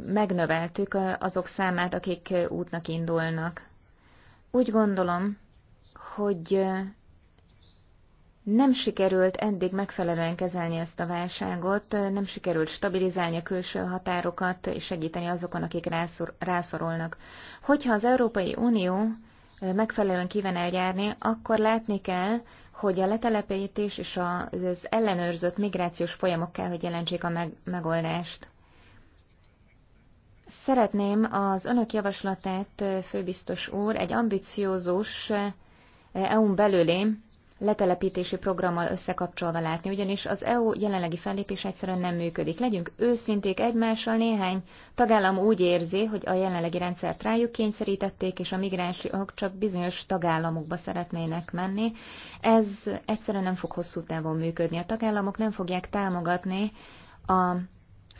megnöveltük azok számát, akik útnak indulnak. Úgy gondolom, hogy nem sikerült eddig megfelelően kezelni ezt a válságot, nem sikerült stabilizálni a külső határokat és segíteni azokon, akik rászor, rászorulnak. Hogyha az Európai Unió megfelelően kíván eljárni, akkor látni kell, hogy a letelepítés és az ellenőrzött migrációs folyamok kell, hogy jelentsék a meg, megoldást. Szeretném az önök javaslatát, főbiztos úr, egy ambiciózus EU-n belüli letelepítési programmal összekapcsolva látni, ugyanis az EU jelenlegi fellépés egyszerűen nem működik. Legyünk őszinték egymással, néhány tagállam úgy érzi, hogy a jelenlegi rendszert rájuk kényszerítették, és a migránsok csak bizonyos tagállamokba szeretnének menni. Ez egyszerűen nem fog hosszú távon működni. A tagállamok nem fogják támogatni a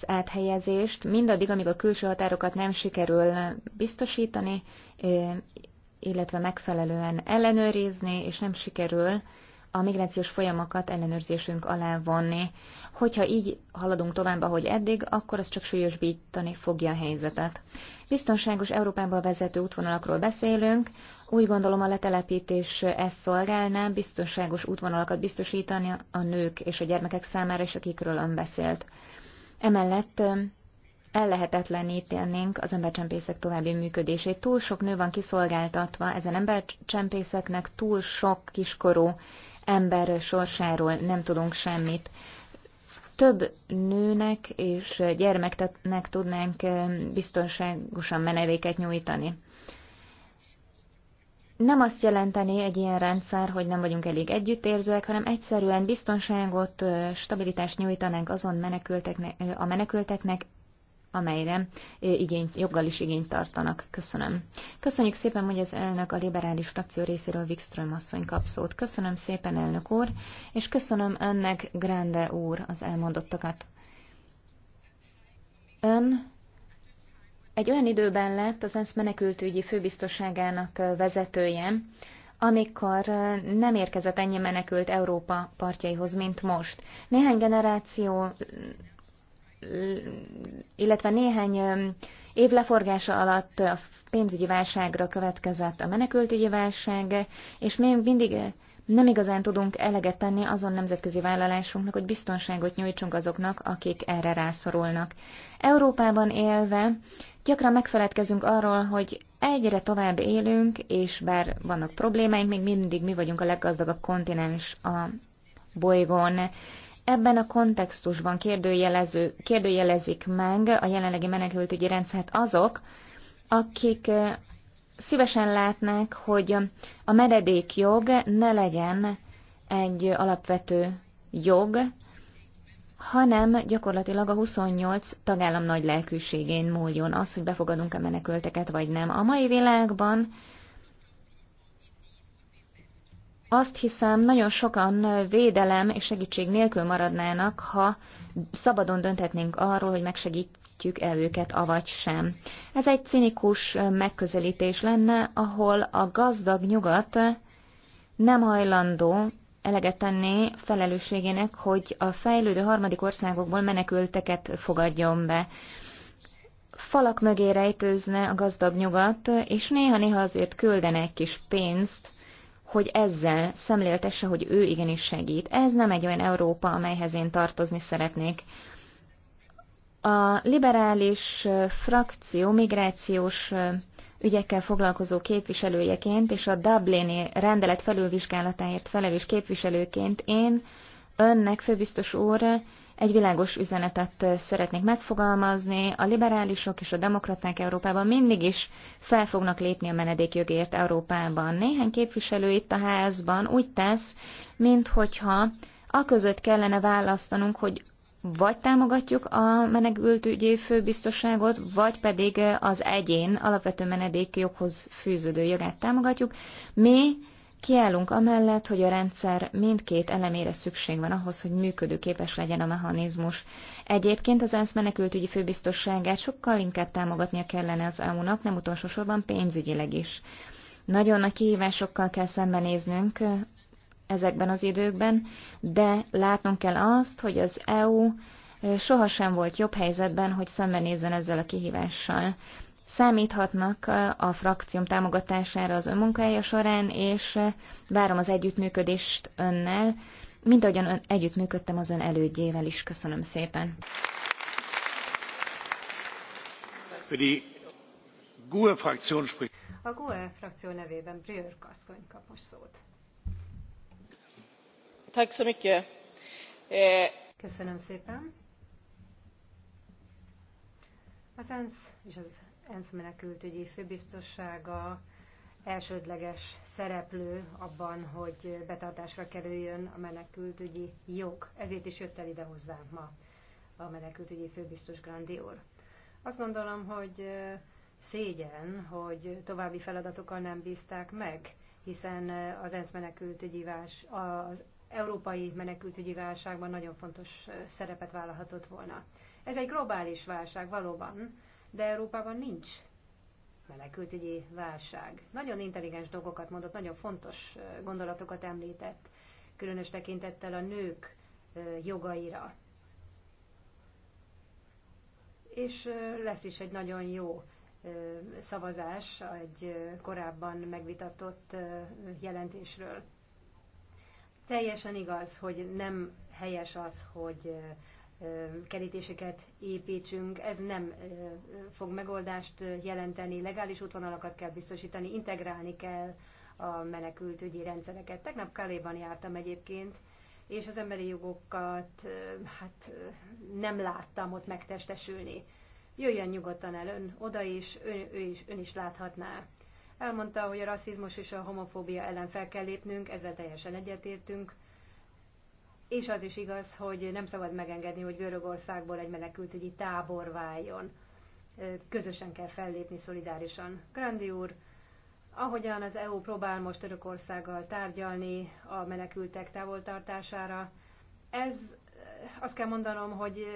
az áthelyezést, mindaddig, amíg a külső határokat nem sikerül biztosítani, illetve megfelelően ellenőrizni, és nem sikerül a migrációs folyamokat ellenőrzésünk alá vonni. Hogyha így haladunk tovább, ahogy eddig, akkor az csak súlyosbítani fogja a helyzetet. Biztonságos Európába vezető útvonalakról beszélünk, úgy gondolom a letelepítés ezt szolgálná, biztonságos útvonalakat biztosítani a nők és a gyermekek számára, és akikről ön beszélt. Emellett ellehetetlenítenénk az embercsempészek további működését. Túl sok nő van kiszolgáltatva ezen embercsempészeknek, túl sok kiskorú ember sorsáról nem tudunk semmit. Több nőnek és gyermeknek tudnánk biztonságosan menedéket nyújtani. Nem azt jelenteni egy ilyen rendszer, hogy nem vagyunk elég együttérzőek, hanem egyszerűen biztonságot, stabilitást nyújtanánk azon menekülteknek, a menekülteknek, amelyre eh, igény, joggal is igényt tartanak. Köszönöm. Köszönjük szépen, hogy az elnök a liberális frakció részéről Wikström asszony kap szót. Köszönöm szépen, elnök úr, és köszönöm önnek, Grande úr, az elmondottakat. Ön egy olyan időben lett az ENSZ menekültügyi főbiztosságának eh, vezetője, amikor eh, nem érkezett ennyi menekült Európa partjaihoz, mint most. Néhány generáció illetve néhány év leforgása alatt a pénzügyi válságra következett a menekültügyi válság, és még mindig nem igazán tudunk eleget tenni azon nemzetközi vállalásunknak, hogy biztonságot nyújtsunk azoknak, akik erre rászorulnak. Európában élve gyakran megfeledkezünk arról, hogy egyre tovább élünk, és bár vannak problémáink, még mindig mi vagyunk a leggazdagabb kontinens a bolygón. Ebben a kontextusban kérdőjelező, kérdőjelezik meg a jelenlegi menekültügyi rendszert azok, akik szívesen látnák, hogy a meredékjog ne legyen egy alapvető jog, hanem gyakorlatilag a 28 tagállam nagy lelkűségén múljon az, hogy befogadunk-e menekülteket vagy nem. A mai világban azt hiszem, nagyon sokan védelem és segítség nélkül maradnának, ha szabadon dönthetnénk arról, hogy megsegítjük-e őket, avagy sem. Ez egy cinikus megközelítés lenne, ahol a gazdag nyugat nem hajlandó eleget tenni felelősségének, hogy a fejlődő harmadik országokból menekülteket fogadjon be. Falak mögé rejtőzne a gazdag nyugat, és néha-néha azért küldene egy kis pénzt, hogy ezzel szemléltesse, hogy ő igenis segít. Ez nem egy olyan Európa, amelyhez én tartozni szeretnék. A liberális frakció migrációs ügyekkel foglalkozó képviselőjeként és a Dublini rendelet felülvizsgálatáért felelős képviselőként én önnek, főbiztos úr, egy világos üzenetet szeretnék megfogalmazni. A liberálisok és a demokraták Európában mindig is fel fognak lépni a menedékjogért Európában. Néhány képviselő itt a házban úgy tesz, minthogyha a között kellene választanunk, hogy vagy támogatjuk a menekültügyi főbiztosságot, vagy pedig az egyén alapvető menedékjoghoz fűződő jogát támogatjuk. Mi Kiállunk amellett, hogy a rendszer mindkét elemére szükség van ahhoz, hogy működőképes legyen a mechanizmus. Egyébként az ENSZ menekültügyi főbiztosságát sokkal inkább támogatnia kellene az EU-nak, nem utolsó sorban pénzügyileg is. Nagyon nagy kihívásokkal kell szembenéznünk ezekben az időkben, de látnunk kell azt, hogy az EU sohasem volt jobb helyzetben, hogy szembenézzen ezzel a kihívással. Számíthatnak a frakcióm támogatására az önmunkája során, és várom az együttműködést önnel, mint ahogyan ön, együttműködtem az ön elődjével is. Köszönöm szépen. A GUE frakció nevében Priör Kaszkony kap most szót. Eh, Köszönöm szépen. Az ENSZ és az ENSZ menekültügyi főbiztossága elsődleges szereplő abban, hogy betartásra kerüljön a menekültügyi jog. Ezért is jött el ide hozzánk ma a menekültügyi főbiztos Grandi úr. Azt gondolom, hogy szégyen, hogy további feladatokkal nem bízták meg, hiszen az ENSZ menekültügyi vás, az európai menekültügyi válságban nagyon fontos szerepet vállalhatott volna. Ez egy globális válság valóban, de Európában nincs menekültügyi válság. Nagyon intelligens dolgokat mondott, nagyon fontos gondolatokat említett, különös tekintettel a nők jogaira. És lesz is egy nagyon jó szavazás egy korábban megvitatott jelentésről. Teljesen igaz, hogy nem helyes az, hogy kerítéseket építsünk, ez nem fog megoldást jelenteni, legális útvonalakat kell biztosítani, integrálni kell a menekültügyi rendszereket. Tegnap Kaléban jártam egyébként, és az emberi jogokat hát nem láttam ott megtestesülni. Jöjjön nyugodtan el ön oda is, ön, ő is, ön is láthatná. Elmondta, hogy a rasszizmus és a homofóbia ellen fel kell lépnünk, ezzel teljesen egyetértünk, és az is igaz, hogy nem szabad megengedni, hogy Görögországból egy menekült egy tábor váljon. Közösen kell fellépni szolidárisan. Grandi úr, ahogyan az EU próbál most Törökországgal tárgyalni a menekültek távoltartására, ez azt kell mondanom, hogy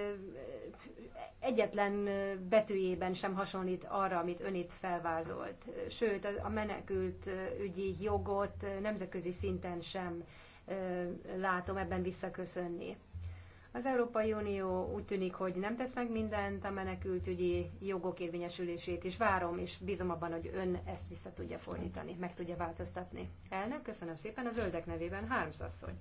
egyetlen betűjében sem hasonlít arra, amit ön itt felvázolt. Sőt, a menekült ügyi jogot nemzetközi szinten sem látom ebben visszaköszönni. Az Európai Unió úgy tűnik, hogy nem tesz meg mindent a menekültügyi jogok érvényesülését, és várom, és bízom abban, hogy ön ezt vissza tudja fordítani, meg tudja változtatni. Elnök, köszönöm szépen, a zöldek nevében Hárms asszony.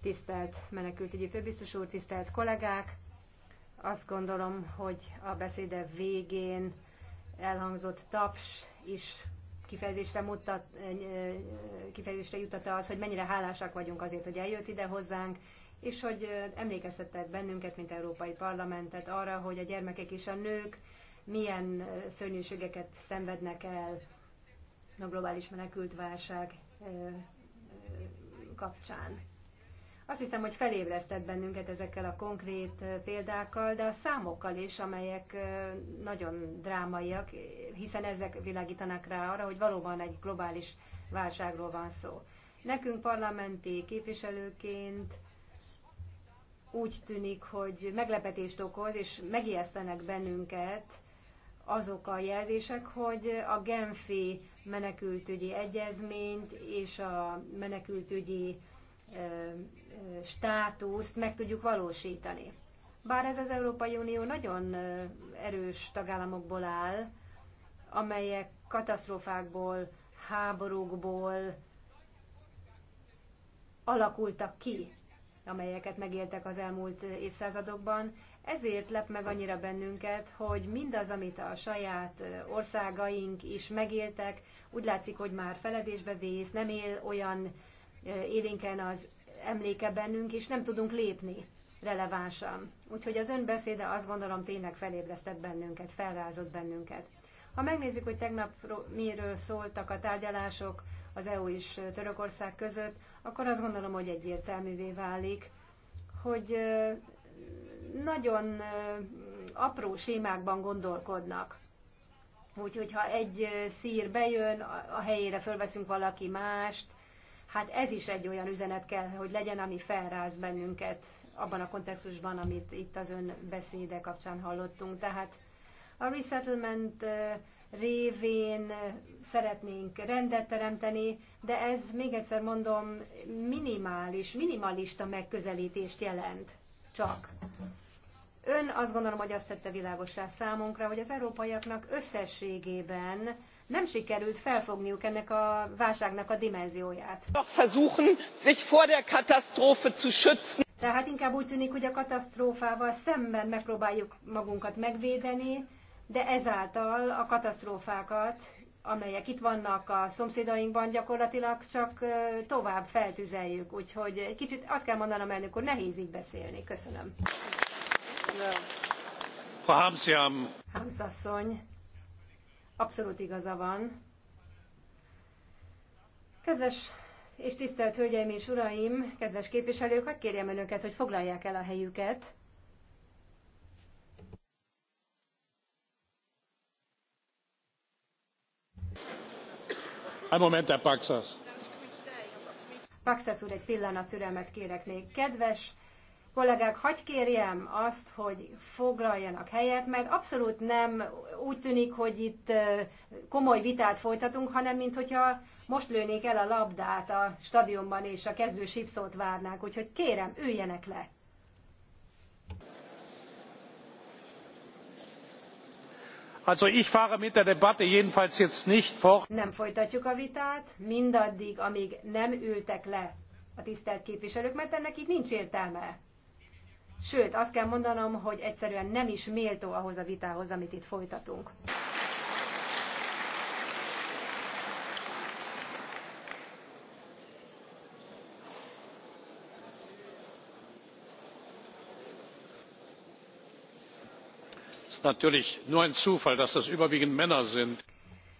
Tisztelt menekültügyi főbiztos úr, tisztelt kollégák! Azt gondolom, hogy a beszéde végén elhangzott taps is kifejezésre, mutat, kifejezésre jutatta az, hogy mennyire hálásak vagyunk azért, hogy eljött ide hozzánk, és hogy emlékeztetett bennünket, mint Európai Parlamentet arra, hogy a gyermekek és a nők milyen szörnyűségeket szenvednek el a globális menekültválság kapcsán. Azt hiszem, hogy felébresztett bennünket ezekkel a konkrét példákkal, de a számokkal is, amelyek nagyon drámaiak, hiszen ezek világítanak rá arra, hogy valóban egy globális válságról van szó. Nekünk parlamenti képviselőként úgy tűnik, hogy meglepetést okoz, és megijesztenek bennünket azok a jelzések, hogy a Genfi menekültügyi egyezményt és a menekültügyi státuszt meg tudjuk valósítani. Bár ez az Európai Unió nagyon erős tagállamokból áll, amelyek katasztrófákból, háborúkból alakultak ki, amelyeket megéltek az elmúlt évszázadokban. Ezért lep meg annyira bennünket, hogy mindaz, amit a saját országaink is megéltek, úgy látszik, hogy már feledésbe vész, nem él olyan élénken az emléke bennünk, és nem tudunk lépni relevánsan. Úgyhogy az önbeszéde azt gondolom tényleg felébresztett bennünket, felrázott bennünket. Ha megnézzük, hogy tegnap miről szóltak a tárgyalások az EU és Törökország között, akkor azt gondolom, hogy egyértelművé válik, hogy nagyon apró sémákban gondolkodnak. Úgyhogy ha egy szír bejön, a helyére fölveszünk valaki mást, Hát ez is egy olyan üzenet kell, hogy legyen, ami felráz bennünket abban a kontextusban, amit itt az ön beszéde kapcsán hallottunk. Tehát a resettlement révén szeretnénk rendet teremteni, de ez, még egyszer mondom, minimális, minimalista megközelítést jelent csak. Ön azt gondolom, hogy azt tette világosá számunkra, hogy az európaiaknak összességében nem sikerült felfogniuk ennek a válságnak a dimenzióját. Tehát inkább úgy tűnik, hogy a katasztrófával szemben megpróbáljuk magunkat megvédeni, de ezáltal a katasztrófákat, amelyek itt vannak a szomszédainkban, gyakorlatilag csak tovább feltüzeljük. Úgyhogy egy kicsit azt kell mondanom elnök úr, nehéz így beszélni. Köszönöm. Harms, Harms asszony, abszolút igaza van. Kedves és tisztelt Hölgyeim és Uraim, kedves képviselők, hadd kérjem Önöket, hogy foglalják el a helyüket. Egy moment, Paxas. Paxas úr, egy pillanat türelmet kérek még. Kedves Kollégák, hagy kérjem azt, hogy foglaljanak helyet, mert abszolút nem úgy tűnik, hogy itt komoly vitát folytatunk, hanem mint hogyha most lőnék el a labdát a stadionban, és a kezdő sipszót várnák. Úgyhogy kérem, üljenek le! also ich fahre mit der debatte jedenfalls jetzt nicht fort. nem folytatjuk a vitát mindaddig amíg nem ültek le a tisztelt képviselők mert ennek itt nincs értelme. Sőt, azt kell mondanom, hogy egyszerűen nem is méltó ahhoz a vitához, amit itt folytatunk.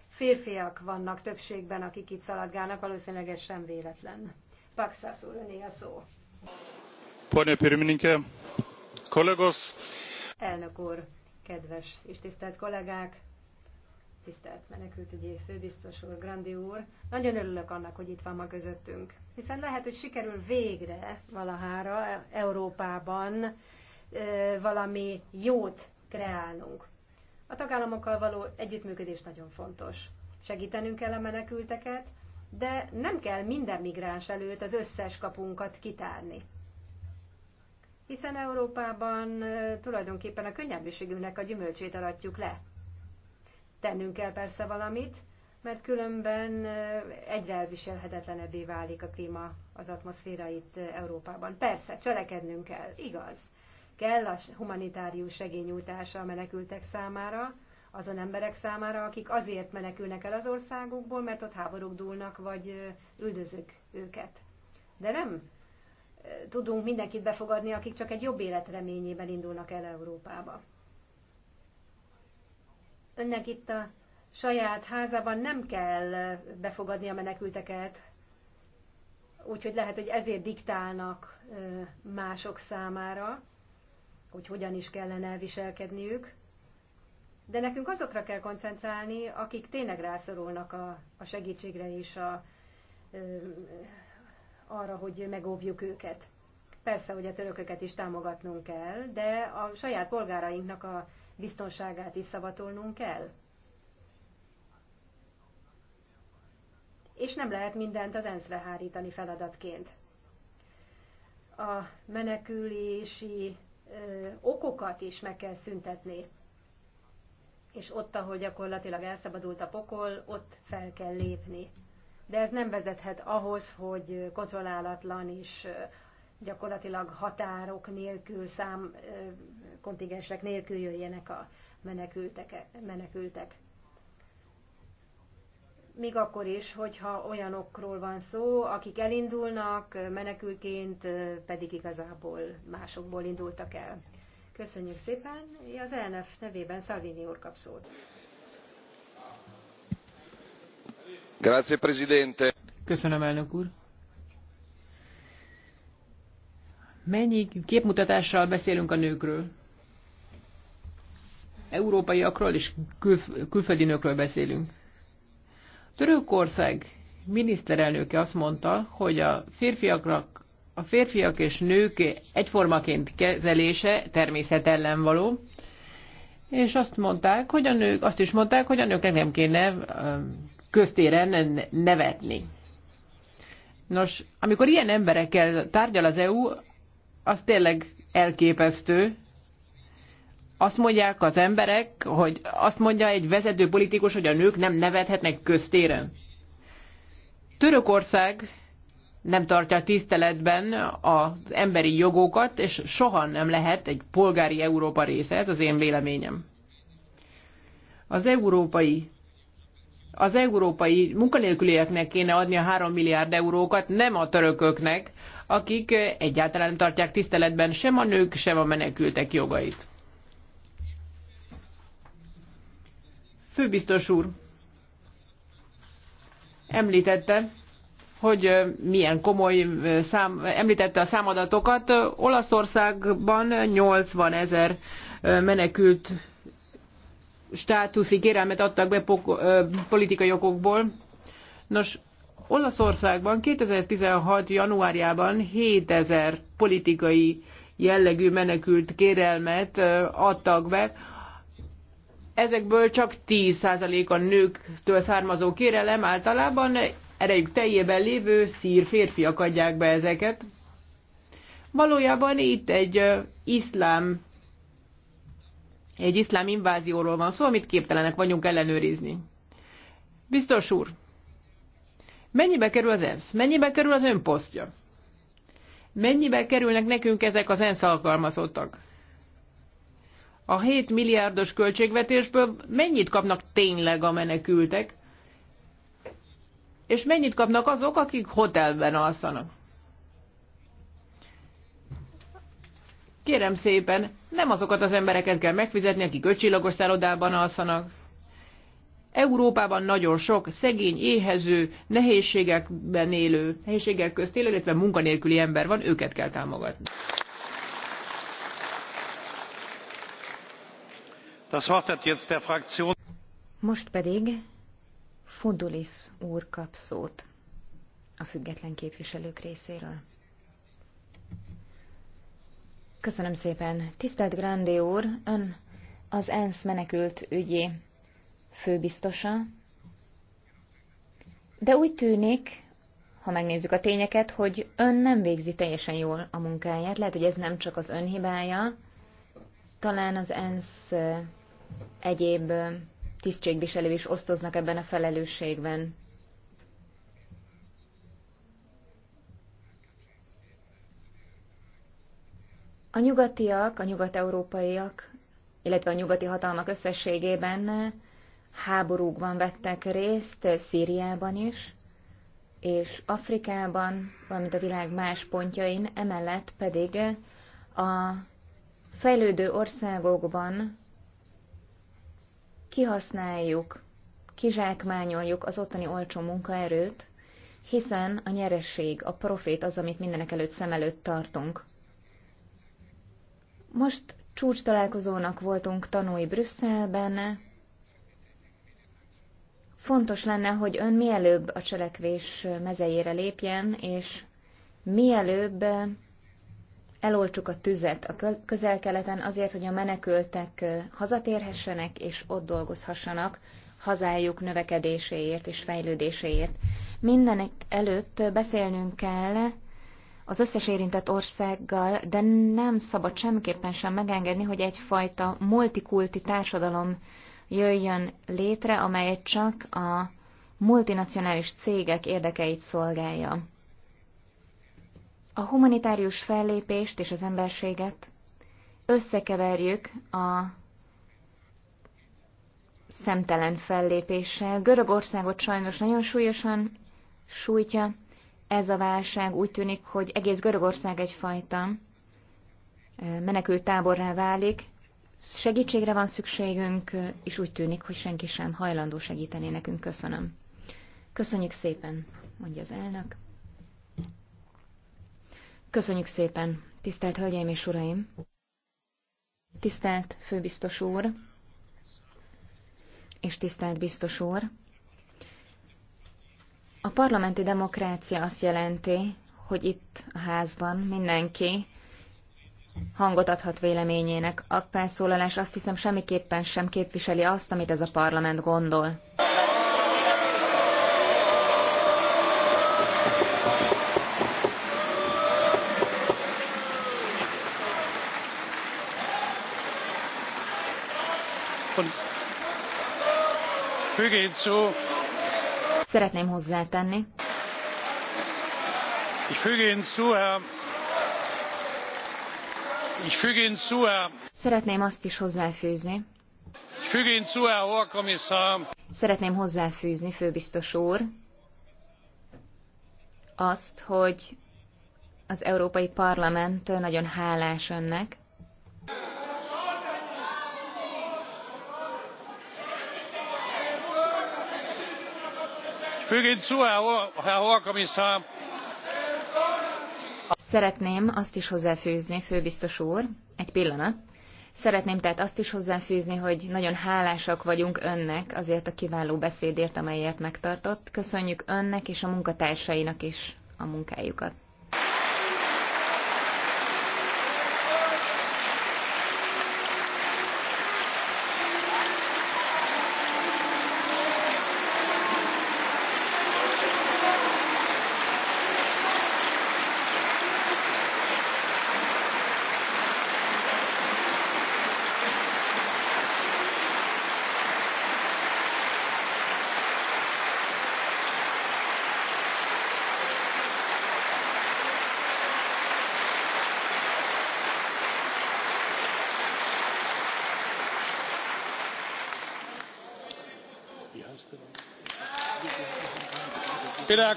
férfiak vannak többségben akik itt szaladgálnak valószínűleg ez sem véletlen. paksas úr a szó. Kollegos! Elnök úr, kedves és tisztelt kollégák, tisztelt menekültügyi főbiztos úr, Grandi úr, nagyon örülök annak, hogy itt van ma közöttünk, hiszen lehet, hogy sikerül végre valahára Európában valami jót kreálnunk. A tagállamokkal való együttműködés nagyon fontos. Segítenünk kell a menekülteket, de nem kell minden migráns előtt az összes kapunkat kitárni hiszen Európában tulajdonképpen a könnyelműségünknek a gyümölcsét aratjuk le. Tennünk kell persze valamit, mert különben egyre elviselhetetlenebbé válik a klíma, az atmoszféra itt Európában. Persze, cselekednünk kell, igaz. Kell a humanitárius segényújtása a menekültek számára, azon emberek számára, akik azért menekülnek el az országukból, mert ott háborúk dúlnak, vagy üldözök őket. De nem tudunk mindenkit befogadni, akik csak egy jobb élet reményében indulnak el Európába. Önnek itt a saját házában nem kell befogadni a menekülteket, úgyhogy lehet, hogy ezért diktálnak mások számára, hogy hogyan is kellene elviselkedniük. De nekünk azokra kell koncentrálni, akik tényleg rászorulnak a, a segítségre és a arra, hogy megóvjuk őket. Persze, hogy a törököket is támogatnunk kell, de a saját polgárainknak a biztonságát is szavatolnunk kell. És nem lehet mindent az ENSZ-re hárítani feladatként. A menekülési ö, okokat is meg kell szüntetni. És ott, ahol gyakorlatilag elszabadult a pokol, ott fel kell lépni de ez nem vezethet ahhoz, hogy kontrollálatlan és gyakorlatilag határok nélkül, szám kontingensek nélkül jöjjenek a menekültek. menekültek. Még akkor is, hogyha olyanokról van szó, akik elindulnak menekülként, pedig igazából másokból indultak el. Köszönjük szépen. Az ELNF nevében Szalvini úr kap szót. Köszönöm, elnök úr. Mennyi képmutatással beszélünk a nőkről? Európaiakról és külföldi nőkről beszélünk. Törökország miniszterelnöke azt mondta, hogy a férfiakra a férfiak és nők egyformaként kezelése természetellen való, és azt mondták, hogy a nők, azt is mondták, hogy a nőknek nem kéne köztéren nevetni. Nos, amikor ilyen emberekkel tárgyal az EU, az tényleg elképesztő. Azt mondják az emberek, hogy azt mondja egy vezető politikus, hogy a nők nem nevethetnek köztéren. Törökország nem tartja tiszteletben az emberi jogokat, és soha nem lehet egy polgári Európa része, ez az én véleményem. Az Európai az európai munkanélkülieknek kéne adni a 3 milliárd eurókat, nem a törököknek, akik egyáltalán nem tartják tiszteletben sem a nők, sem a menekültek jogait. Főbiztos úr említette, hogy milyen komoly szám, említette a számadatokat. Olaszországban 80 ezer menekült státuszi kérelmet adtak be politikai okokból. Nos, Olaszországban 2016. januárjában 7000 politikai jellegű menekült kérelmet adtak be. Ezekből csak 10% a nőktől származó kérelem általában erejük teljében lévő szír férfiak adják be ezeket. Valójában itt egy iszlám egy iszlám invázióról van szó, amit képtelenek vagyunk ellenőrizni. Biztos úr, mennyibe kerül az ENSZ? Mennyibe kerül az ön posztja? Mennyibe kerülnek nekünk ezek az ENSZ alkalmazottak? A 7 milliárdos költségvetésből mennyit kapnak tényleg a menekültek? És mennyit kapnak azok, akik hotelben alszanak? Kérem szépen, nem azokat az embereket kell megfizetni, akik öcsillagos szállodában alszanak. Európában nagyon sok szegény, éhező, nehézségekben élő, nehézségek közt élő, illetve munkanélküli ember van, őket kell támogatni. Das Wort hat jetzt der Fraktion. Most pedig Fudulis úr kap szót a független képviselők részéről. Köszönöm szépen. Tisztelt Grandi úr, ön az ENSZ menekült ügyi főbiztosa, de úgy tűnik, ha megnézzük a tényeket, hogy ön nem végzi teljesen jól a munkáját. Lehet, hogy ez nem csak az ön hibája, talán az ENSZ eh, egyéb eh, tisztségviselő is osztoznak ebben a felelősségben. A nyugatiak, a nyugat-európaiak, illetve a nyugati hatalmak összességében háborúkban vettek részt, Szíriában is, és Afrikában, valamint a világ más pontjain, emellett pedig a fejlődő országokban kihasználjuk, kizsákmányoljuk az ottani olcsó munkaerőt, hiszen a nyeresség, a profét az, amit mindenek előtt szem előtt tartunk. Most csúcs találkozónak voltunk tanúi Brüsszelben. Fontos lenne, hogy ön mielőbb a cselekvés mezejére lépjen, és mielőbb eloltsuk a tüzet a közelkeleten azért, hogy a menekültek hazatérhessenek és ott dolgozhassanak hazájuk növekedéséért és fejlődéséért. Mindenek előtt beszélnünk kell az összes érintett országgal, de nem szabad semmiképpen sem megengedni, hogy egyfajta multikulti társadalom jöjjön létre, amely csak a multinacionális cégek érdekeit szolgálja. A humanitárius fellépést és az emberséget összekeverjük a szemtelen fellépéssel. Görögországot sajnos nagyon súlyosan sújtja ez a válság úgy tűnik, hogy egész Görögország egyfajta menekült táborrá válik. Segítségre van szükségünk, és úgy tűnik, hogy senki sem hajlandó segíteni nekünk. Köszönöm. Köszönjük szépen, mondja az elnök. Köszönjük szépen, tisztelt Hölgyeim és Uraim! Tisztelt Főbiztos úr! És tisztelt Biztos úr! A parlamenti demokrácia azt jelenti, hogy itt a házban mindenki hangot adhat véleményének. A felszólalás azt hiszem semmiképpen sem képviseli azt, amit ez a parlament gondol. füge hinzu Szeretném hozzátenni. Ich füge hinzu, Herr Szeretném azt is hozzáfűzni. Szeretném hozzáfűzni, főbiztos úr, azt, hogy az Európai Parlament nagyon hálás önnek, zu, Herr Hoher Szeretném azt is hozzáfűzni, főbiztos úr, egy pillanat. Szeretném tehát azt is hozzáfűzni, hogy nagyon hálásak vagyunk önnek azért a kiváló beszédért, amelyet megtartott. Köszönjük önnek és a munkatársainak is a munkájukat.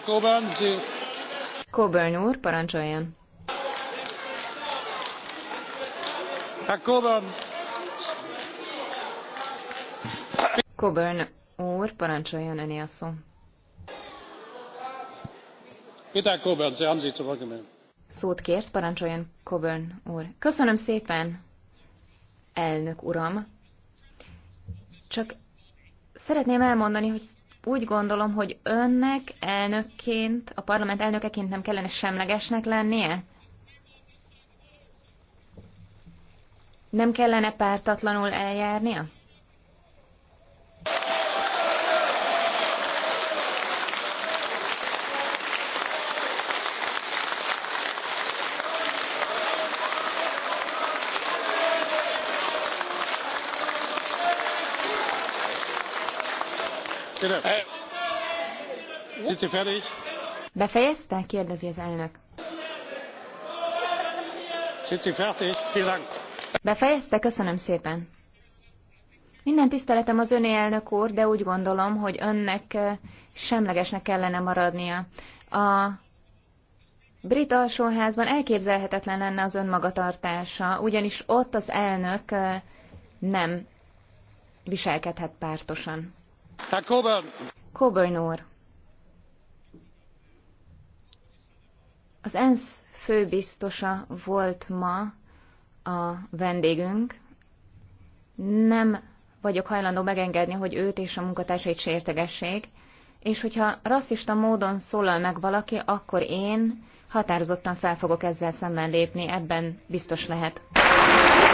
Coburn úr, parancsoljon. Coburn. Coburn úr, parancsoljon öné a szó. Peter Coburn, Sie haben Sie zu Wort Szót kért, parancsoljon Coburn úr. Köszönöm szépen, elnök uram. Csak szeretném elmondani, hogy úgy gondolom, hogy önnek elnökként, a parlament elnökeként nem kellene semlegesnek lennie? Nem kellene pártatlanul eljárnia? Köszönöm fertig? Befejezte? kérdezi az elnök. fertig? Vielen Befejezte? Köszönöm szépen. Minden tiszteletem az öné elnök úr, de úgy gondolom, hogy önnek eh, semlegesnek kellene maradnia. A brit alsóházban elképzelhetetlen lenne az ön magatartása, ugyanis ott az elnök eh, nem viselkedhet pártosan. Coburn. Coburn úr. Az ENSZ főbiztosa volt ma a vendégünk. Nem vagyok hajlandó megengedni, hogy őt és a munkatársait sértegessék, és hogyha rasszista módon szólal meg valaki, akkor én határozottan fel fogok ezzel szemben lépni, ebben biztos lehet.